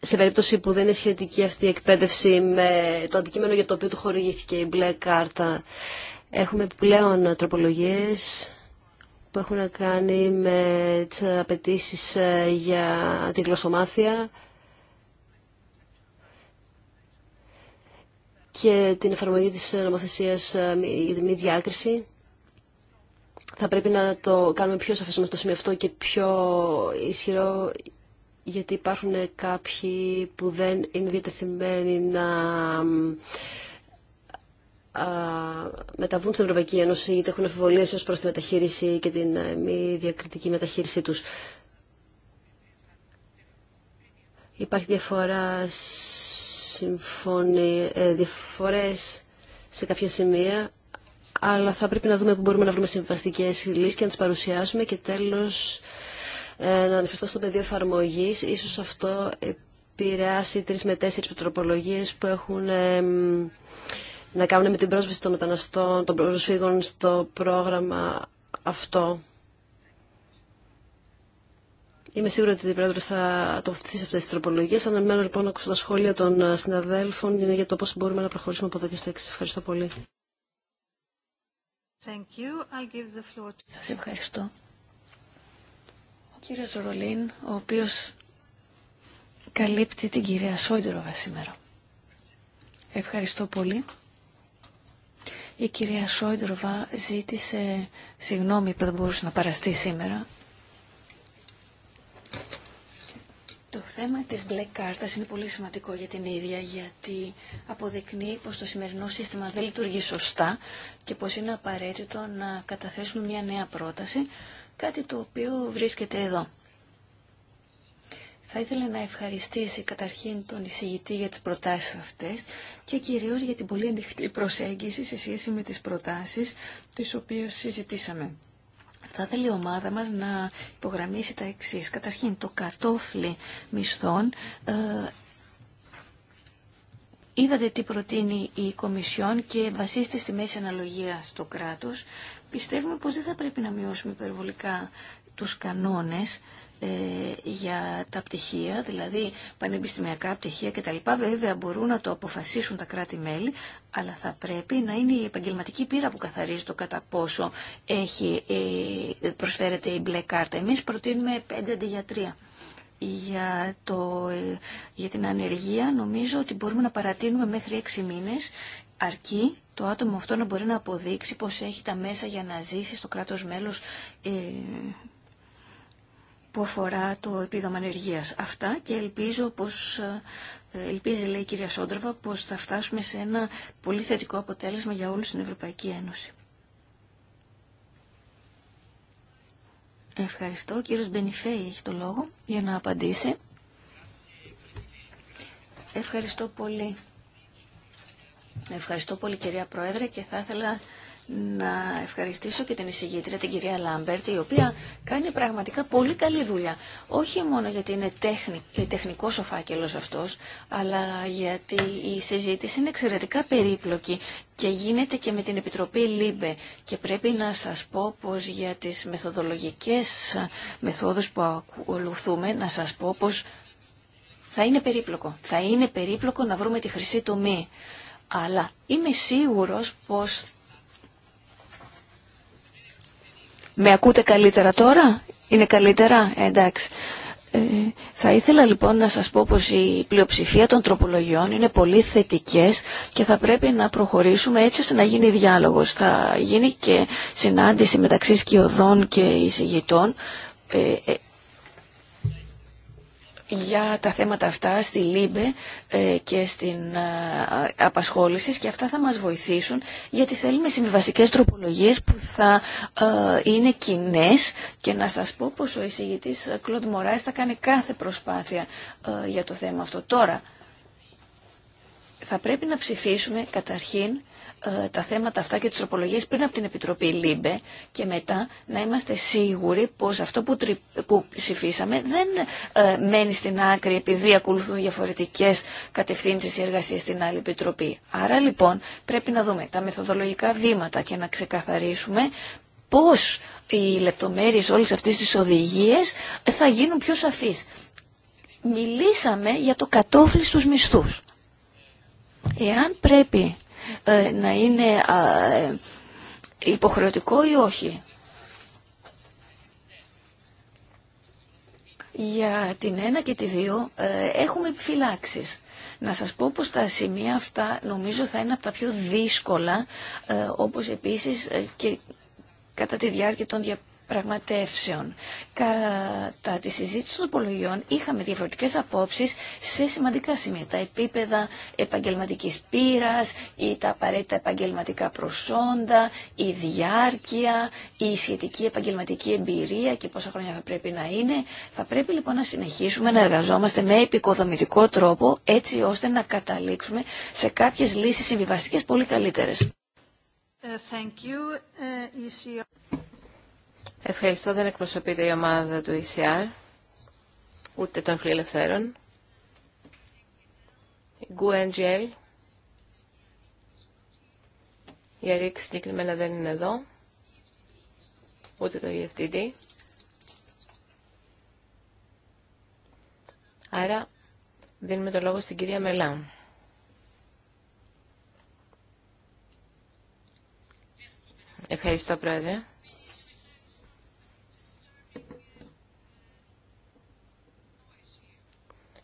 Σε περίπτωση που δεν είναι σχετική αυτή η εκπαίδευση με το αντικείμενο για το οποίο του χορηγήθηκε η μπλε κάρτα, Έχουμε πλέον τροπολογίες που έχουν να κάνει με τις απαιτήσει ε, για τη γλωσσομάθεια και την εφαρμογή της ε, νομοθεσίας ε, η μη διάκριση. Θα πρέπει να το κάνουμε πιο σαφές με το σημείο αυτό και πιο ισχυρό γιατί υπάρχουν κάποιοι που δεν είναι διατεθειμένοι να μεταβούν στην Ευρωπαϊκή Ένωση είτε έχουν αφιβολίες ως προς τη μεταχείριση και την ε, μη διακριτική μεταχείρισή τους. Υπάρχει διαφορά ε, διαφορές σε κάποια σημεία, αλλά θα πρέπει να δούμε πού μπορούμε να βρούμε συμβαστικές λύσεις και να τις παρουσιάσουμε και τέλος ε, να αναφερθώ στο πεδίο εφαρμογή. Ίσως αυτό επηρεάσει τρεις με τέσσερις πετροπολογίες που έχουν να κάνουν με την πρόσβαση των μεταναστών, των προσφύγων στο πρόγραμμα αυτό. Είμαι σίγουρη ότι η πρόεδρο θα το σε αυτέ τι τροπολογίε. Αναμένω λοιπόν να ακούσω τα σχόλια των ε, συναδέλφων για το πώ μπορούμε να προχωρήσουμε από εδώ και στο εξή. Ευχαριστώ πολύ. Thank Σας ευχαριστώ. Ο κύριος Ρολίν, ο οποίος καλύπτει την κυρία Σόιντροβα σήμερα. Ευχαριστώ πολύ. Η κυρία Σόιντροβα ζήτησε συγγνώμη που δεν μπορούσε να παραστεί σήμερα. Το θέμα της μπλε κάρτας είναι πολύ σημαντικό για την ίδια γιατί αποδεικνύει πως το σημερινό σύστημα δεν λειτουργεί σωστά και πως είναι απαραίτητο να καταθέσουμε μια νέα πρόταση, κάτι το οποίο βρίσκεται εδώ. Θα ήθελα να ευχαριστήσει καταρχήν τον εισηγητή για τις προτάσεις αυτές και κυρίως για την πολύ ανοιχτή προσέγγιση σε σχέση με τις προτάσεις τις οποίες συζητήσαμε. Θα θέλει η ομάδα μας να υπογραμμίσει τα εξής. Καταρχήν, το κατόφλι μισθών ε, Είδατε τι προτείνει η Κομισιόν και βασίστε στη μέση αναλογία στο κράτος. Πιστεύουμε πως δεν θα πρέπει να μειώσουμε υπερβολικά τους κανόνες ε, για τα πτυχία, δηλαδή πανεπιστημιακά πτυχία κτλ. Βέβαια μπορούν να το αποφασίσουν τα κράτη-μέλη, αλλά θα πρέπει να είναι η επαγγελματική πείρα που καθαρίζει το κατά πόσο έχει, ε, προσφέρεται η μπλε κάρτα. Εμείς προτείνουμε 5 αντί για το, ε, για την ανεργία νομίζω ότι μπορούμε να παρατείνουμε μέχρι έξι μήνες αρκεί το άτομο αυτό να μπορεί να αποδείξει πως έχει τα μέσα για να ζήσει στο κράτος μέλος ε, που αφορά το επίδομα ανεργία. Αυτά και ελπίζω πως, ε, ελπίζει λέει η κυρία Σόντροβα, πως θα φτάσουμε σε ένα πολύ θετικό αποτέλεσμα για όλους στην Ευρωπαϊκή Ένωση. Ευχαριστώ. Ο κύριος Μπενιφέη έχει το λόγο για να απαντήσει. Ευχαριστώ πολύ. Ευχαριστώ πολύ κυρία Πρόεδρε και θα ήθελα να ευχαριστήσω και την εισηγήτρια, την κυρία Λάμπερτ, η οποία κάνει πραγματικά πολύ καλή δουλειά. Όχι μόνο γιατί είναι τέχνη, ε, τεχνικός ο φάκελος αυτός, αλλά γιατί η συζήτηση είναι εξαιρετικά περίπλοκη και γίνεται και με την Επιτροπή ΛΥΜΠΕ. Και πρέπει να σας πω πως για τις μεθοδολογικές ε, μεθόδους που ακολουθούμε, να σας πω πως θα είναι περίπλοκο. Θα είναι περίπλοκο να βρούμε τη χρυσή τομή. Αλλά είμαι σίγουρος πως Με ακούτε καλύτερα τώρα? Είναι καλύτερα? Ε, εντάξει. Ε, θα ήθελα λοιπόν να σας πω πως η πλειοψηφία των τροπολογιών είναι πολύ θετικές και θα πρέπει να προχωρήσουμε έτσι ώστε να γίνει διάλογος. Θα γίνει και συνάντηση μεταξύ σκιωδών και εισηγητών ε, ε για τα θέματα αυτά στη ΛΥΜΠΕ ε, και στην ε, απασχόληση και αυτά θα μας βοηθήσουν γιατί θέλουμε συμβιβαστικές τροπολογίες που θα ε, είναι κοινέ και να σας πω πως ο εισηγητής Κλοντ Μωράης θα κάνει κάθε προσπάθεια για το θέμα αυτό. Τώρα θα πρέπει να ψηφίσουμε καταρχήν ε, τα θέματα αυτά και τις τροπολογίες πριν από την Επιτροπή ΛΥΜΠΕ και μετά να είμαστε σίγουροι πως αυτό που, που ψηφίσαμε δεν ε, μένει στην άκρη επειδή ακολουθούν διαφορετικές κατευθύνσεις ή εργασίες στην άλλη Επιτροπή. Άρα λοιπόν πρέπει να δούμε τα μεθοδολογικά βήματα και να ξεκαθαρίσουμε πώς οι λεπτομέρειες όλες αυτές τις οδηγίες ε, θα γίνουν πιο σαφείς. Μιλήσαμε για το κατόφλι στους μισθούς. Εάν πρέπει ε, να είναι ε, υποχρεωτικό ή όχι. Για την ένα και τη δύο ε, έχουμε επιφυλάξεις. Να σας πω πως τα σημεία αυτά νομίζω θα είναι από τα πιο δύσκολα, όπως επίσης και κατά τη διάρκεια των διαπραγματεύσεων πραγματεύσεων. Κατά τη συζήτηση των απολογιών είχαμε διαφορετικές απόψεις σε σημαντικά σημεία. Τα επίπεδα επαγγελματικής πείρας ή τα απαραίτητα επαγγελματικά προσόντα, η διάρκεια, η σχετική επαγγελματική εμπειρία και πόσα χρόνια θα πρέπει να είναι. Θα πρέπει λοιπόν να συνεχίσουμε να εργαζόμαστε με επικοδομητικό τρόπο έτσι ώστε να καταλήξουμε σε κάποιες λύσεις συμβιβαστικές πολύ καλύτερες. Ε, thank you. Ε, Ευχαριστώ. Δεν εκπροσωπείται η ομάδα του ECR, ούτε των φιλελευθέρων. Η GUNGL. Η ΑΡΙΚ συγκεκριμένα δεν είναι εδώ, ούτε το EFTD. Άρα δίνουμε το λόγο στην κυρία Μελά. Ευχαριστώ, Πρόεδρε.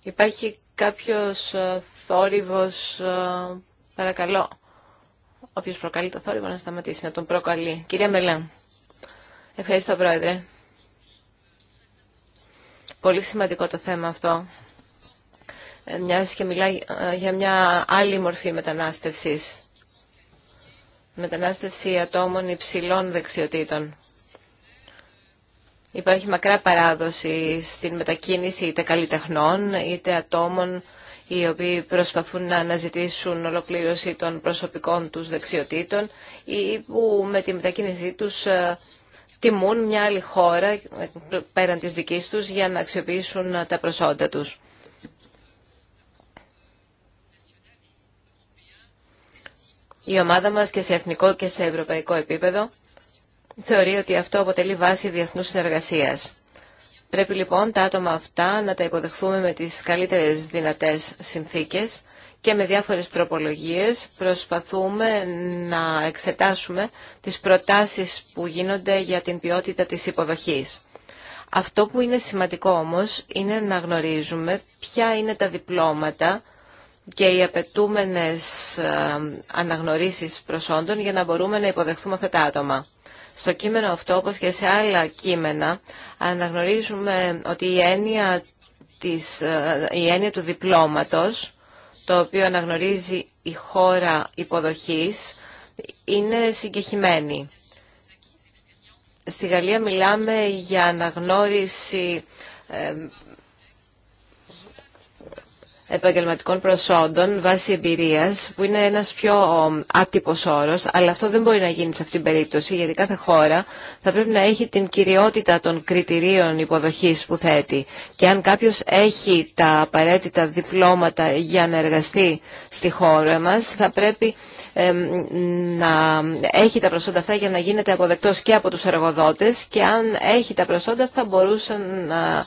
Υπάρχει κάποιος ε, θόρυβος, ε, παρακαλώ, όποιος προκαλεί το θόρυβο να σταματήσει, να τον προκαλεί. Κυρία Μελάν, ευχαριστώ Πρόεδρε. Πολύ σημαντικό το θέμα αυτό. Ε, μοιάζει και μιλάει για μια άλλη μορφή μετανάστευσης. Μετανάστευση ατόμων υψηλών δεξιοτήτων. Υπάρχει μακρά παράδοση στην μετακίνηση είτε καλλιτεχνών είτε ατόμων οι οποίοι προσπαθούν να αναζητήσουν ολοκλήρωση των προσωπικών τους δεξιοτήτων ή που με τη μετακίνησή τους ε, τιμούν μια άλλη χώρα πέραν της δικής τους για να αξιοποιήσουν ε, τα προσόντα τους. Η ομάδα μας και σε εθνικό και σε ευρωπαϊκό επίπεδο θεωρεί ότι αυτό αποτελεί βάση διεθνούς συνεργασίας. Πρέπει λοιπόν τα άτομα αυτά να τα υποδεχθούμε με τις καλύτερες δυνατές συνθήκες και με διάφορες τροπολογίες προσπαθούμε να εξετάσουμε τις προτάσεις που γίνονται για την ποιότητα της υποδοχής. Αυτό που είναι σημαντικό όμως είναι να γνωρίζουμε ποια είναι τα διπλώματα και οι απαιτούμενε ε, αναγνωρίσεις προσόντων για να μπορούμε να υποδεχθούμε αυτά τα άτομα. Στο κείμενο αυτό, όπως και σε άλλα κείμενα, αναγνωρίζουμε ότι η έννοια, της, ε, του διπλώματος, το οποίο αναγνωρίζει η χώρα υποδοχής, είναι συγκεχημένη. Στη Γαλλία μιλάμε για αναγνώριση ε, επαγγελματικών προσόντων βάσει εμπειρίας, που είναι ένας πιο άτυπος όρος, αλλά αυτό δεν μπορεί να γίνει σε αυτήν την περίπτωση, γιατί κάθε χώρα θα πρέπει να έχει την κυριότητα των κριτηρίων υποδοχής που θέτει. Και αν κάποιος έχει τα απαραίτητα διπλώματα για να εργαστεί στη χώρα μας, θα πρέπει να έχει τα προσόντα αυτά για να γίνεται αποδεκτός και από τους εργοδότες και αν έχει τα προσόντα θα μπορούσε να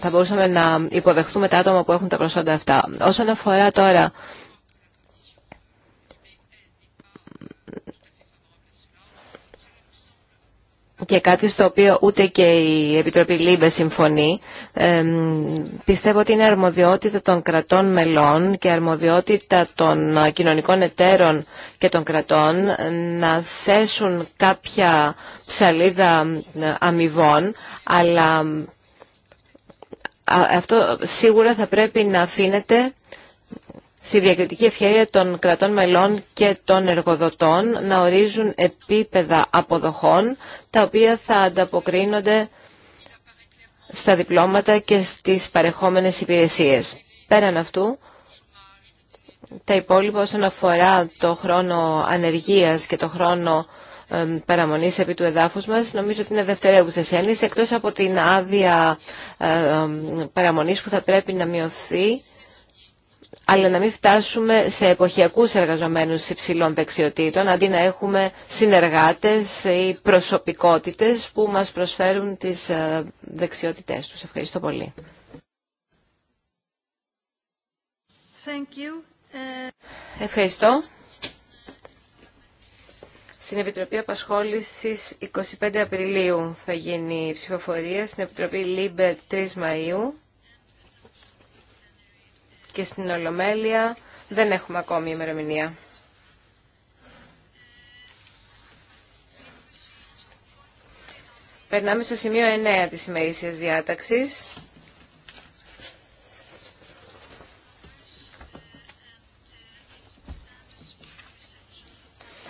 θα μπορούσαμε να υποδεχθούμε τα άτομα που έχουν τα προσόντα αυτά. Όσον αφορά τώρα και κάτι στο οποίο ούτε και η Επιτροπή Λίμπε συμφωνεί. πιστεύω ότι είναι αρμοδιότητα των κρατών μελών και αρμοδιότητα των κοινωνικών εταίρων και των κρατών να θέσουν κάποια ψαλίδα αμοιβών, αλλά αυτό σίγουρα θα πρέπει να αφήνεται στη διακριτική ευχαίρεια των κρατών μελών και των εργοδοτών να ορίζουν επίπεδα αποδοχών τα οποία θα ανταποκρίνονται στα διπλώματα και στις παρεχόμενες υπηρεσίες. Πέραν αυτού, τα υπόλοιπα όσον αφορά το χρόνο ανεργίας και το χρόνο Παραμονή επί του εδάφου μας νομίζω ότι είναι δευτερεύουσε έννοιε, εκτός από την άδεια ε, παραμονή που θα πρέπει να μειωθεί αλλά να μην φτάσουμε σε εποχιακούς εργαζομένους υψηλών δεξιοτήτων, αντί να έχουμε συνεργάτες ή προσωπικότητες που μας προσφέρουν τις ε, δεξιότητές τους. Ευχαριστώ πολύ. Thank ε, Ευχαριστώ. Στην Επιτροπή Απασχόλησης 25 Απριλίου θα γίνει η ψηφοφορία, στην Επιτροπή ΛΥΜΠΕ 3 Μαΐου και στην Ολομέλεια δεν έχουμε ακόμη ημερομηνία. Περνάμε στο σημείο 9 της ημερήσιας διάταξης.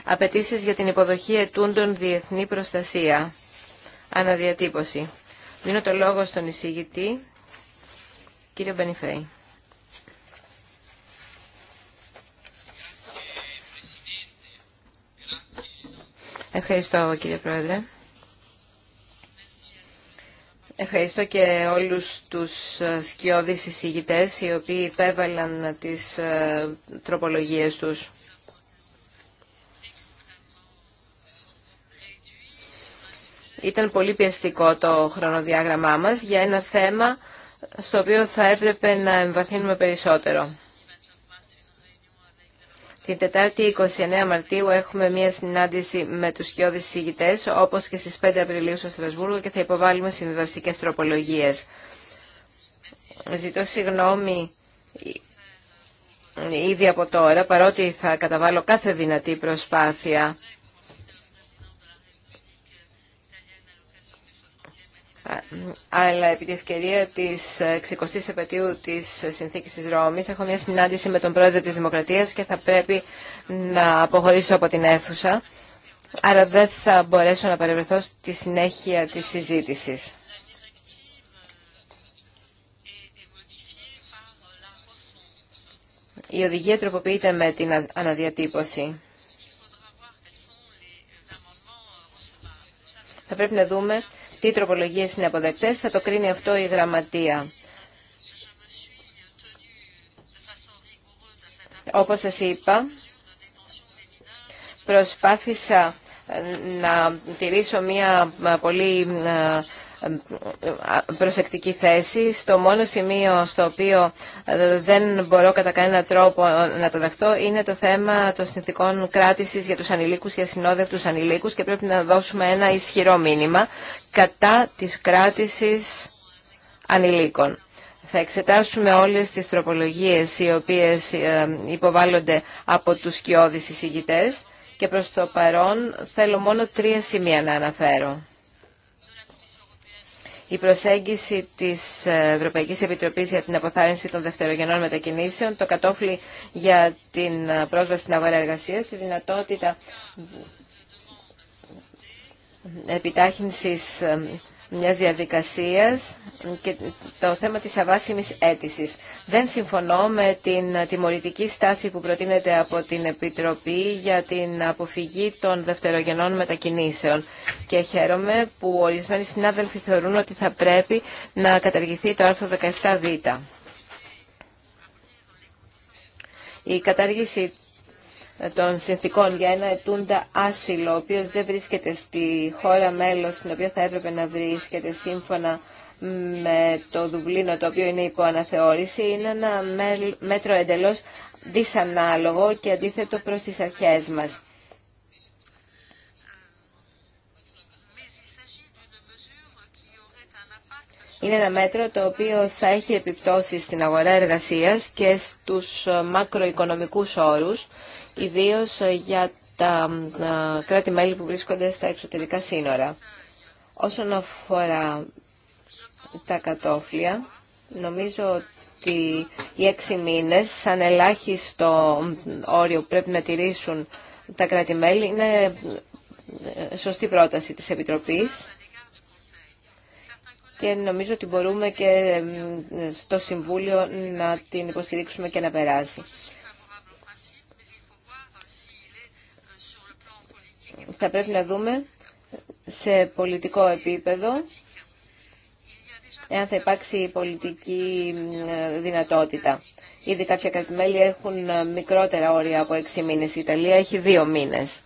Απαιτήσει για την υποδοχή ετούντων διεθνή προστασία. Αναδιατύπωση. Δίνω το λόγο στον εισηγητή, κύριο Μπενιφέη. Ευχαριστώ κύριε Πρόεδρε. Ευχαριστώ και όλους τους ε, σκιώδεις εισηγητές οι οποίοι υπέβαλαν τις ε, τροπολογίες τους. Ήταν πολύ πιεστικό το χρονοδιάγραμμά μας για ένα θέμα στο οποίο θα έπρεπε να εμβαθύνουμε περισσότερο. Την Τετάρτη 29 Μαρτίου έχουμε μία συνάντηση με τους σκιώδεις συζητητές, όπως και στις 5 Απριλίου στο Στρασβούργο και θα υποβάλουμε συμβιβαστικές τροπολογίες. Ζητώ συγγνώμη ήδη από τώρα, παρότι θα καταβάλω κάθε δυνατή προσπάθεια αλλά επί τη ευκαιρία της 60ης επαιτίου της Συνθήκης της Ρώμης έχω μια συνάντηση με τον πρόεδρο της Δημοκρατίας και θα πρέπει να αποχωρήσω από την αίθουσα, αλλά δεν θα μπορέσω να παρευρεθώ στη συνέχεια της συζήτησης. Η οδηγία τροποποιείται με την αναδιατύπωση. Θα πρέπει να δούμε τι τροπολογίες είναι αποδεκτές, θα το κρίνει αυτό η γραμματεία. Όπως σας είπα, προσπάθησα να τηρήσω μια πολύ ε, προσεκτική θέση. Στο μόνο σημείο στο οποίο ε, δεν μπορώ κατά κανένα τρόπο να το δεχτώ είναι το θέμα των συνθηκών κράτησης για τους ανηλίκους και συνόδευτους ανηλίκους και πρέπει να δώσουμε ένα ισχυρό μήνυμα κατά της κράτησης ανηλίκων. Θα εξετάσουμε όλες τις τροπολογίες οι οποίες ε, υποβάλλονται από τους σκιώδεις εισηγητές και προς το παρόν θέλω μόνο τρία σημεία να αναφέρω. Η προσέγγιση της Ευρωπαϊκής Επιτροπής για την αποθάρρυνση των δευτερογενών μετακινήσεων, το κατόφλι για την πρόσβαση στην αγορά εργασίας, τη δυνατότητα επιτάχυνσης μιας διαδικασίας και το θέμα της αβάσιμης αίτησης. Δεν συμφωνώ με την τιμωρητική στάση που προτείνεται από την Επιτροπή για την αποφυγή των δευτερογενών μετακινήσεων και χαίρομαι που ορισμένοι συνάδελφοι θεωρούν ότι θα πρέπει να καταργηθεί το άρθρο 17β. Η κατάργηση ε, των συνθήκων για ένα ετούντα άσυλο, ο οποίος δεν βρίσκεται στη χώρα μέλος στην οποία θα έπρεπε να βρίσκεται σύμφωνα με το Δουβλίνο, το οποίο είναι υπό αναθεώρηση, είναι ένα μέτρο εντελώς δυσανάλογο και αντίθετο προς τις αρχές μας. Είναι ένα μέτρο το οποίο θα έχει επιπτώσει στην αγορά εργασίας και στους μακροοικονομικούς όρους ιδίως ε, για τα ε, κράτη-μέλη που βρίσκονται στα εξωτερικά σύνορα. Όσον αφορά τα κατόφλια, νομίζω ότι οι έξι μήνες, σαν ελάχιστο όριο που πρέπει να τηρήσουν τα κράτη-μέλη, είναι ε, σωστή πρόταση της Επιτροπής και νομίζω ότι μπορούμε και στο Συμβούλιο να την υποστηρίξουμε και να περάσει. θα πρέπει να δούμε σε πολιτικό επίπεδο εάν θα υπάρξει πολιτική ε, δυνατότητα. Ήδη κάποια κρατημέλη έχουν ε, μικρότερα όρια από έξι μήνες. Η Ιταλία έχει δύο μήνες.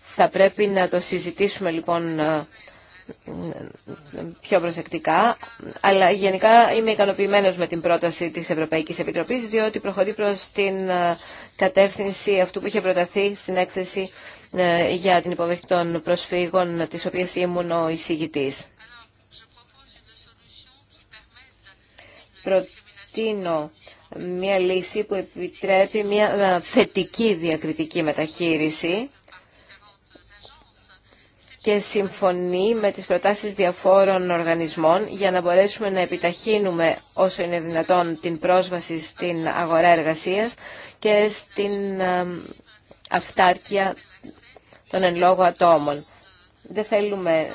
Θα πρέπει να το συζητήσουμε λοιπόν ε, πιο προσεκτικά, αλλά γενικά είμαι ικανοποιημένος με την πρόταση της Ευρωπαϊκής Επιτροπής, διότι προχωρεί προς την κατεύθυνση αυτού που είχε προταθεί στην έκθεση ε, για την υποδοχή των προσφύγων, της οποίας ήμουν ο εισηγητής. Προτείνω μια λύση που επιτρέπει μια ε, θετική διακριτική μεταχείριση και συμφωνεί με τις προτάσεις διαφόρων οργανισμών για να μπορέσουμε να επιταχύνουμε όσο είναι δυνατόν την πρόσβαση στην αγορά εργασίας και στην ε, αυτάρκεια των εν λόγω ατόμων. Δεν θέλουμε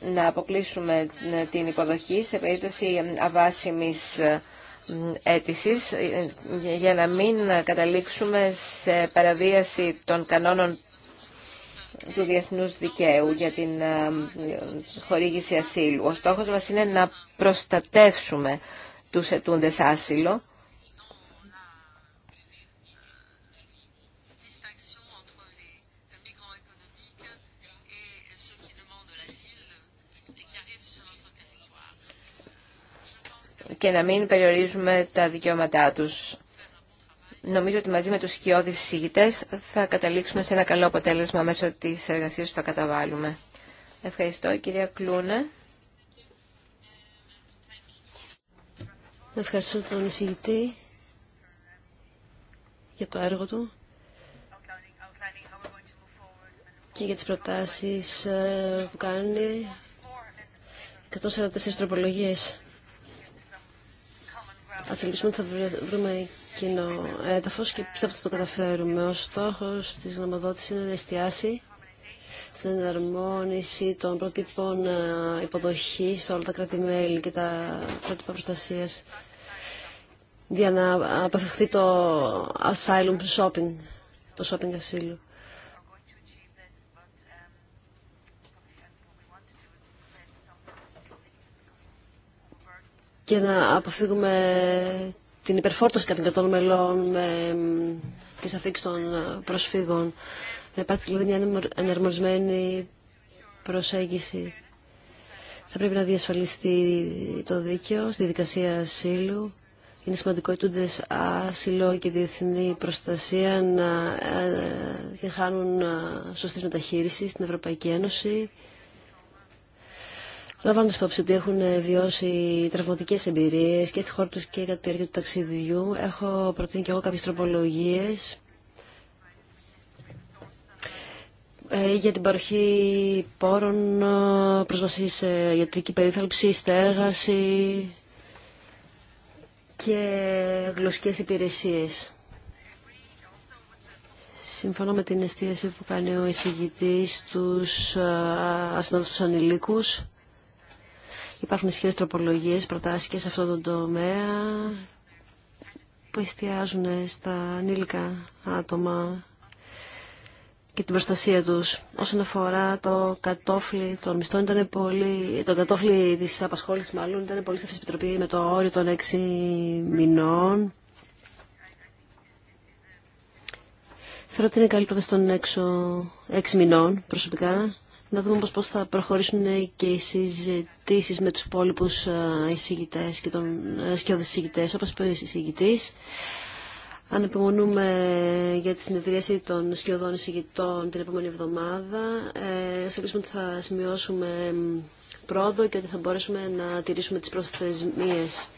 να αποκλείσουμε την υποδοχή σε περίπτωση αβάσιμης ε, αίτησης ε, για να μην καταλήξουμε σε παραβίαση των κανόνων του διεθνούς δικαίου για την ε, χορήγηση ασύλου. Ο στόχος μας είναι να προστατεύσουμε τους ετούντες άσυλο και να μην περιορίζουμε τα δικαιώματά τους. Νομίζω ότι μαζί με τους σκιώδεις συζητητές θα καταλήξουμε σε ένα καλό αποτέλεσμα μέσω της εργασίας που θα καταβάλουμε. Ευχαριστώ, κυρία Κλούνε. Ευχαριστώ τον εισηγητή για το έργο του και για τις προτάσεις ε, που κάνει 144 τροπολογίες. Ας ελπίσουμε ότι θα βρούμε κοινό έδαφος και πιστεύω ότι το καταφέρουμε. Ο στόχος της νομοδότησης είναι να εστιάσει στην εναρμόνιση των προτύπων ε, υποδοχής σε όλα τα κράτη-μέλη και τα πρότυπα προστασίας για να αποφευχθεί το asylum shopping, το shopping ασύλου. για να αποφύγουμε την υπερφόρτωση κατά των μελών με τις αφήξεις των ε, προσφύγων. Να υπάρξει δηλαδή μια ενερμοσμένη προσέγγιση. Θα πρέπει να διασφαλιστεί το δίκαιο στη δικασία ασύλου. Είναι σημαντικό τούντες ασύλο και διεθνή προστασία να διχάνουν ε, ε, σωστή μεταχείριση στην Ευρωπαϊκή Ένωση λαμβάνοντα υπόψη ότι έχουν βιώσει τραυματικέ εμπειρίε και στη χώρα του και κατά τη διάρκεια του ταξιδιού, έχω προτείνει και εγώ κάποιε τροπολογίε ε, για την παροχή πόρων, ε, πρόσβαση σε ιατρική περίθαλψη, στέγαση και γλωσσικές υπηρεσίες. Συμφωνώ με την εστίαση που κάνει ο εισηγητής στους ε, ασυνόδευτους ανηλίκους. Υπάρχουν ισχυρές τροπολογίες, προτάσεις και σε αυτό το τομέα που εστιάζουν στα ανήλικα άτομα και την προστασία τους. Όσον αφορά το κατόφλι των μισθών, ήταν πολύ, το κατόφλι της απασχόλησης μάλλον ήταν πολύ σαφής επιτροπή με το όριο των 6 μηνών. Θεωρώ ότι είναι καλύτερο των έξι μηνών προσωπικά. Να δούμε πώς θα προχωρήσουν και οι συζητήσεις με τους υπόλοιπους ε, εισηγητές και τον ε, σκιώδης εισηγητές. Όπως είπε ο εισηγητής, αν επιμονούμε για τη συνεδρίαση των σκιωδών εισηγητών την επόμενη εβδομάδα, ε, σε ότι θα σημειώσουμε πρόοδο και ότι θα μπορέσουμε να τηρήσουμε τις προσθεσμίες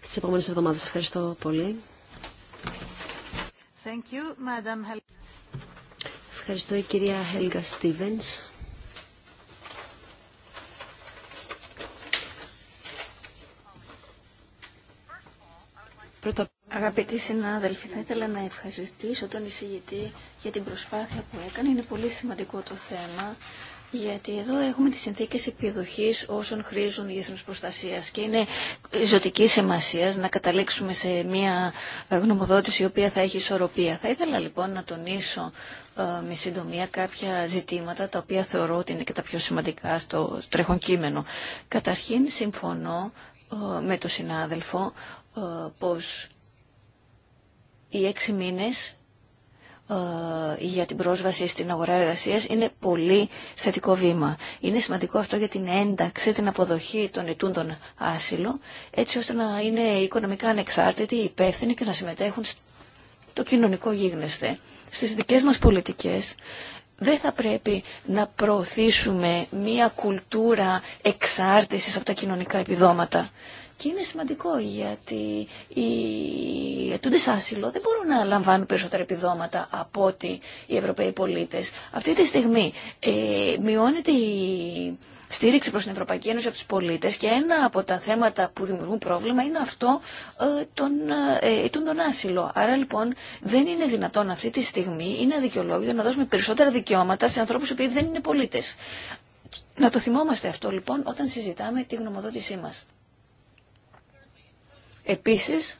στις επόμενες εβδομάδες. Ευχαριστώ πολύ. Thank you, Madam. Ευχαριστώ η κυρία Χέλγα Στίβενς. Αγαπητοί συνάδελφοι, θα ήθελα να ευχαριστήσω τον εισηγητή για την προσπάθεια που έκανε. Είναι πολύ σημαντικό το θέμα γιατί εδώ έχουμε τις συνθήκες επιδοχής όσων χρήζουν διεθνούς προστασίας και είναι ζωτική σημασία να καταλήξουμε σε μια γνωμοδότηση η οποία θα έχει ισορροπία. Θα ήθελα λοιπόν να τονίσω ε, με συντομία κάποια ζητήματα τα οποία θεωρώ ότι είναι και τα πιο σημαντικά στο τρέχον κείμενο. Καταρχήν συμφωνώ ε, με τον συνάδελφο ε, πως οι έξι μήνες ε, για την πρόσβαση στην αγορά εργασίας είναι πολύ θετικό βήμα. Είναι σημαντικό αυτό για την ένταξη, την αποδοχή των ετούντων άσυλο, έτσι ώστε να είναι οικονομικά ανεξάρτητοι, υπεύθυνοι και να συμμετέχουν στο κοινωνικό γίγνεσθε. Στις δικές μας πολιτικές δεν θα πρέπει να προωθήσουμε μία κουλτούρα εξάρτησης από τα κοινωνικά επιδόματα. Και είναι σημαντικό γιατί οι ετούντε άσυλο δεν μπορούν να λαμβάνουν περισσότερα επιδόματα από ότι οι Ευρωπαίοι πολίτε. Αυτή τη στιγμή ε, μειώνεται η στήριξη προ την Ευρωπαϊκή Ένωση από τους πολίτε και ένα από τα θέματα που δημιουργούν πρόβλημα είναι αυτό ε, των ε, ετούντων άσυλο. Άρα λοιπόν δεν είναι δυνατόν αυτή τη στιγμή, είναι αδικαιολόγητο να δώσουμε περισσότερα δικαιώματα σε ανθρώπους που δεν είναι πολίτε. Να το θυμόμαστε αυτό λοιπόν όταν συζητάμε τη γνωμοδότησή μας. Επίσης,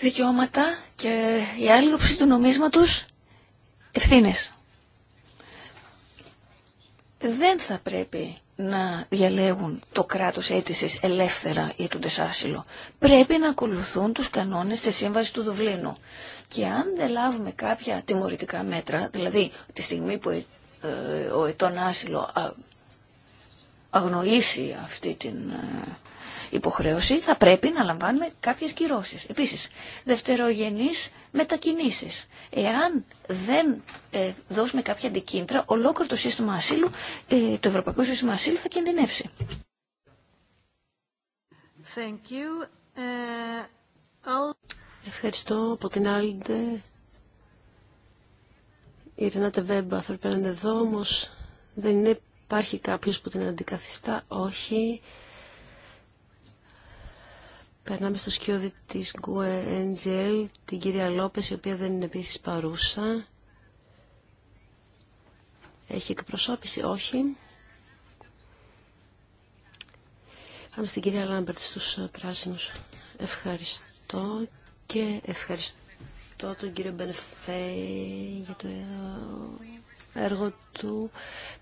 δικαιώματα και η άλλη του νομίσματος ευθύνες. Δεν θα πρέπει να διαλέγουν το κράτος αίτησης ελεύθερα ή τον άσυλο. Πρέπει να ακολουθούν τους κανόνες της σύμβαση του Δουβλίνου. Και αν δεν λάβουμε κάποια τιμωρητικά μέτρα, δηλαδή τη στιγμή που ε, ε, ο ετών άσυλο αγνοήσει αυτή την ε, υποχρέωση, θα πρέπει να λαμβάνουμε κάποιες κυρώσεις. Επίσης, δευτερογενείς μετακινήσεις. Εάν δεν ε, δώσουμε κάποια αντικίντρα, ολόκληρο το σύστημα ασύλου, ε, το ευρωπαϊκό σύστημα ασύλου θα κινδυνεύσει. Thank you. Ευχαριστώ από την άλλη. Η Ρενάτε Βέμπα θα πρέπει να είναι εδώ, όμω δεν είναι Υπάρχει κάποιος που την αντικαθιστά. Όχι. Περνάμε στο σκιώδι της Γκουε Έντζελ, την κυρία Λόπες, η οποία δεν είναι επίσης παρούσα. Έχει εκπροσώπηση, όχι. Πάμε στην κυρία Λάμπερτ στους πράσινους. Ευχαριστώ και ευχαριστώ τον κύριο Μπενεφέ για το έργο του.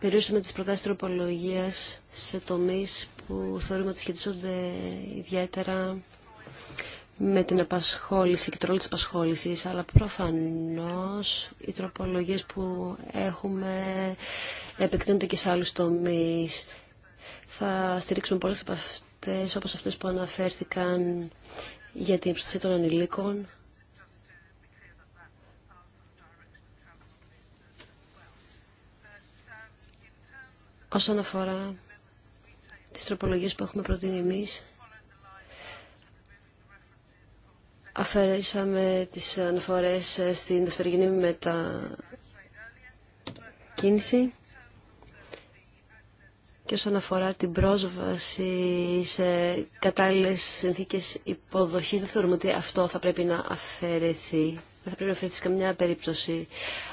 Περιορίσαμε τις προτάσεις τροπολογίας σε τομείς που θεωρούμε ότι σχετίζονται ιδιαίτερα με την απασχόληση και το ρόλο της απασχόλησης, αλλά προφανώς οι τροπολογίες που έχουμε επεκτείνονται και σε άλλους τομείς. Θα στηρίξουμε πολλές από αυτές, όπως αυτές που αναφέρθηκαν για την προστασία των ανηλίκων, Όσον αφορά τις τροπολογίες που έχουμε προτείνει εμείς, αφαιρέσαμε τις αναφορές στην δευτερογενή μετακίνηση και όσον αφορά την πρόσβαση σε κατάλληλες συνθήκες υποδοχής, δεν θεωρούμε ότι αυτό θα πρέπει να αφαιρεθεί. Δεν θα πρέπει να φέρει σε καμιά περίπτωση.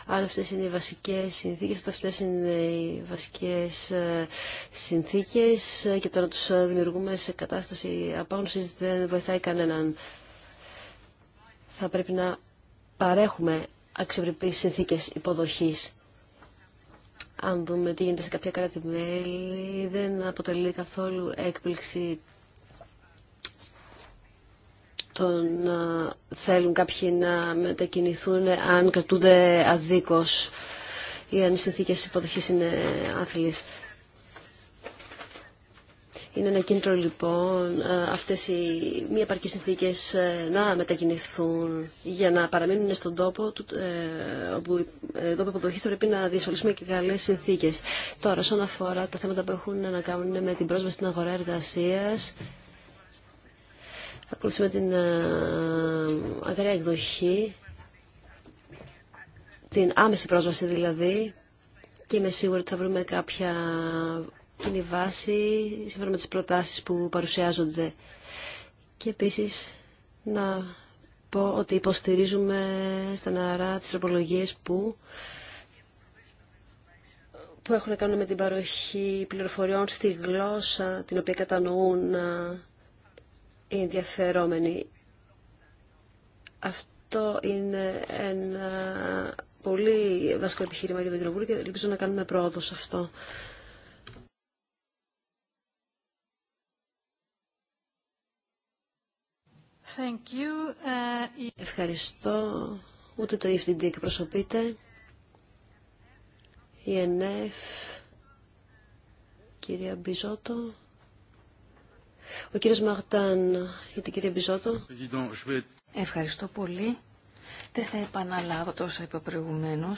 Αν αυτές είναι οι βασικές συνθήκες, αυτές είναι οι βασικές ε, συνθήκες ε, και το να του ε, δημιουργούμε σε κατάσταση απάγνωσης δεν βοηθάει κανέναν. Θα πρέπει να παρέχουμε αξιοπρεπείς συνθήκε υποδοχή. Αν δούμε τι γίνεται σε κάποια κράτη-μέλη, δεν αποτελεί καθόλου έκπληξη το να θέλουν κάποιοι να μετακινηθούν αν κρατούνται αδίκως ή αν οι συνθήκε υποδοχής είναι άθλιες. Είναι ένα κίνητρο λοιπόν αυτές οι μη επαρκείς συνθήκες ε, να μετακινηθούν για να παραμείνουν στον τόπο του, ε, όπου ε, τόπο υποδοχής πρέπει να διασφαλίσουμε και καλές συνθήκες. Τώρα, όσον αφορά τα θέματα που έχουν να κάνουν με την πρόσβαση στην αγορά εργασίας, θα ακολουθήσουμε την ε, αγραία εκδοχή, την άμεση πρόσβαση δηλαδή, και είμαι σίγουρη ότι θα βρούμε κάποια κοινή βάση σύμφωνα με τις προτάσεις που παρουσιάζονται. Και επίσης να πω ότι υποστηρίζουμε στεναρά τις τροπολογίες που, που έχουν να κάνουν με την παροχή πληροφοριών στη γλώσσα την οποία κατανοούν ε, οι ενδιαφερόμενοι. Αυτό είναι ένα πολύ βασικό επιχείρημα για το Κοινοβούλιο και ελπίζω να κάνουμε πρόοδο σε αυτό. Thank you. Ε, Ευχαριστώ. Ούτε το και εκπροσωπείται. Η ΕΝΕΦ, κυρία Μπιζότο. Ο κύριος Μαρτάν για την κυρία Μπιζότο. Ευχαριστώ πολύ. Δεν θα επαναλάβω τόσα είπα προηγουμένω.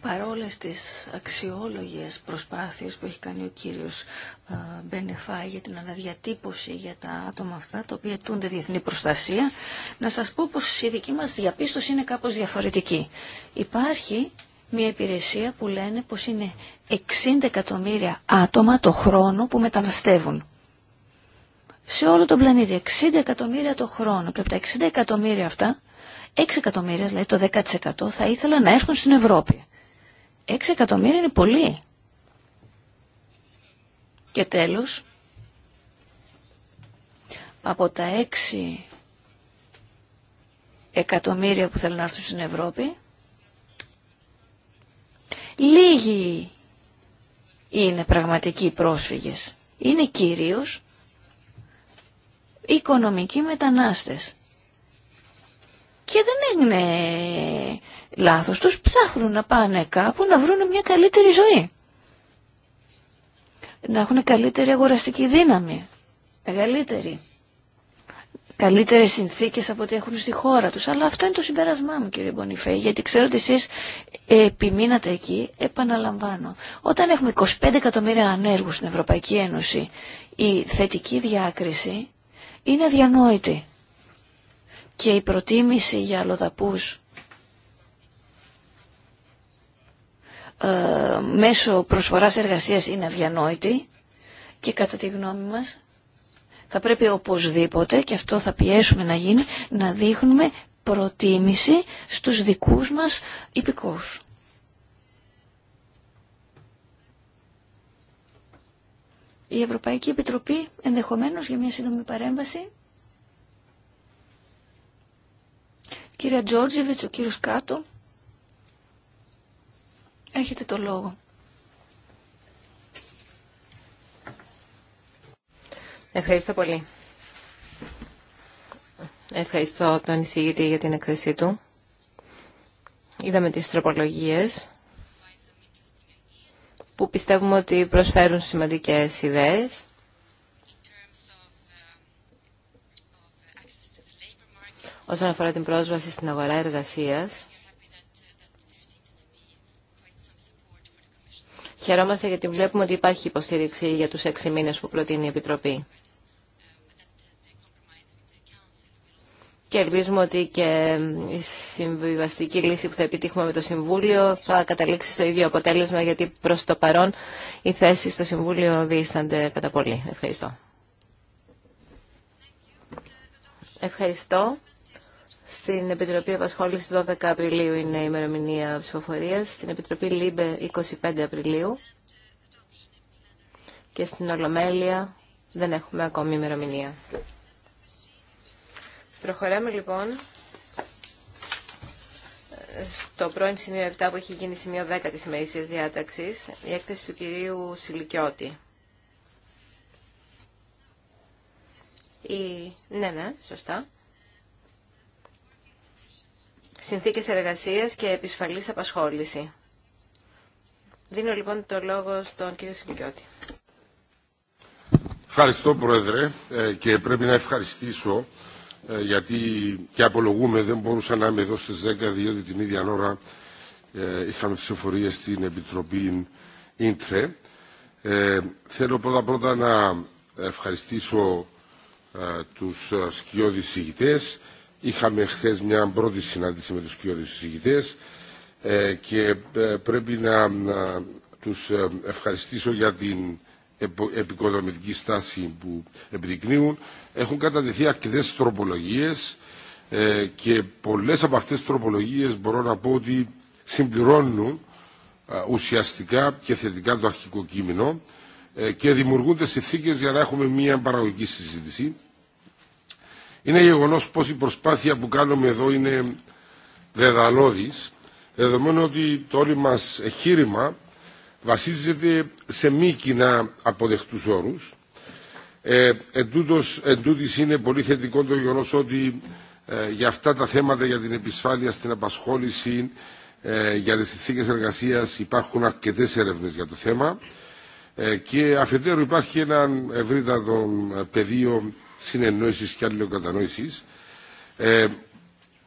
Παρόλες τις αξιόλογες προσπάθειες που έχει κάνει ο κύριος ε, Μπενεφά για την αναδιατύπωση για τα άτομα αυτά, τα οποία τούνται διεθνή προστασία, να σας πω πως η δική μας διαπίστωση είναι κάπως διαφορετική. Υπάρχει μια υπηρεσία που λένε πως είναι 60 εκατομμύρια άτομα το χρόνο που μεταναστεύουν σε όλο τον πλανήτη. 60 εκατομμύρια το χρόνο. Και από τα 60 εκατομμύρια αυτά, 6 εκατομμύρια, δηλαδή το 10% θα ήθελα να έρθουν στην Ευρώπη. 6 εκατομμύρια είναι πολύ. Και τέλος, από τα 6 εκατομμύρια που θέλουν να έρθουν στην Ευρώπη, λίγοι είναι πραγματικοί πρόσφυγες. Είναι κυρίως οικονομικοί μετανάστες. Και δεν έγινε λάθος τους, ψάχνουν να πάνε κάπου να βρουν μια καλύτερη ζωή. Να έχουν καλύτερη αγοραστική δύναμη, μεγαλύτερη. Καλύτερες συνθήκες από ό,τι έχουν στη χώρα τους. Αλλά αυτό είναι το συμπέρασμά μου κύριε Μπονιφέ, γιατί ξέρω ότι εσείς επιμείνατε εκεί, επαναλαμβάνω. Όταν έχουμε 25 εκατομμύρια ανέργους στην Ευρωπαϊκή Ένωση, η θετική διάκριση είναι αδιανόητη. Και η προτίμηση για αλλοδαπούς ε, μέσω προσφοράς εργασίας είναι αδιανόητη και κατά τη γνώμη μας θα πρέπει οπωσδήποτε, και αυτό θα πιέσουμε να γίνει, να δείχνουμε προτίμηση στους δικούς μας υπηκόους η Ευρωπαϊκή Επιτροπή ενδεχομένως για μια σύντομη παρέμβαση. Κύριε Τζόρτζεβιτς, ο κύριος Κάτω, έχετε το λόγο. Ευχαριστώ πολύ. Ευχαριστώ τον εισηγητή για την εκθεσή του. Είδαμε τις τροπολογίες που πιστεύουμε ότι προσφέρουν σημαντικές ιδέες. Όσον αφορά την πρόσβαση στην αγορά εργασίας, χαιρόμαστε γιατί βλέπουμε ότι υπάρχει υποστήριξη για τους έξι μήνες που προτείνει η Επιτροπή. και ελπίζουμε ότι και η συμβιβαστική λύση που θα επιτύχουμε με το Συμβούλιο θα καταλήξει στο ίδιο αποτέλεσμα γιατί προς το παρόν οι θέσει στο Συμβούλιο διήστανται κατά πολύ. Ευχαριστώ. Ευχαριστώ. Στην Επιτροπή Απασχόληση 12 Απριλίου είναι η ημερομηνία ψηφοφορία. Στην Επιτροπή ΛΥΜΠΕ 25 Απριλίου. Και στην Ολομέλεια δεν έχουμε ακόμη ημερομηνία. Προχωράμε λοιπόν στο πρώην σημείο 7 που έχει γίνει σημείο 10 της ημερήσιας διάταξης, η έκθεση του κυρίου Σιλικιώτη. Η... Ναι, ναι, σωστά. Συνθήκες εργασίας και επισφαλής απασχόληση. Δίνω λοιπόν το λόγο στον κύριο Σιλικιώτη. Ευχαριστώ Πρόεδρε ε, και πρέπει να ευχαριστήσω ε, γιατί και απολογούμε δεν μπορούσα να είμαι εδώ στις 10 διότι την ίδια ώρα ε, είχαμε ψηφοφορίες στην Επιτροπή Ίντρε. Ε, θέλω πρώτα πρώτα να ευχαριστήσω τους σκιώδεις Είχαμε χθε μια πρώτη συνάντηση με τους σκιώδεις συγητές και πρέπει να, να τους ευχαριστήσω για την επικοδομητική στάση που επιδεικνύουν. Έχουν κατατεθεί αρκετές τροπολογίες ε, και πολλές από αυτές τις τροπολογίες μπορώ να πω ότι συμπληρώνουν ουσιαστικά και θετικά το αρχικό κείμενο ε, και δημιουργούνται συνθήκε για να έχουμε μια παραγωγική συζήτηση. Είναι γεγονό πω η προσπάθεια που κάνουμε εδώ είναι δεδαλώδης, δεδομένου ότι το όλοι μας εγχείρημα βασίζεται σε μη κοινά αποδεκτούς όρους. Ε, εν είναι πολύ θετικό το γεγονό ότι ε, για αυτά τα θέματα για την επισφάλεια στην απασχόληση ε, για τις συνθήκες εργασίας υπάρχουν αρκετές έρευνες για το θέμα ε, και αφετέρου υπάρχει ένα ευρύτατο πεδίο συνεννόησης και αλληλοκατανόησης.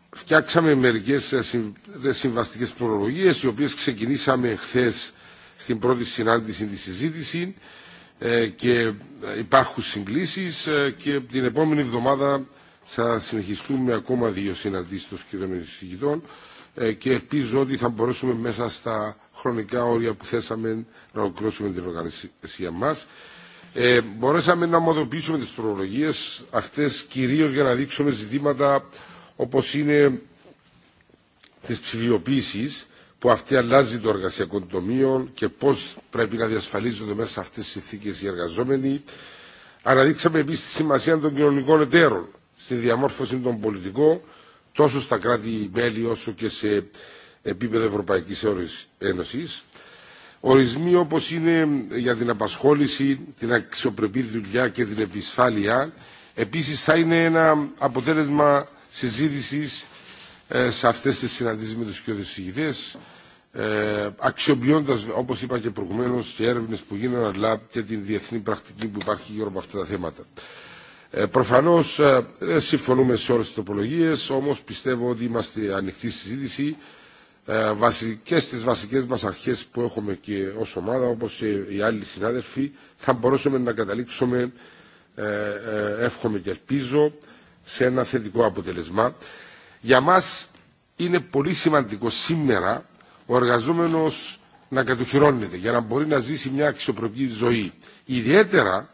φτιάξαμε μερικές συμβαστικές προλογίες οι οποίες ξεκινήσαμε χθες στην πρώτη συνάντηση τη συζήτηση ε, και ε, υπάρχουν συγκλήσεις ε, και την επόμενη εβδομάδα θα συνεχιστούμε ακόμα δύο συναντήσεις των κύριων συγκητών και ελπίζω ότι θα μπορέσουμε μέσα στα χρονικά όρια που θέσαμε να ολοκληρώσουμε την οργανισία μας. μπορέσαμε να ομοδοποιήσουμε τις τρολογίες αυτές κυρίως για να δείξουμε ζητήματα όπως είναι της ψηφιοποίησης που αυτή αλλάζει το εργασιακό τομείο και πώ πρέπει να διασφαλίζονται μέσα σε αυτέ τι συνθήκε οι εργαζόμενοι. Αναδείξαμε επίση τη σημασία των κοινωνικών εταίρων στη διαμόρφωση των πολιτικών τόσο στα κράτη-μέλη όσο και σε επίπεδο Ευρωπαϊκής Ένωσης. Ορισμοί όπως είναι για την απασχόληση, την αξιοπρεπή δουλειά και την επισφάλεια επίσης θα είναι ένα αποτέλεσμα συζήτησης ε, σε αυτές τις συναντήσεις με τους κοινωνικούς ε, αξιοποιώντας όπως είπα και προηγουμένως και έρευνες που γίνανε αλλά και την διεθνή πρακτική που υπάρχει γύρω από αυτά τα θέματα. Ε, προφανώς ε, δεν συμφωνούμε σε όλε τι τροπολογίες όμως πιστεύω ότι είμαστε ανοιχτή συζήτηση ε, και στις βασικές μας αρχές που έχουμε και ως ομάδα όπως οι άλλοι συνάδελφοι θα μπορούσαμε να καταλήξουμε ε, εύχομαι και ελπίζω σε ένα θετικό αποτελεσμά. Για μας είναι πολύ σημαντικό σήμερα ο εργαζόμενος να κατοχυρώνεται για να μπορεί να ζήσει μια αξιοπρεπή ζωή. Ιδιαίτερα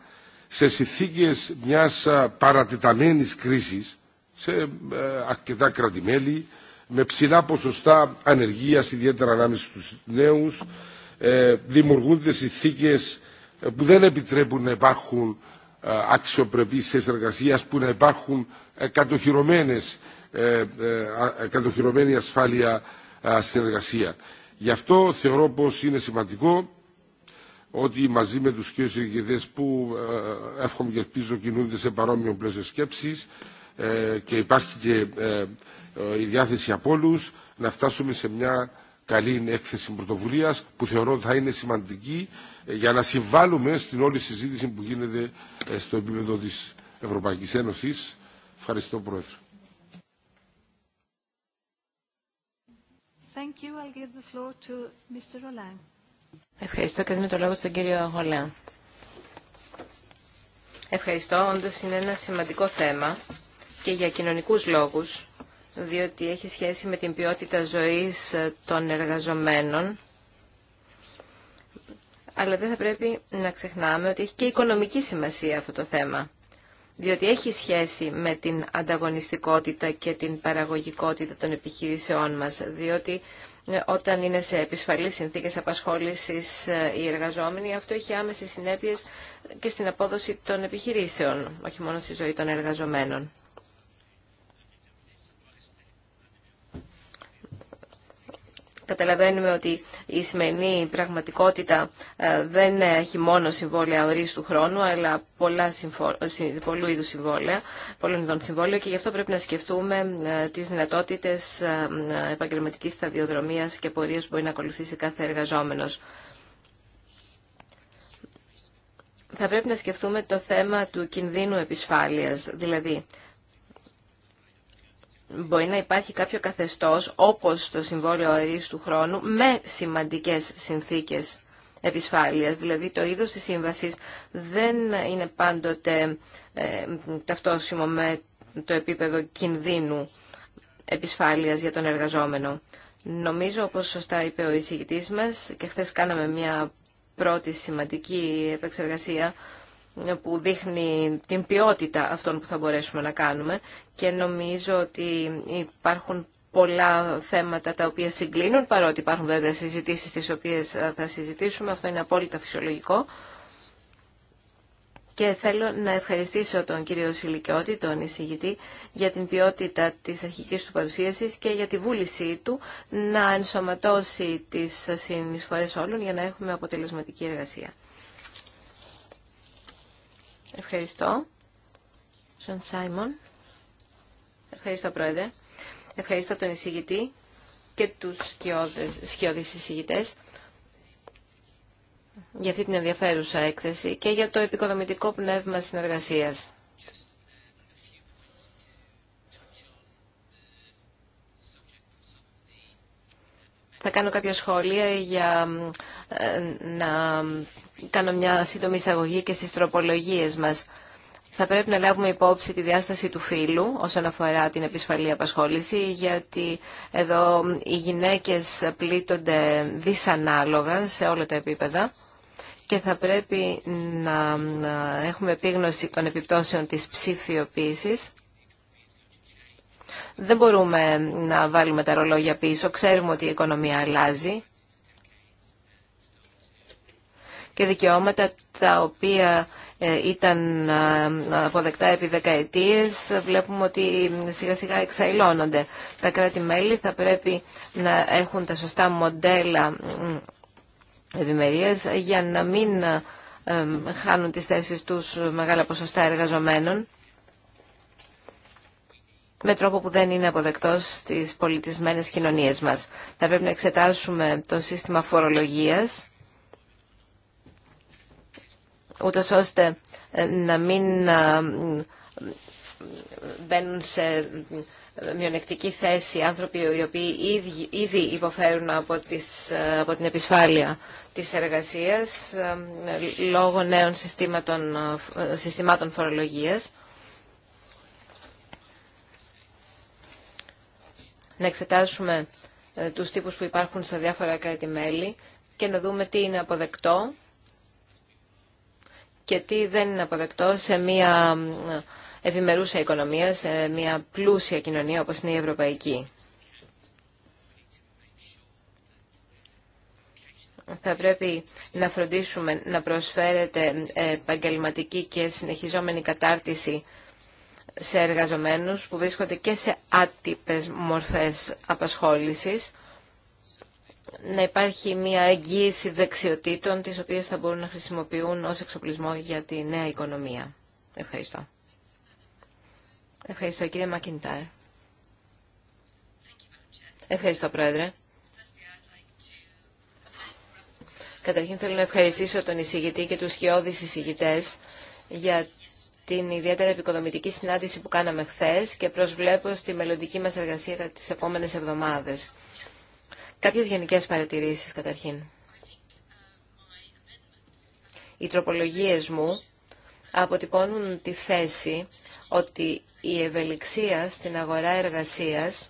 σε συνθήκες μιας παρατεταμένης κρίσης σε ε, αρκετά κρατημέλη με ψηλά ποσοστά ανεργίας, ιδιαίτερα ανάμεσα στους νέους, ε, δημιουργούνται συνθήκες ε, που δεν επιτρέπουν να υπάρχουν αξιοπρεπείς εργασίας, που να υπάρχουν κατοχυρωμένε κατοχυρωμένη ασφάλεια συνεργασία. Γι' αυτό θεωρώ πως είναι σημαντικό ότι μαζί με τους κύριους ηγητές που ε, εύχομαι και ελπίζω κινούνται σε παρόμοιο πλαίσιο σκέψης ε, και υπάρχει και ε, η διάθεση από όλου να φτάσουμε σε μια καλή έκθεση πρωτοβουλία που θεωρώ ότι θα είναι σημαντική για να συμβάλλουμε στην όλη συζήτηση που γίνεται στο επίπεδο της Ευρωπαϊκής Ένωσης. Ευχαριστώ Πρόεδρε. Ευχαριστώ και δίνω το λόγο στον κύριο Γολέα. Ευχαριστώ. Όντως είναι ένα σημαντικό θέμα και για κοινωνικούς λόγους, διότι έχει σχέση με την ποιότητα ζωής των εργαζομένων, αλλά δεν θα πρέπει να ξεχνάμε ότι έχει και οικονομική σημασία αυτό το θέμα διότι έχει σχέση με την ανταγωνιστικότητα και την παραγωγικότητα των επιχειρήσεών μας, διότι ε, όταν είναι σε επισφαλείς συνθήκες απασχόλησης ε, οι εργαζόμενοι, αυτό έχει άμεσες συνέπειες και στην απόδοση των επιχειρήσεων, όχι μόνο στη ζωή των εργαζομένων. Καταλαβαίνουμε ότι η σημερινή πραγματικότητα ε, δεν έχει μόνο συμβόλαια ορίστου χρόνου, αλλά πολλά ε, πολλού είδου συμβόλαια, πολλών ειδών συμβόλαια και γι' αυτό πρέπει να σκεφτούμε ε, τις δυνατότητες επαγγελματική σταδιοδρομία και πορεία που μπορεί να ακολουθήσει κάθε εργαζόμενο. Θα πρέπει να σκεφτούμε το θέμα του κινδύνου επισφάλειας, δηλαδή μπορεί να υπάρχει κάποιο καθεστώς, όπως το συμβόλαιο αερίς του χρόνου, με σημαντικές συνθήκες επισφάλειας. Δηλαδή το είδος της σύμβασης δεν είναι πάντοτε ε, ταυτόσιμο με το επίπεδο κινδύνου επισφάλειας για τον εργαζόμενο. Νομίζω, όπως σωστά είπε ο εισηγητής μας, και χθε κάναμε μια πρώτη σημαντική επεξεργασία που δείχνει την ποιότητα αυτών που θα μπορέσουμε να κάνουμε και νομίζω ότι υπάρχουν πολλά θέματα τα οποία συγκλίνουν παρότι υπάρχουν βέβαια συζητήσεις τις οποίες θα συζητήσουμε, αυτό είναι απόλυτα φυσιολογικό και θέλω να ευχαριστήσω τον κύριο Σιλικιώτη, τον εισηγητή, για την ποιότητα της αρχικής του παρουσίασης και για τη βούλησή του να ενσωματώσει τις συνεισφορές όλων για να έχουμε αποτελεσματική εργασία. Ευχαριστώ. Σον Σάιμον. Ευχαριστώ, Πρόεδρε. Ευχαριστώ τον εισηγητή και τους σκιώδεις εισηγητές για αυτή την ενδιαφέρουσα έκθεση και για το επικοδομητικό πνεύμα συνεργασίας. Θα κάνω κάποια σχόλια για ε, να κάνω μια σύντομη εισαγωγή και στις τροπολογίες μας. Θα πρέπει να λάβουμε υπόψη τη διάσταση του φύλου όσον αφορά την επισφαλή απασχόληση, γιατί εδώ οι γυναίκες πλήττονται δυσανάλογα σε όλα τα επίπεδα και θα πρέπει να έχουμε επίγνωση των επιπτώσεων της ψηφιοποίησης. Δεν μπορούμε να βάλουμε τα ρολόγια πίσω. Ξέρουμε ότι η οικονομία αλλάζει και δικαιώματα τα οποία ε, ήταν ε, αποδεκτά επί δεκαετίες βλέπουμε ότι σιγά σιγά εξαϊλώνονται. Τα κράτη-μέλη θα πρέπει να έχουν τα σωστά μοντέλα ευημερίας για να μην ε, χάνουν τις θέσεις τους μεγάλα ποσοστά εργαζομένων με τρόπο που δεν είναι αποδεκτός στις πολιτισμένες κοινωνίες μας. Θα πρέπει να εξετάσουμε το σύστημα φορολογίας ούτως ώστε ε, να μην ε, μπαίνουν σε μειονεκτική θέση άνθρωποι οι οποίοι ήδη, υποφέρουν από, τις, ε, από την επισφάλεια της εργασίας λόγω νέων συστήματων, συστημάτων φορολογίας. Να εξετάσουμε τους τύπους που υπάρχουν στα διάφορα κράτη-μέλη και να δούμε τι είναι αποδεκτό και τι δεν είναι αποδεκτό σε μια ευημερούσα οικονομία, σε μια πλούσια κοινωνία όπως είναι η ευρωπαϊκή. θα πρέπει να φροντίσουμε να προσφέρεται επαγγελματική και συνεχιζόμενη κατάρτιση σε εργαζομένους που βρίσκονται και σε άτυπες μορφές απασχόλησης να υπάρχει μια εγγύηση δεξιοτήτων τις οποίες θα μπορούν να χρησιμοποιούν ως εξοπλισμό για τη νέα οικονομία. Ευχαριστώ. Ευχαριστώ κύριε Μακιντάρ. Ευχαριστώ πρόεδρε. Καταρχήν θέλω να ευχαριστήσω τον εισηγητή και τους σκιώδεις εισηγητές για την ιδιαίτερα επικοδομητική συνάντηση που κάναμε χθε και προσβλέπω στη μελλοντική μας εργασία για τις επόμενες εβδομάδες. Κάποιες γενικές παρατηρήσεις καταρχήν. Οι τροπολογίες μου αποτυπώνουν τη θέση ότι η ευελιξία στην αγορά εργασίας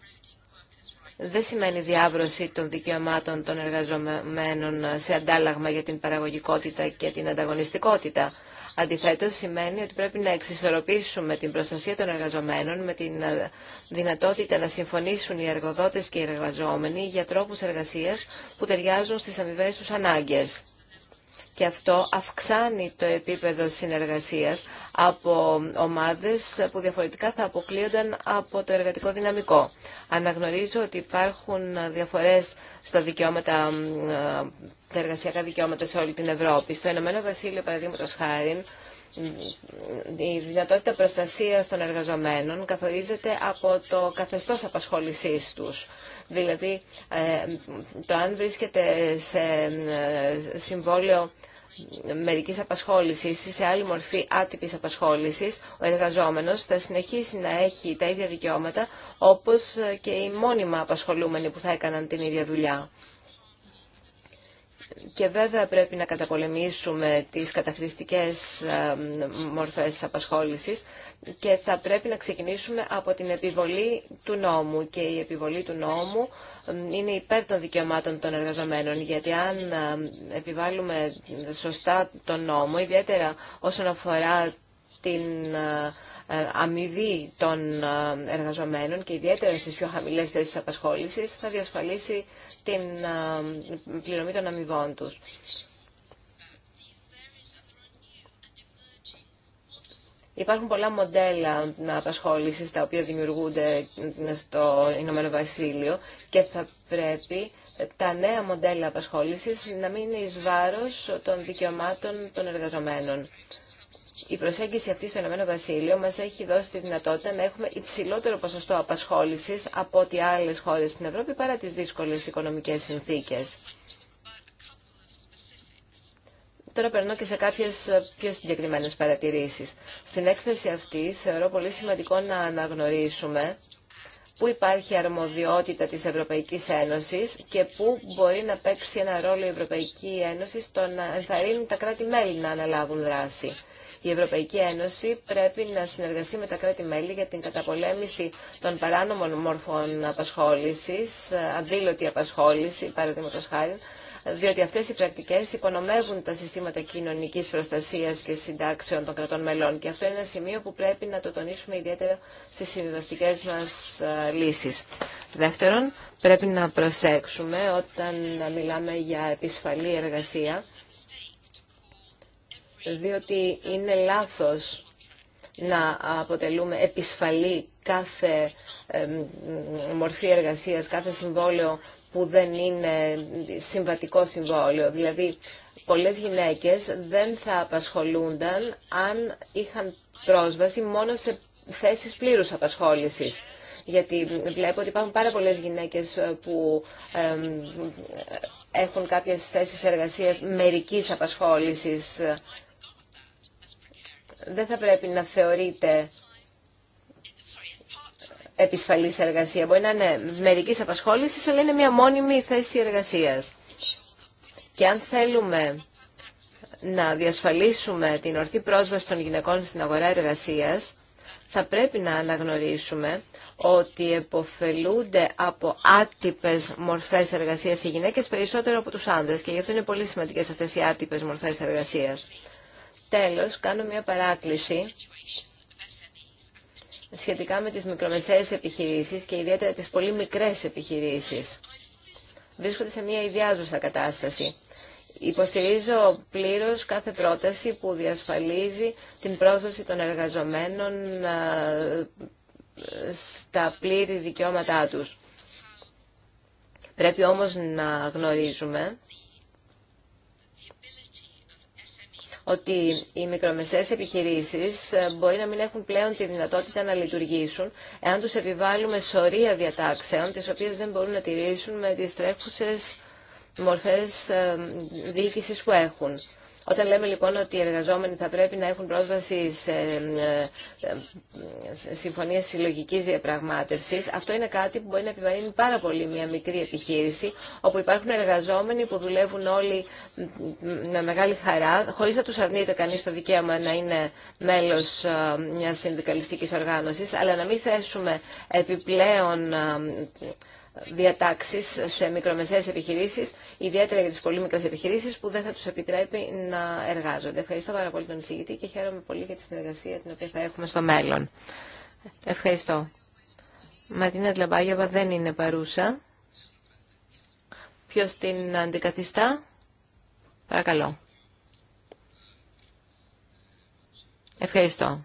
δεν σημαίνει διάβρωση των δικαιωμάτων των εργαζομένων σε αντάλλαγμα για την παραγωγικότητα και την ανταγωνιστικότητα. Αντιθέτω, σημαίνει ότι πρέπει να εξισορροπήσουμε την προστασία των εργαζομένων με την ε, δυνατότητα να συμφωνήσουν οι εργοδότες και οι εργαζόμενοι για τρόπους εργασίας που ταιριάζουν στις αμοιβέ τους ανάγκες. Και αυτό αυξάνει το επίπεδο συνεργασίας από ομάδες που διαφορετικά θα αποκλείονταν από το εργατικό δυναμικό. Αναγνωρίζω ότι υπάρχουν διαφορέ στα δικαιώματα ε, τα εργασιακά δικαιώματα σε όλη την Ευρώπη. Στο Ηνωμένο Βασίλειο, παραδείγματο χάρη, η δυνατότητα προστασίας των εργαζομένων καθορίζεται από το καθεστώς απασχόλησής τους. Δηλαδή, ε, το αν βρίσκεται σε ε, συμβόλαιο μερική απασχόληση ή σε άλλη μορφή άτυπη απασχόληση, ο εργαζόμενος θα συνεχίσει να έχει τα ίδια δικαιώματα όπω και οι μόνιμα απασχολούμενοι που θα έκαναν την ίδια δουλειά και βέβαια πρέπει να καταπολεμήσουμε τις καταχρηστικές ε, μορφές απασχόλησης και θα πρέπει να ξεκινήσουμε από την επιβολή του νόμου και η επιβολή του νόμου ε, είναι υπέρ των δικαιωμάτων των εργαζομένων γιατί αν ε, επιβάλλουμε σωστά τον νόμο, ιδιαίτερα όσον αφορά την ε, αμοιβή των ε, εργαζομένων και ιδιαίτερα στις πιο χαμηλές θέσεις απασχόλησης θα διασφαλίσει την ε, πληρωμή των αμοιβών τους. Υπάρχουν πολλά μοντέλα απασχόληση τα οποία δημιουργούνται στο Ηνωμένο Βασίλειο και θα πρέπει τα νέα μοντέλα απασχόλησης να μην είναι ει των δικαιωμάτων των εργαζομένων. Η προσέγγιση αυτή στο Ηνωμένο Βασίλειο μας έχει δώσει τη δυνατότητα να έχουμε υψηλότερο ποσοστό απασχόληση από ό,τι άλλε χώρε στην Ευρώπη παρά τι δύσκολε οικονομικέ συνθήκε. Τώρα περνώ και σε κάποιε πιο συγκεκριμένε παρατηρήσει. Στην έκθεση αυτή θεωρώ πολύ σημαντικό να αναγνωρίσουμε πού υπάρχει αρμοδιότητα της Ευρωπαϊκής Ένωσης και πού μπορεί να παίξει ένα ρόλο η Ευρωπαϊκή Ένωση στο να ενθαρρύνει τα κράτη-μέλη να αναλάβουν δράση. Η Ευρωπαϊκή Ένωση πρέπει να συνεργαστεί με τα κράτη-μέλη για την καταπολέμηση των παράνομων μορφών απασχόλησης, αντίλωτη απασχόληση, παραδείγματο χάρη, διότι αυτές οι πρακτικές υπονομεύουν τα συστήματα κοινωνικής προστασίας και συντάξεων των κρατών μελών. Και αυτό είναι ένα σημείο που πρέπει να το τονίσουμε ιδιαίτερα στι συμβιβαστικέ μα ε, λύσει. Δεύτερον, πρέπει να προσέξουμε όταν μιλάμε για επισφαλή εργασία διότι είναι λάθος να αποτελούμε επισφαλή κάθε μορφή εργασίας, κάθε συμβόλαιο που δεν είναι συμβατικό συμβόλαιο. Δηλαδή, πολλές γυναίκες δεν θα απασχολούνταν αν είχαν πρόσβαση μόνο σε θέσεις πλήρους απασχόλησης. Γιατί βλέπω ότι υπάρχουν πάρα πολλές γυναίκες που έχουν κάποιες θέσεις εργασίας μερικής απασχόλησης δεν θα πρέπει να θεωρείται επισφαλής εργασία. Μπορεί να είναι μερικής απασχόλησης, αλλά είναι μια μόνιμη θέση εργασίας. Και αν θέλουμε να διασφαλίσουμε την ορθή πρόσβαση των γυναικών στην αγορά εργασίας, θα πρέπει να αναγνωρίσουμε ότι εποφελούνται από άτυπες μορφές εργασίας οι γυναίκες περισσότερο από τους άνδρες και γι' αυτό είναι πολύ σημαντικές αυτές οι άτυπες μορφές εργασίας. Τέλος, κάνω μια παράκληση σχετικά με τις μικρομεσαίες επιχειρήσεις και ιδιαίτερα τις πολύ μικρές επιχειρήσεις. Βρίσκονται σε μια ιδιάζουσα κατάσταση. Υποστηρίζω πλήρως κάθε πρόταση που διασφαλίζει την πρόσβαση των εργαζομένων στα πλήρη δικαιώματά τους. Πρέπει όμως να γνωρίζουμε ότι οι μικρομεσαίες επιχειρήσεις ε, μπορεί να μην έχουν πλέον τη δυνατότητα να λειτουργήσουν εάν τους επιβάλλουμε σωρία διατάξεων, τις οποίες δεν μπορούν να τηρήσουν με τις τρέχουσες μορφές ε, διοίκησης που έχουν. Όταν λέμε λοιπόν ότι οι εργαζόμενοι θα πρέπει να έχουν πρόσβαση σε ε, ε, συμφωνίες συλλογικής διαπραγμάτευσης, αυτό είναι κάτι που μπορεί να επιβαρύνει πάρα πολύ μια μικρή επιχείρηση, όπου υπάρχουν εργαζόμενοι που δουλεύουν όλοι με μεγάλη χαρά, χωρίς να τους αρνείται κανείς το δικαίωμα να είναι μέλος ε, μιας συνδικαλιστικής οργάνωσης, αλλά να μην θέσουμε επιπλέον διατάξεις σε μικρομεσαίες επιχειρήσεις, ιδιαίτερα για τις πολύ μικρές επιχειρήσεις που δεν θα τους επιτρέπει να εργάζονται. Ευχαριστώ πάρα πολύ τον εισηγητή και χαίρομαι πολύ για τη συνεργασία την οποία θα έχουμε στο μέλλον. Ευχαριστώ. Ματίνα Τλαμπάγιαβα δεν είναι παρούσα. Ποιος την αντικαθιστά? Παρακαλώ. Ευχαριστώ.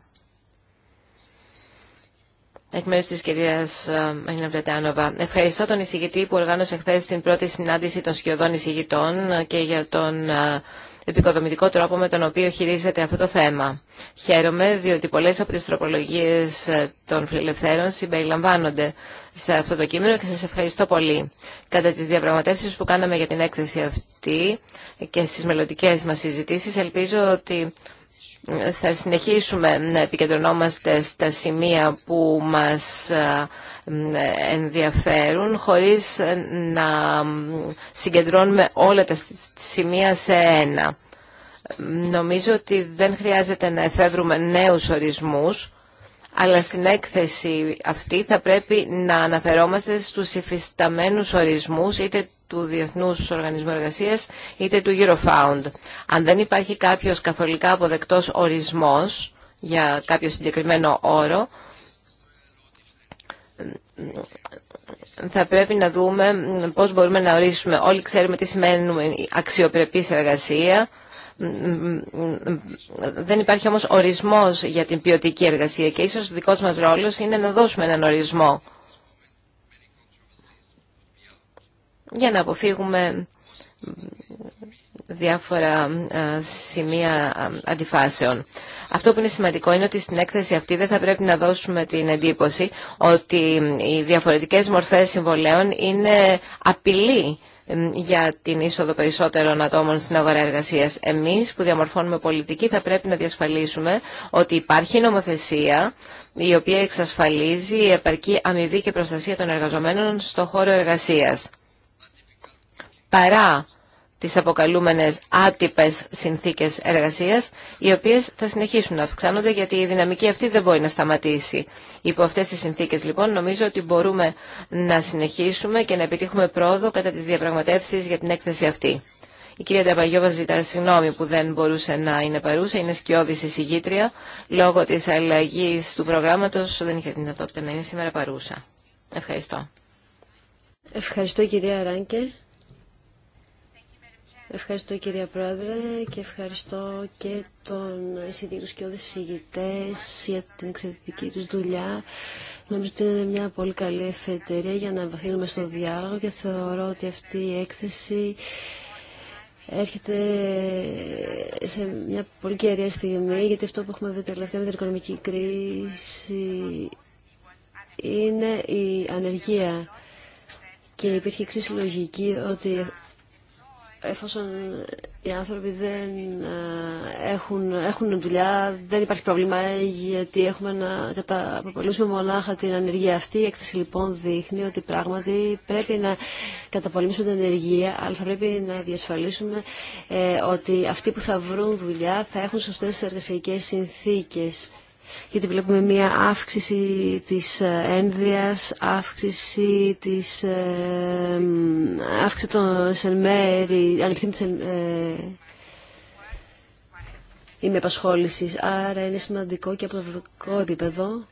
Εκ τη κυρία Μαρίνα ευχαριστώ τον εισηγητή που οργάνωσε χθε την πρώτη συνάντηση των σχεδόν εισηγητών και για τον ε, επικοδομητικό τρόπο με τον οποίο χειρίζεται αυτό το θέμα. Χαίρομαι διότι πολλέ από τι τροπολογίε ε, των φιλελευθέρων συμπεριλαμβάνονται σε αυτό το κείμενο και σα ευχαριστώ πολύ. Κατά τι διαπραγματεύσει που κάναμε για την έκθεση αυτή και στι μελλοντικέ μα συζητήσει, ελπίζω ότι θα συνεχίσουμε να επικεντρωνόμαστε στα σημεία που μας ε, ε, ενδιαφέρουν χωρίς ε, να συγκεντρώνουμε όλα τα σημεία σε ένα. Νομίζω ότι δεν χρειάζεται να εφεύρουμε νέους ορισμούς, αλλά στην έκθεση αυτή θα πρέπει να αναφερόμαστε στους υφισταμένους ορισμούς είτε του Διεθνούς Οργανισμού Εργασίας είτε του Eurofound. Αν δεν υπάρχει κάποιος καθολικά αποδεκτός ορισμός για κάποιο συγκεκριμένο όρο, θα πρέπει να δούμε πώς μπορούμε να ορίσουμε. Όλοι ξέρουμε τι σημαίνει αξιοπρεπής εργασία. Δεν υπάρχει όμως ορισμός για την ποιοτική εργασία και ίσως ο δικός μας ρόλος είναι να δώσουμε έναν ορισμό. για να αποφύγουμε διάφορα σημεία αντιφάσεων. Αυτό που είναι σημαντικό είναι ότι στην έκθεση αυτή δεν θα πρέπει να δώσουμε την εντύπωση ότι οι διαφορετικές μορφές συμβολέων είναι απειλή για την είσοδο περισσότερων ατόμων στην αγορά εργασίας. Εμείς που διαμορφώνουμε πολιτική θα πρέπει να διασφαλίσουμε ότι υπάρχει νομοθεσία η οποία εξασφαλίζει η επαρκή αμοιβή και προστασία των εργαζομένων στον χώρο εργασίας παρά τις αποκαλούμενες άτυπες συνθήκες εργασίας, οι οποίες θα συνεχίσουν να αυξάνονται γιατί η δυναμική αυτή δεν μπορεί να σταματήσει. Υπό αυτές τις συνθήκες λοιπόν νομίζω ότι μπορούμε να συνεχίσουμε και να επιτύχουμε πρόοδο κατά τις διαπραγματεύσεις για την έκθεση αυτή. Η κυρία Νταπαγιώβα ζητά συγγνώμη που δεν μπορούσε να είναι παρούσα, είναι σκιώδης συγγήτρια. Λόγω της αλλαγής του προγράμματος δεν είχε δυνατότητα να είναι σήμερα παρούσα. Ευχαριστώ. Ευχαριστώ κυρία Ράνκε. Ευχαριστώ κυρία Πρόεδρε και ευχαριστώ και τον εισηγητή και όλες τις για την εξαιρετική τους δουλειά. Νομίζω ότι είναι μια πολύ καλή εφετερία για να βαθύνουμε στο διάλογο και θεωρώ ότι αυτή η έκθεση έρχεται σε μια πολύ καιρία στιγμή γιατί αυτό που έχουμε δει τελευταία με την οικονομική κρίση είναι η ανεργία. Και υπήρχε εξή λογική ότι εφόσον οι άνθρωποι δεν ε, έχουν, έχουν δουλειά, δεν υπάρχει πρόβλημα γιατί έχουμε να καταπολύσουμε μονάχα την ανεργία αυτή. Η έκθεση λοιπόν δείχνει ότι πράγματι πρέπει να καταπολύσουμε την ανεργία, αλλά θα πρέπει να διασφαλίσουμε ε, ότι αυτοί που θα βρουν δουλειά θα έχουν σωστές εργασιακές συνθήκες γιατί βλέπουμε μία αύξηση της ε, ένδυας, αύξηση της ε, αύξηση των σελμέρι μέρη, της ε, Άρα είναι σημαντικό και από το ευρωπαϊκό επίπεδο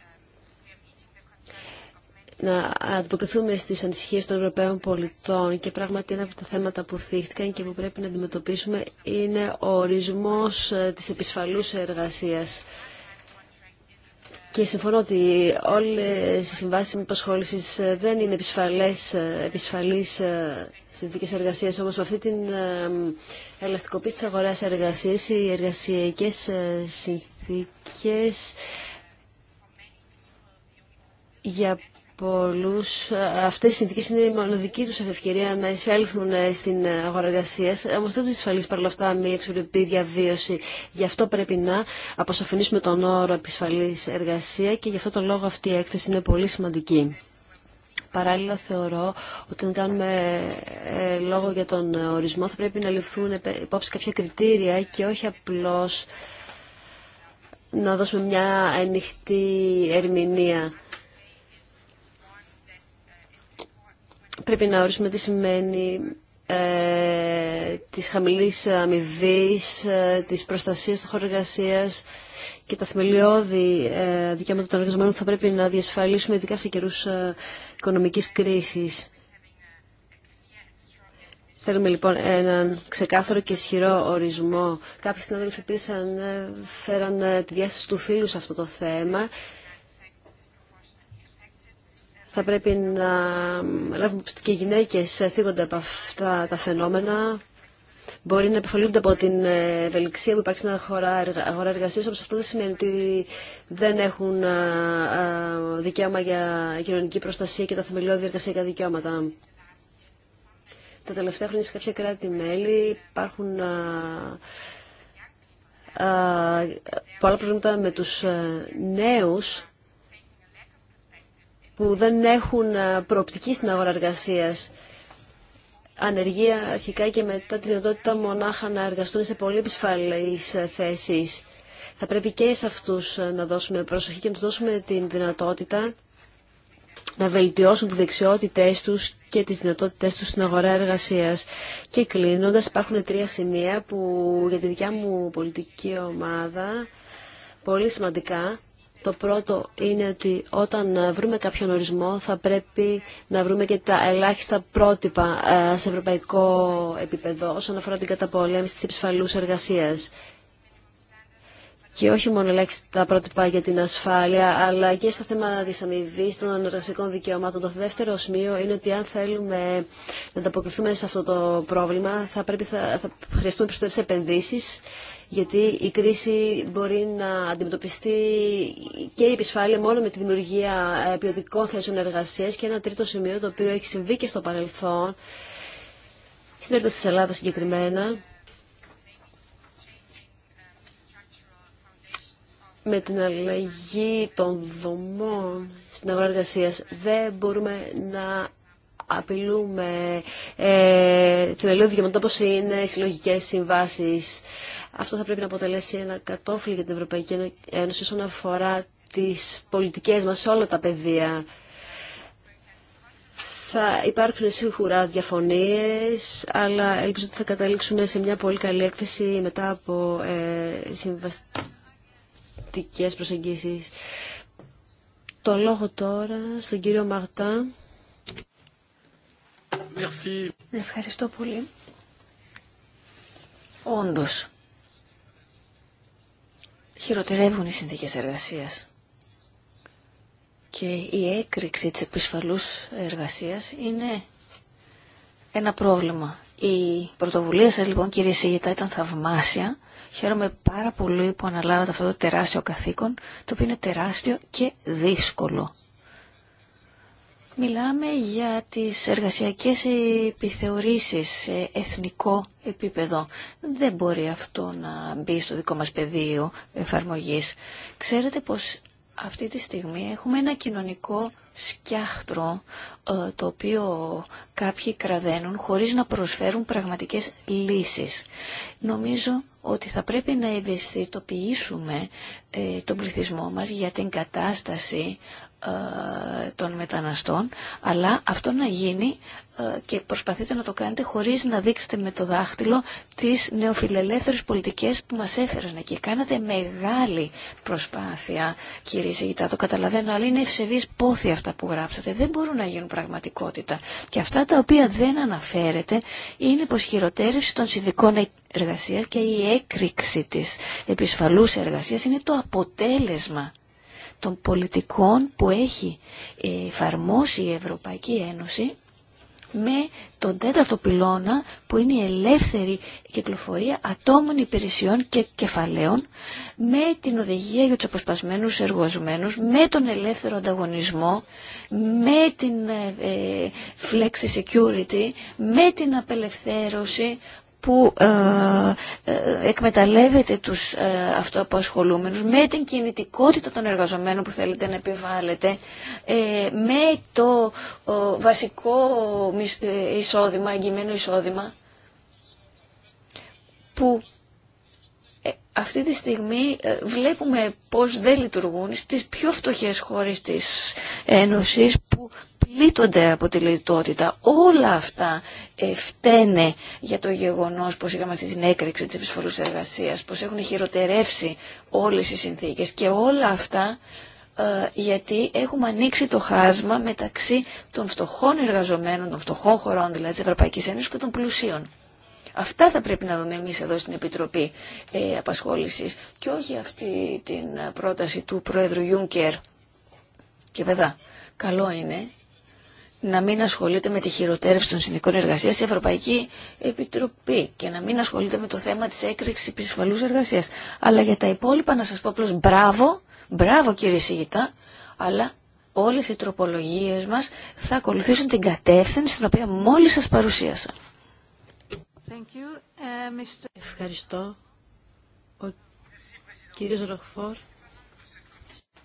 να αντιποκριθούμε στις ανησυχίες των Ευρωπαίων πολιτών και πράγματι ένα από τα θέματα που θύχτηκαν και που πρέπει να αντιμετωπίσουμε είναι ο ορισμός ε, της επισφαλούς εργασίας. Και συμφωνώ ότι όλες οι συμβάσεις με ε, δεν είναι επισφαλές, ε, επισφαλείς ε, συνθήκες εργασίας, όμως με αυτή την ελαστικοποίηση της αγοράς εργασίας, οι εργασιακές συνθήκες για πολλούς, αυτές οι συνθήκες είναι η μοναδική του ευκαιρία να εισέλθουν ε, στην αγορά εργασία, Όμω δεν τους εισφαλίζει παρ' αυτά μια εξωτερική διαβίωση. Γι' αυτό πρέπει να αποσαφηνίσουμε τον όρο επισφαλή εργασία και γι' αυτό τον λόγο αυτή η έκθεση είναι πολύ σημαντική. Παράλληλα θεωρώ ότι αν κάνουμε ε, λόγο για τον ορισμό θα πρέπει να ληφθούν υπόψη κάποια κριτήρια και όχι απλώς να δώσουμε μια ανοιχτή ερμηνεία. πρέπει να ορίσουμε τι σημαίνει ε, της χαμηλής αμοιβή, ε, της προστασίας του χώρου και τα θεμελιώδη ε, δικαιώματα των εργαζομένων θα πρέπει να διασφαλίσουμε ειδικά σε καιρούς ε, οικονομικής κρίσης. Θέλουμε λοιπόν έναν ξεκάθαρο και ισχυρό ορισμό. Κάποιοι συνάδελφοι πίσαν φέραν ε, τη διάσταση του φίλου σε αυτό το θέμα θα πρέπει να λάβουν υπόψη και οι γυναίκες θίγονται από αυτά τα φαινόμενα. Μπορεί να επιφαλούνται από την ευελιξία που υπάρχει στην αγορά εργασία, όμω αυτό δεν σημαίνει ότι δεν έχουν δικαίωμα για κοινωνική προστασία και τα θεμελιώδη εργασιακά δικαιώματα. Τα τελευταία χρόνια σε κάποια κράτη-μέλη υπάρχουν πολλά προβλήματα με τους ε, νέους που δεν έχουν ε, προοπτική στην αγορά εργασία. Ανεργία αρχικά και μετά τη δυνατότητα μονάχα να εργαστούν σε πολύ επισφαλείς ε, θέσεις. Θα πρέπει και σε αυτούς ε, να δώσουμε προσοχή και να του δώσουμε την δυνατότητα να βελτιώσουν τις δεξιότητές τους και τις δυνατότητές τους στην αγορά εργασίας. Και κλείνοντας υπάρχουν τρία σημεία που για τη δικιά μου πολιτική ομάδα πολύ σημαντικά το πρώτο είναι ότι όταν ε, βρούμε κάποιον ορισμό θα πρέπει να βρούμε και τα ελάχιστα πρότυπα ε, σε ευρωπαϊκό επίπεδο όσον αφορά την καταπολέμηση της επισφαλούς εργασίας. Και όχι μόνο ελάχιστα πρότυπα για την ασφάλεια, αλλά και στο θέμα της αμοιβή των εργασιακών δικαιωμάτων. Το δεύτερο σημείο είναι ότι αν θέλουμε να ανταποκριθούμε σε αυτό το πρόβλημα θα, πρέπει, θα, θα χρειαστούμε περισσότερες επενδύσεις γιατί η κρίση μπορεί να αντιμετωπιστεί και η επισφάλεια μόνο με τη δημιουργία ε, ποιοτικών θέσεων εργασία και ένα τρίτο σημείο το οποίο έχει συμβεί και στο παρελθόν, στην περίπτωση τη Ελλάδα συγκεκριμένα, με την αλλαγή των δομών στην αγορά εργασία δεν μπορούμε να απειλούμε ε, θεμελιώδη δικαιώματα όπως είναι οι συλλογικές συμβάσεις. Αυτό θα πρέπει να αποτελέσει ένα κατόφλι για την Ευρωπαϊκή Ένωση όσον αφορά τις πολιτικές μας σε όλα τα πεδία. Θα υπάρξουν σίγουρα διαφωνίες, αλλά ελπίζω ότι θα καταλήξουμε σε μια πολύ καλή έκθεση μετά από ε, συμβαστικές προσεγγίσεις. Το λόγο τώρα στον κύριο Μαρτά. Ευχαριστώ πολύ. Όντως, χειροτερεύουν οι συνθήκες εργασίας. Και η έκρηξη της επισφαλούς εργασίας είναι ένα πρόβλημα. Η πρωτοβουλία σας λοιπόν κύριε Σιγητά ήταν θαυμάσια. Χαίρομαι πάρα πολύ που αναλάβατε αυτό το τεράστιο καθήκον, το οποίο είναι τεράστιο και δύσκολο. Μιλάμε για τις εργασιακές επιθεωρήσεις σε εθνικό επίπεδο. Δεν μπορεί αυτό να μπει στο δικό μας πεδίο εφαρμογής. Ξέρετε πως αυτή τη στιγμή έχουμε ένα κοινωνικό σκιάχτρο ε, το οποίο κάποιοι κραδένουν χωρίς να προσφέρουν πραγματικές λύσεις. Νομίζω ότι θα πρέπει να ευαισθητοποιήσουμε ε, τον πληθυσμό μας για την κατάσταση ε, των μεταναστών, αλλά αυτό να γίνει ε, και προσπαθείτε να το κάνετε χωρίς να δείξετε με το δάχτυλο τις νεοφιλελεύθερες πολιτικές που μας έφεραν εκεί. Κάνατε μεγάλη προσπάθεια, κύριε Σιγητά, το καταλαβαίνω, αλλά είναι ευσεβείς πόθη αυτά που γράψατε. Δεν μπορούν να γίνουν πραγματικότητα. Και αυτά τα οποία δεν αναφέρετε είναι πως χειροτέρευση των συνδικών εργασίας και η έκρηξη της επισφαλούς εργασίας είναι το αποτέλεσμα των πολιτικών που έχει ε, εφαρμόσει η Ευρωπαϊκή Ένωση με τον τέταρτο πυλώνα που είναι η ελεύθερη κυκλοφορία ατόμων υπηρεσιών και κεφαλαίων με την οδηγία για τους αποσπασμένους εργοζομένους με τον ελεύθερο ανταγωνισμό, με την ε, ε, flexi security, με την απελευθέρωση που ε, ε, εκμεταλλεύεται τους ε, αυτοαπασχολούμενους με την κινητικότητα των εργαζομένων που θέλετε να επιβάλλετε, με το βασικό εισόδημα, εγγυημένο εισόδημα, που ε, αυτή τη στιγμή ε, βλέπουμε πώς δεν λειτουργούν στις πιο φτωχές χώρες της Ένωσης που πλήττονται από τη λιτότητα. Όλα αυτά ε, φταίνε για το γεγονός πως είχαμε αυτή την έκρηξη της επισφαλούς εργασίας, πως έχουν χειροτερεύσει όλες οι συνθήκες και όλα αυτά γιατί έχουμε ανοίξει το χάσμα μεταξύ των φτωχών εργαζομένων, των φτωχών χωρών δηλαδή της Ευρωπαϊκής Ένωσης και των πλουσίων. Αυτά θα πρέπει να δούμε εμείς εδώ στην Επιτροπή ε, Απασχόλησης και όχι αυτή την πρόταση του Πρόεδρου Γιούνκερ. Και βέβαια, καλό είναι να μην ασχολείται με τη χειροτέρευση των συνδικών εργασία, στην Ευρωπαϊκή Επιτροπή και να μην ασχολείται με το θέμα της έκρηξης επισφαλού εργασία. Αλλά για τα υπόλοιπα να σας πω απλώ μπράβο, μπράβο κύριε Σιγητά, αλλά όλες οι τροπολογίες μας θα ακολουθήσουν την κατεύθυνση στην οποία μόλις σας παρουσίασα. Uh, Ευχαριστώ. Ο κύριος Ροχφόρ.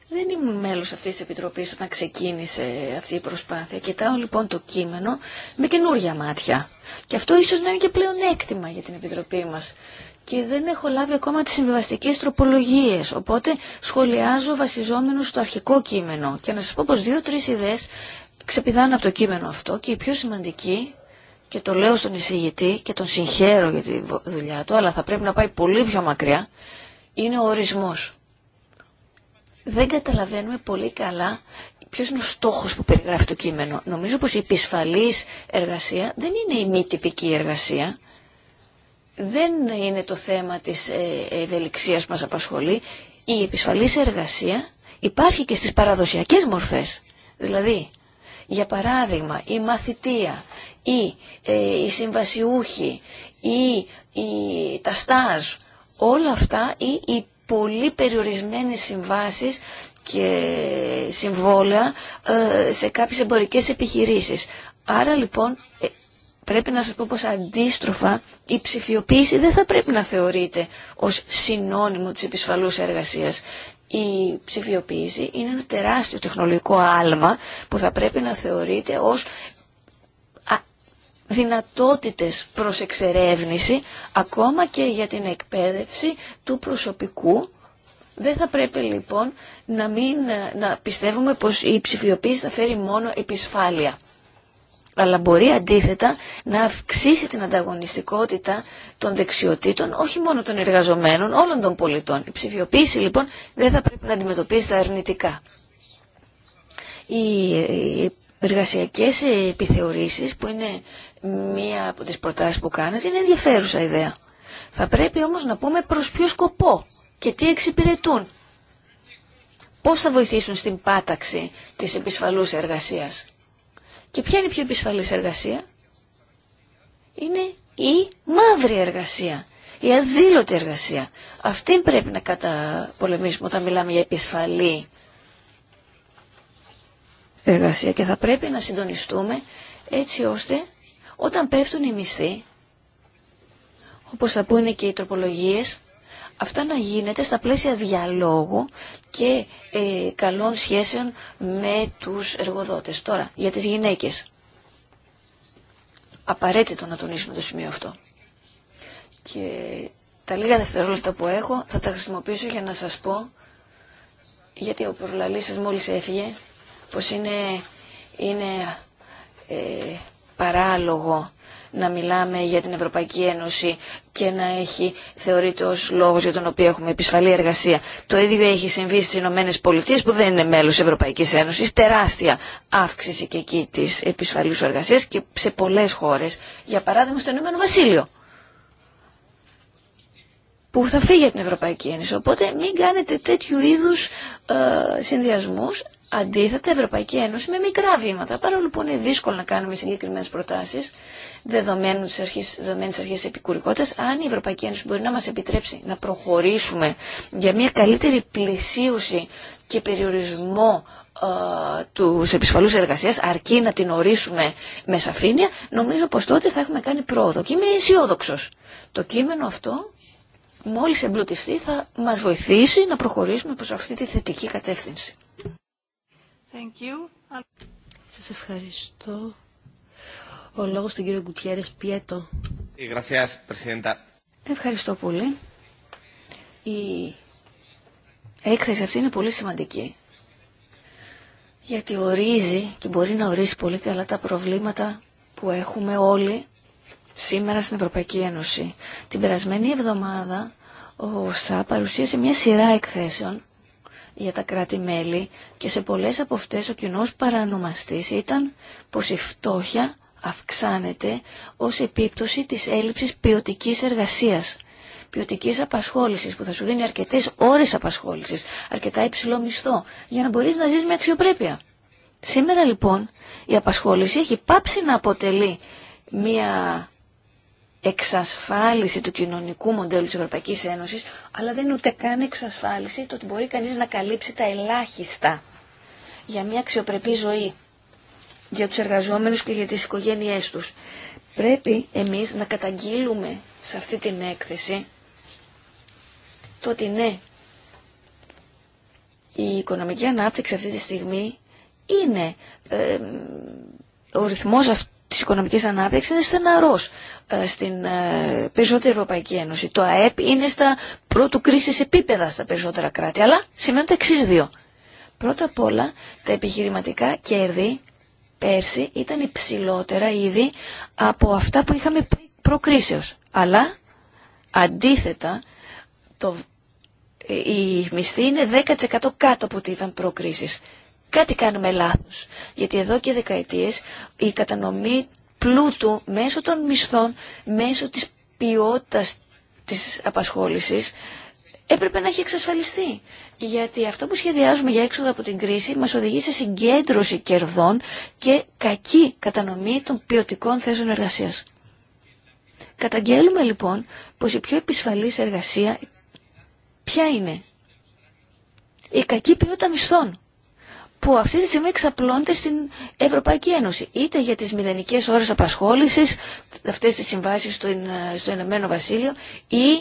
Δεν ήμουν μέλος αυτής της Επιτροπής όταν ξεκίνησε αυτή η προσπάθεια. Κοιτάω λοιπόν το κείμενο με καινούργια μάτια. Και αυτό ίσως να είναι και πλέον έκτιμα για την Επιτροπή μας. Και δεν έχω λάβει ακόμα τις συμβιβαστικές τροπολογίες, οπότε σχολιάζω βασιζόμενο στο αρχικό κείμενο. Και να σας πω πως δύο-τρεις ιδέες ξεπηδάνε από το κείμενο αυτό και η πιο σημαντική και το λέω στον εισηγητή και τον συγχαίρω για τη δουλειά του, αλλά θα πρέπει να πάει πολύ πιο μακριά, είναι ο ορισμός. Δεν καταλαβαίνουμε πολύ καλά ποιο είναι ο στόχος που περιγράφει το κείμενο. Νομίζω πως η επισφαλής εργασία δεν είναι η μη τυπική εργασία. Δεν είναι το θέμα της ε, ευελιξίας που μας απασχολεί. Η επισφαλής εργασία υπάρχει και στις παραδοσιακές μορφές. Δηλαδή, για παράδειγμα, η μαθητεία ή ε, οι συμβασιούχοι ή η, τα στάζ, όλα αυτά ή οι πολύ περιορισμένες συμβάσεις και συμβόλαια ε, σε κάποιες εμπορικές επιχειρήσεις. Άρα λοιπόν ε, πρέπει να σας πω πως αντίστροφα η ψηφιοποίηση δεν θα πρέπει να θεωρείται ως συνώνυμο της επισφαλούς εργασίας η ψηφιοποίηση είναι ένα τεράστιο τεχνολογικό άλμα που θα πρέπει να θεωρείται ως δυνατότητες προς εξερεύνηση ακόμα και για την εκπαίδευση του προσωπικού. Δεν θα πρέπει λοιπόν να, μην, να πιστεύουμε πως η ψηφιοποίηση θα φέρει μόνο επισφάλεια αλλά μπορεί αντίθετα να αυξήσει την ανταγωνιστικότητα των δεξιοτήτων, όχι μόνο των εργαζομένων, όλων των πολιτών. Η ψηφιοποίηση λοιπόν δεν θα πρέπει να τα αρνητικά. Οι εργασιακές επιθεωρήσεις που είναι μία από τις προτάσεις που κάνεις είναι ενδιαφέρουσα ιδέα. Θα πρέπει όμως να πούμε προς ποιο σκοπό και τι εξυπηρετούν. Πώς θα βοηθήσουν στην πάταξη της επισφαλούς εργασίας. Και ποια είναι η πιο επισφαλή εργασία? Είναι η μαύρη εργασία, η αδήλωτη εργασία. Αυτή πρέπει να καταπολεμήσουμε όταν μιλάμε για επισφαλή εργασία. Και θα πρέπει να συντονιστούμε έτσι ώστε όταν πέφτουν οι μισθοί, όπως θα πούνε και οι τροπολογίες, αυτά να γίνεται στα πλαίσια διαλόγου και ε, καλών σχέσεων με τους εργοδότες. Τώρα, για τις γυναίκες. Απαραίτητο να τονίσουμε το σημείο αυτό. Και τα λίγα δευτερόλεπτα που έχω θα τα χρησιμοποιήσω για να σας πω, γιατί ο προλαλής σας μόλις έφυγε, πως είναι, είναι ε, παράλογο να μιλάμε για την Ευρωπαϊκή Ένωση και να έχει θεωρείται ως λόγος για τον οποίο έχουμε επισφαλή εργασία. Το ίδιο έχει συμβεί στις Ηνωμένε Πολιτείες που δεν είναι μέλος Ευρωπαϊκής Ένωσης, τεράστια αύξηση και εκεί της επισφαλούς εργασίας και σε πολλές χώρες, για παράδειγμα στο Ηνωμένο Βασίλειο που θα φύγει από την Ευρωπαϊκή Ένωση. Οπότε μην κάνετε τέτοιου είδους ε, συνδυασμούς Αντίθετα, η Ευρωπαϊκή Ένωση με μικρά βήματα, παρόλο που είναι δύσκολο να κάνουμε συγκεκριμένε προτάσει, δεδομένε αρχέ επικουρικότητα, αν η Ευρωπαϊκή Ένωση μπορεί να μα επιτρέψει να προχωρήσουμε για μια καλύτερη πλησίωση και περιορισμό ε, του επισφαλού εργασίας, αρκεί να την ορίσουμε με σαφήνεια, νομίζω πω τότε θα έχουμε κάνει πρόοδο. Και είμαι αισιόδοξο. Το κείμενο αυτό, μόλις εμπλουτιστεί, θα μας βοηθήσει να προχωρήσουμε προ αυτή τη θετική κατεύθυνση. Σας ευχαριστώ. Ο λόγος του κύριου Γκουτιέρες Πιέτο. Ευχαριστώ πολύ. Η έκθεση αυτή είναι πολύ σημαντική. Γιατί ορίζει και μπορεί να ορίσει πολύ καλά τα προβλήματα που έχουμε όλοι σήμερα στην Ευρωπαϊκή Ένωση. Την περασμένη εβδομάδα ο ΣΑ παρουσίασε μια σειρά εκθέσεων για τα κράτη-μέλη και σε πολλές από αυτές ο κοινό παρανομαστής ήταν πως η φτώχεια αυξάνεται ως επίπτωση της έλλειψης ποιοτικής εργασίας ποιοτική απασχόληση που θα σου δίνει αρκετέ ώρε απασχόληση, αρκετά υψηλό μισθό, για να μπορεί να ζει με αξιοπρέπεια. Σήμερα λοιπόν η απασχόληση έχει πάψει να αποτελεί μία εξασφάλιση του κοινωνικού μοντέλου της Ευρωπαϊκής Ένωσης, αλλά δεν είναι ούτε καν εξασφάλιση το ότι μπορεί κανείς να καλύψει τα ελάχιστα για μια αξιοπρεπή ζωή για τους εργαζόμενους και για τις οικογένειές τους. Πρέπει εμείς να καταγγείλουμε σε αυτή την έκθεση το ότι ναι, η οικονομική ανάπτυξη αυτή τη στιγμή είναι ε, ο ρυθμός αυτό της οικονομικής ανάπτυξης είναι στεναρός ε, στην ε, περισσότερη Ευρωπαϊκή Ένωση. Το ΑΕΠ είναι στα πρώτου κρίσης επίπεδα στα περισσότερα κράτη, αλλά σημαίνουν τα εξή δύο. Πρώτα απ' όλα, τα επιχειρηματικά κέρδη πέρσι ήταν υψηλότερα ήδη από αυτά που είχαμε προκρίσεως. Αλλά, αντίθετα, το, ε, η μισθή είναι 10% κάτω από ό,τι ήταν προκρίσεις κάτι κάνουμε λάθος. Γιατί εδώ και δεκαετίες η κατανομή πλούτου μέσω των μισθών, μέσω της ποιότητας της απασχόλησης, έπρεπε να έχει εξασφαλιστεί. Γιατί αυτό που σχεδιάζουμε για έξοδο από την κρίση μας οδηγεί σε συγκέντρωση κερδών και κακή κατανομή των ποιοτικών θέσεων εργασίας. Καταγγέλουμε λοιπόν πως η πιο επισφαλής εργασία ποια είναι. Η κακή ποιότητα μισθών που αυτή τη στιγμή εξαπλώνεται στην Ευρωπαϊκή Ένωση. Είτε για τις μηδενικές ώρες απασχόλησης, αυτές τις συμβάσεις στο, στο Ηνωμένο Βασίλειο, ή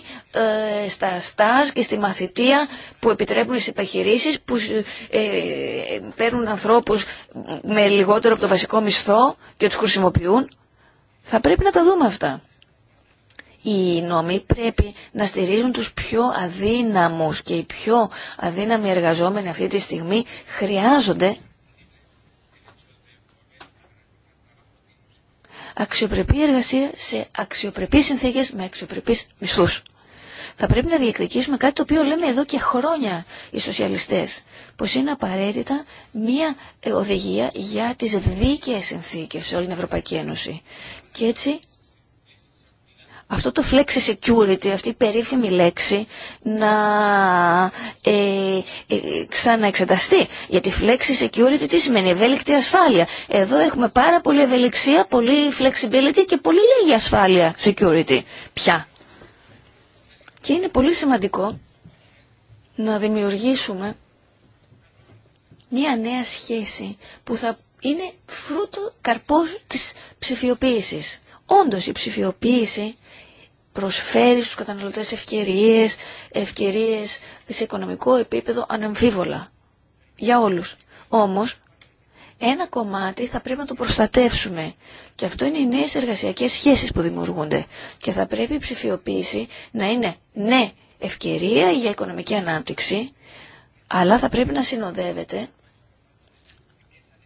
ε, στα στάζ και στη μαθητεία που επιτρέπουν στις επιχειρήσεις που ε, ε, παίρνουν ανθρώπους με λιγότερο από το βασικό μισθό και τους χρησιμοποιούν. Θα πρέπει να τα δούμε αυτά οι νόμοι πρέπει να στηρίζουν τους πιο αδύναμους και οι πιο αδύναμοι εργαζόμενοι αυτή τη στιγμή χρειάζονται αξιοπρεπή εργασία σε αξιοπρεπείς συνθήκες με αξιοπρεπείς μισθούς. Θα πρέπει να διεκδικήσουμε κάτι το οποίο λέμε εδώ και χρόνια οι σοσιαλιστές, πως είναι απαραίτητα μία οδηγία για τις δίκαιες συνθήκες σε όλη την Ευρωπαϊκή Ένωση. Και έτσι αυτό το flexi security, αυτή η περίφημη λέξη, να ε, ε, ξαναεξεταστεί. Γιατί flexi security τι σημαίνει, ευέλικτη ασφάλεια. Εδώ έχουμε πάρα πολύ ευελιξία, πολύ flexibility και πολύ λίγη ασφάλεια security πια. Και είναι πολύ σημαντικό να δημιουργήσουμε μια νέα σχέση που θα είναι φρούτο καρπός της ψηφιοποίησης. Όντως η ψηφιοποίηση προσφέρει στους καταναλωτές ευκαιρίες, ευκαιρίες σε οικονομικό επίπεδο ανεμφίβολα Για όλους. Όμως, ένα κομμάτι θα πρέπει να το προστατεύσουμε. Και αυτό είναι οι νέες εργασιακές σχέσεις που δημιουργούνται. Και θα πρέπει η ψηφιοποίηση να είναι, ναι, ευκαιρία για οικονομική ανάπτυξη, αλλά θα πρέπει να συνοδεύεται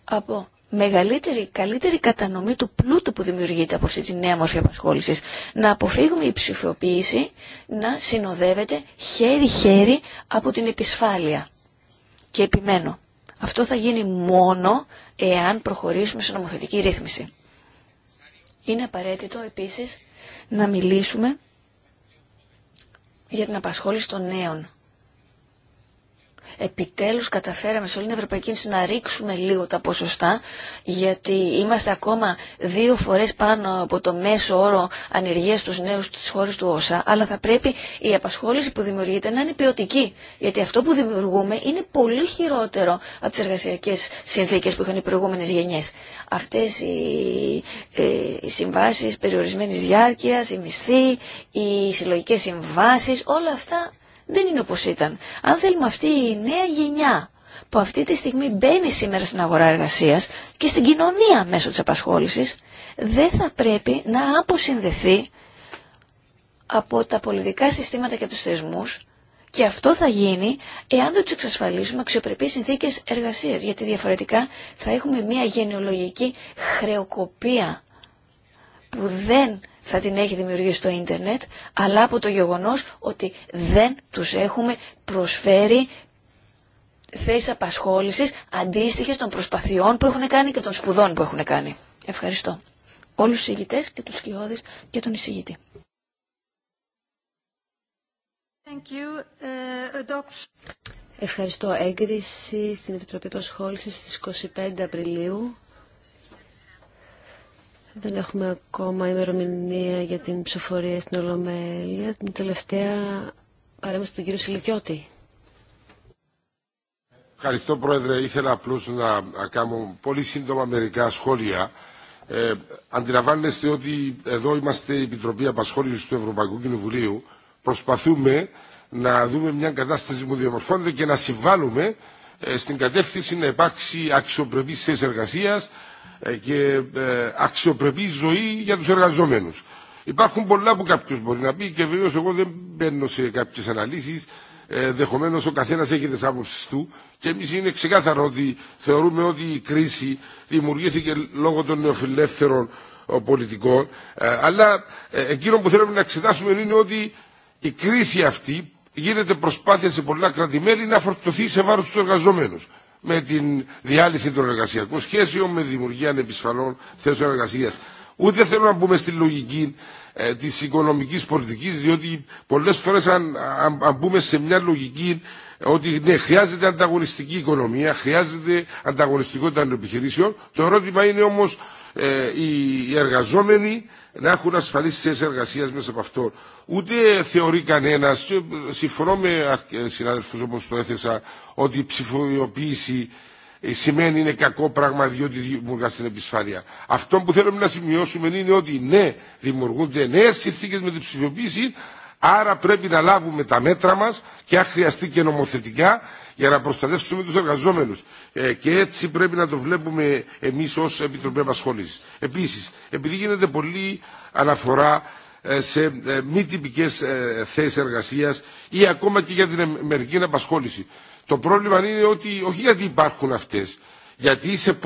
από μεγαλύτερη, καλύτερη κατανομή του πλούτου που δημιουργείται από αυτή τη νέα μορφή απασχόληση. Να αποφύγουμε η ψηφιοποίηση να συνοδεύεται χέρι-χέρι από την επισφάλεια. Και επιμένω, αυτό θα γίνει μόνο εάν προχωρήσουμε σε νομοθετική ρύθμιση. Είναι απαραίτητο επίσης να μιλήσουμε για την απασχόληση των νέων επιτέλους καταφέραμε σε όλη την Ευρωπαϊκή Ένωση να ρίξουμε λίγο τα ποσοστά γιατί είμαστε ακόμα δύο φορές πάνω από το μέσο όρο ανεργίας στους νέους της χώρας του ΩΣΑ αλλά θα πρέπει η απασχόληση που δημιουργείται να είναι ποιοτική γιατί αυτό που δημιουργούμε είναι πολύ χειρότερο από τις εργασιακές συνθήκες που είχαν οι προηγούμενες γενιές. Αυτές οι, ε, οι συμβάσεις περιορισμένης διάρκειας, οι μισθοί, οι συλλογικές συμβάσεις, όλα αυτά δεν είναι όπως ήταν. Αν θέλουμε αυτή η νέα γενιά που αυτή τη στιγμή μπαίνει σήμερα στην αγορά εργασίας και στην κοινωνία μέσω της απασχόλησης, δεν θα πρέπει να αποσυνδεθεί από τα πολιτικά συστήματα και τους θεσμούς και αυτό θα γίνει εάν δεν του εξασφαλίσουμε αξιοπρεπεί συνθήκε εργασία. Γιατί διαφορετικά θα έχουμε μια γενεολογική χρεοκοπία που δεν θα την έχει δημιουργήσει το ίντερνετ, αλλά από το γεγονός ότι δεν τους έχουμε προσφέρει θέσεις απασχόλησης αντίστοιχες των προσπαθειών που έχουν κάνει και των σπουδών που έχουν κάνει. Ευχαριστώ. Όλους τους ηγητές και τους σκιώδεις και τον εισηγητή. Thank you. Ε, Ευχαριστώ. Έγκριση στην Επιτροπή Προσχόλησης στις 25 Απριλίου. Δεν έχουμε ακόμα ημερομηνία για την ψηφορία στην Ολομέλεια. Την τελευταία παρέμβαση του κύριου Σιλικιώτη. Ευχαριστώ Πρόεδρε. Ήθελα απλώ να, κάνω πολύ σύντομα μερικά σχόλια. Ε, αντιλαμβάνεστε ότι εδώ είμαστε η Επιτροπή Απασχόλησης του Ευρωπαϊκού Κοινοβουλίου. Προσπαθούμε να δούμε μια κατάσταση που διαμορφώνεται και να συμβάλλουμε ε, στην κατεύθυνση να υπάρξει αξιοπρεπή θέση εργασία, ε, και ε, αξιοπρεπή ζωή για τους εργαζόμενους. Υπάρχουν πολλά που κάποιο μπορεί να πει και βεβαίω εγώ δεν μπαίνω σε κάποιες αναλύσεις ε, δεχομένω ο καθένα έχει τι άποψει του και εμεί είναι ξεκάθαρο ότι θεωρούμε ότι η κρίση δημιουργήθηκε λόγω των νεοφιλελεύθερων πολιτικών. Αλλά εκείνο που θέλουμε να εξετάσουμε είναι ότι η κρίση αυτή γίνεται προσπάθεια σε πολλά κρατημέλη να φορτωθεί σε βάρος του εργαζόμενου με την διάλυση των εργασιακών σχέσεων, με δημιουργία ανεπισφαλών θέσεων εργασία. Ούτε θέλω να μπούμε στη λογική ε, τη οικονομική πολιτική, διότι πολλέ φορέ αν, αν, μπούμε σε μια λογική ότι ναι, χρειάζεται ανταγωνιστική οικονομία, χρειάζεται ανταγωνιστικότητα των επιχειρήσεων. Το ερώτημα είναι όμω ε, οι εργαζόμενοι να έχουν ασφαλείς θέσεις εργασίας μέσα από αυτό. Ούτε θεωρεί κανένα, ε, συμφωνώ με συναδελφούς όπως το έθεσα, ότι η ψηφοποιήση ε, σημαίνει είναι κακό πράγμα διότι δημιουργά στην επισφάλεια. Αυτό που θέλουμε να σημειώσουμε είναι ότι ναι, δημιουργούνται νέε συνθήκε με την ψηφιοποίηση, Άρα πρέπει να λάβουμε τα μέτρα μας και αν χρειαστεί και νομοθετικά για να προστατεύσουμε τους εργαζόμενους. Ε, και έτσι πρέπει να το βλέπουμε εμείς ως Επιτροπή Απασχόλησης. Επίσης, επειδή γίνεται πολλή αναφορά ε, σε ε, μη τυπικέ θέσεις εργασίας ή ακόμα και για την μερική απασχόληση. Το πρόβλημα είναι ότι όχι γιατί υπάρχουν αυτές, γιατί σε,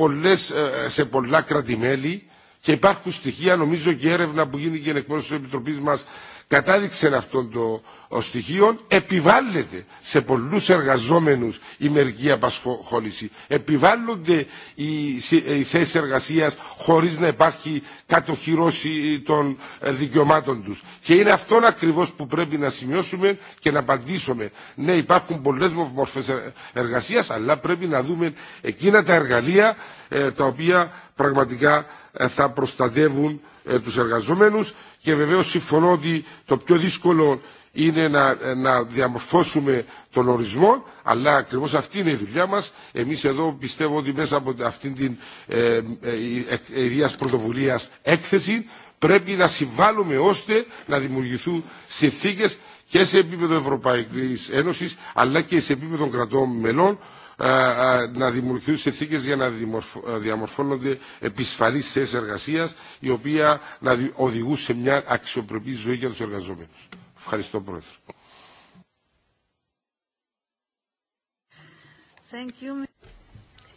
σε πολλά κρατημέλη και υπάρχουν στοιχεία, νομίζω και έρευνα που γίνει και εκ μέρους της Επιτροπής μας κατάδειξε αυτών το στοιχείων επιβάλλεται σε πολλούς εργαζόμενους η μερική απασχόληση. Επιβάλλονται οι θέσεις εργασίας χωρίς να υπάρχει κατοχυρώση των ε, δικαιωμάτων τους. Και είναι αυτόν ακριβώς που πρέπει να σημειώσουμε και να απαντήσουμε. Ναι υπάρχουν πολλές μορφές ε, εργασίας αλλά πρέπει να δούμε εκείνα τα εργαλεία ε, τα οποία πραγματικά θα προστατεύουν ε, τους εργαζόμενους και βεβαίως συμφωνώ ότι το πιο δύσκολο είναι να, ε, να διαμορφώσουμε τον ορισμό, αλλά ακριβώς αυτή είναι η δουλειά μας. Εμείς εδώ πιστεύω ότι μέσα από αυτήν την ε, ε, ε έκθεση πρέπει να συμβάλλουμε ώστε να δημιουργηθούν συνθήκες και σε επίπεδο Ευρωπαϊκής Ένωσης αλλά και σε επίπεδο κρατών μελών ε, ε, να δημιουργηθούν συνθήκε για να ε, διαμορφώνονται επισφαλεί θέσει εργασία, η οποία να οδηγούν σε μια αξιοπρεπή ζωή για του εργαζόμενου. Ευχαριστώ, Πρόεδρε. Thank you.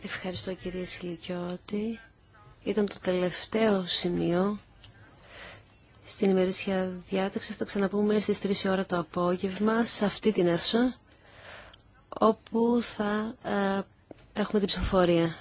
Ευχαριστώ κύριε Σιλικιώτη. Ήταν το τελευταίο σημείο στην ημερήσια διάταξη. Θα ξαναπούμε στις 3 ώρα το απόγευμα σε αυτή την αίθουσα όπου θα ε, έχουμε την ψηφοφορία.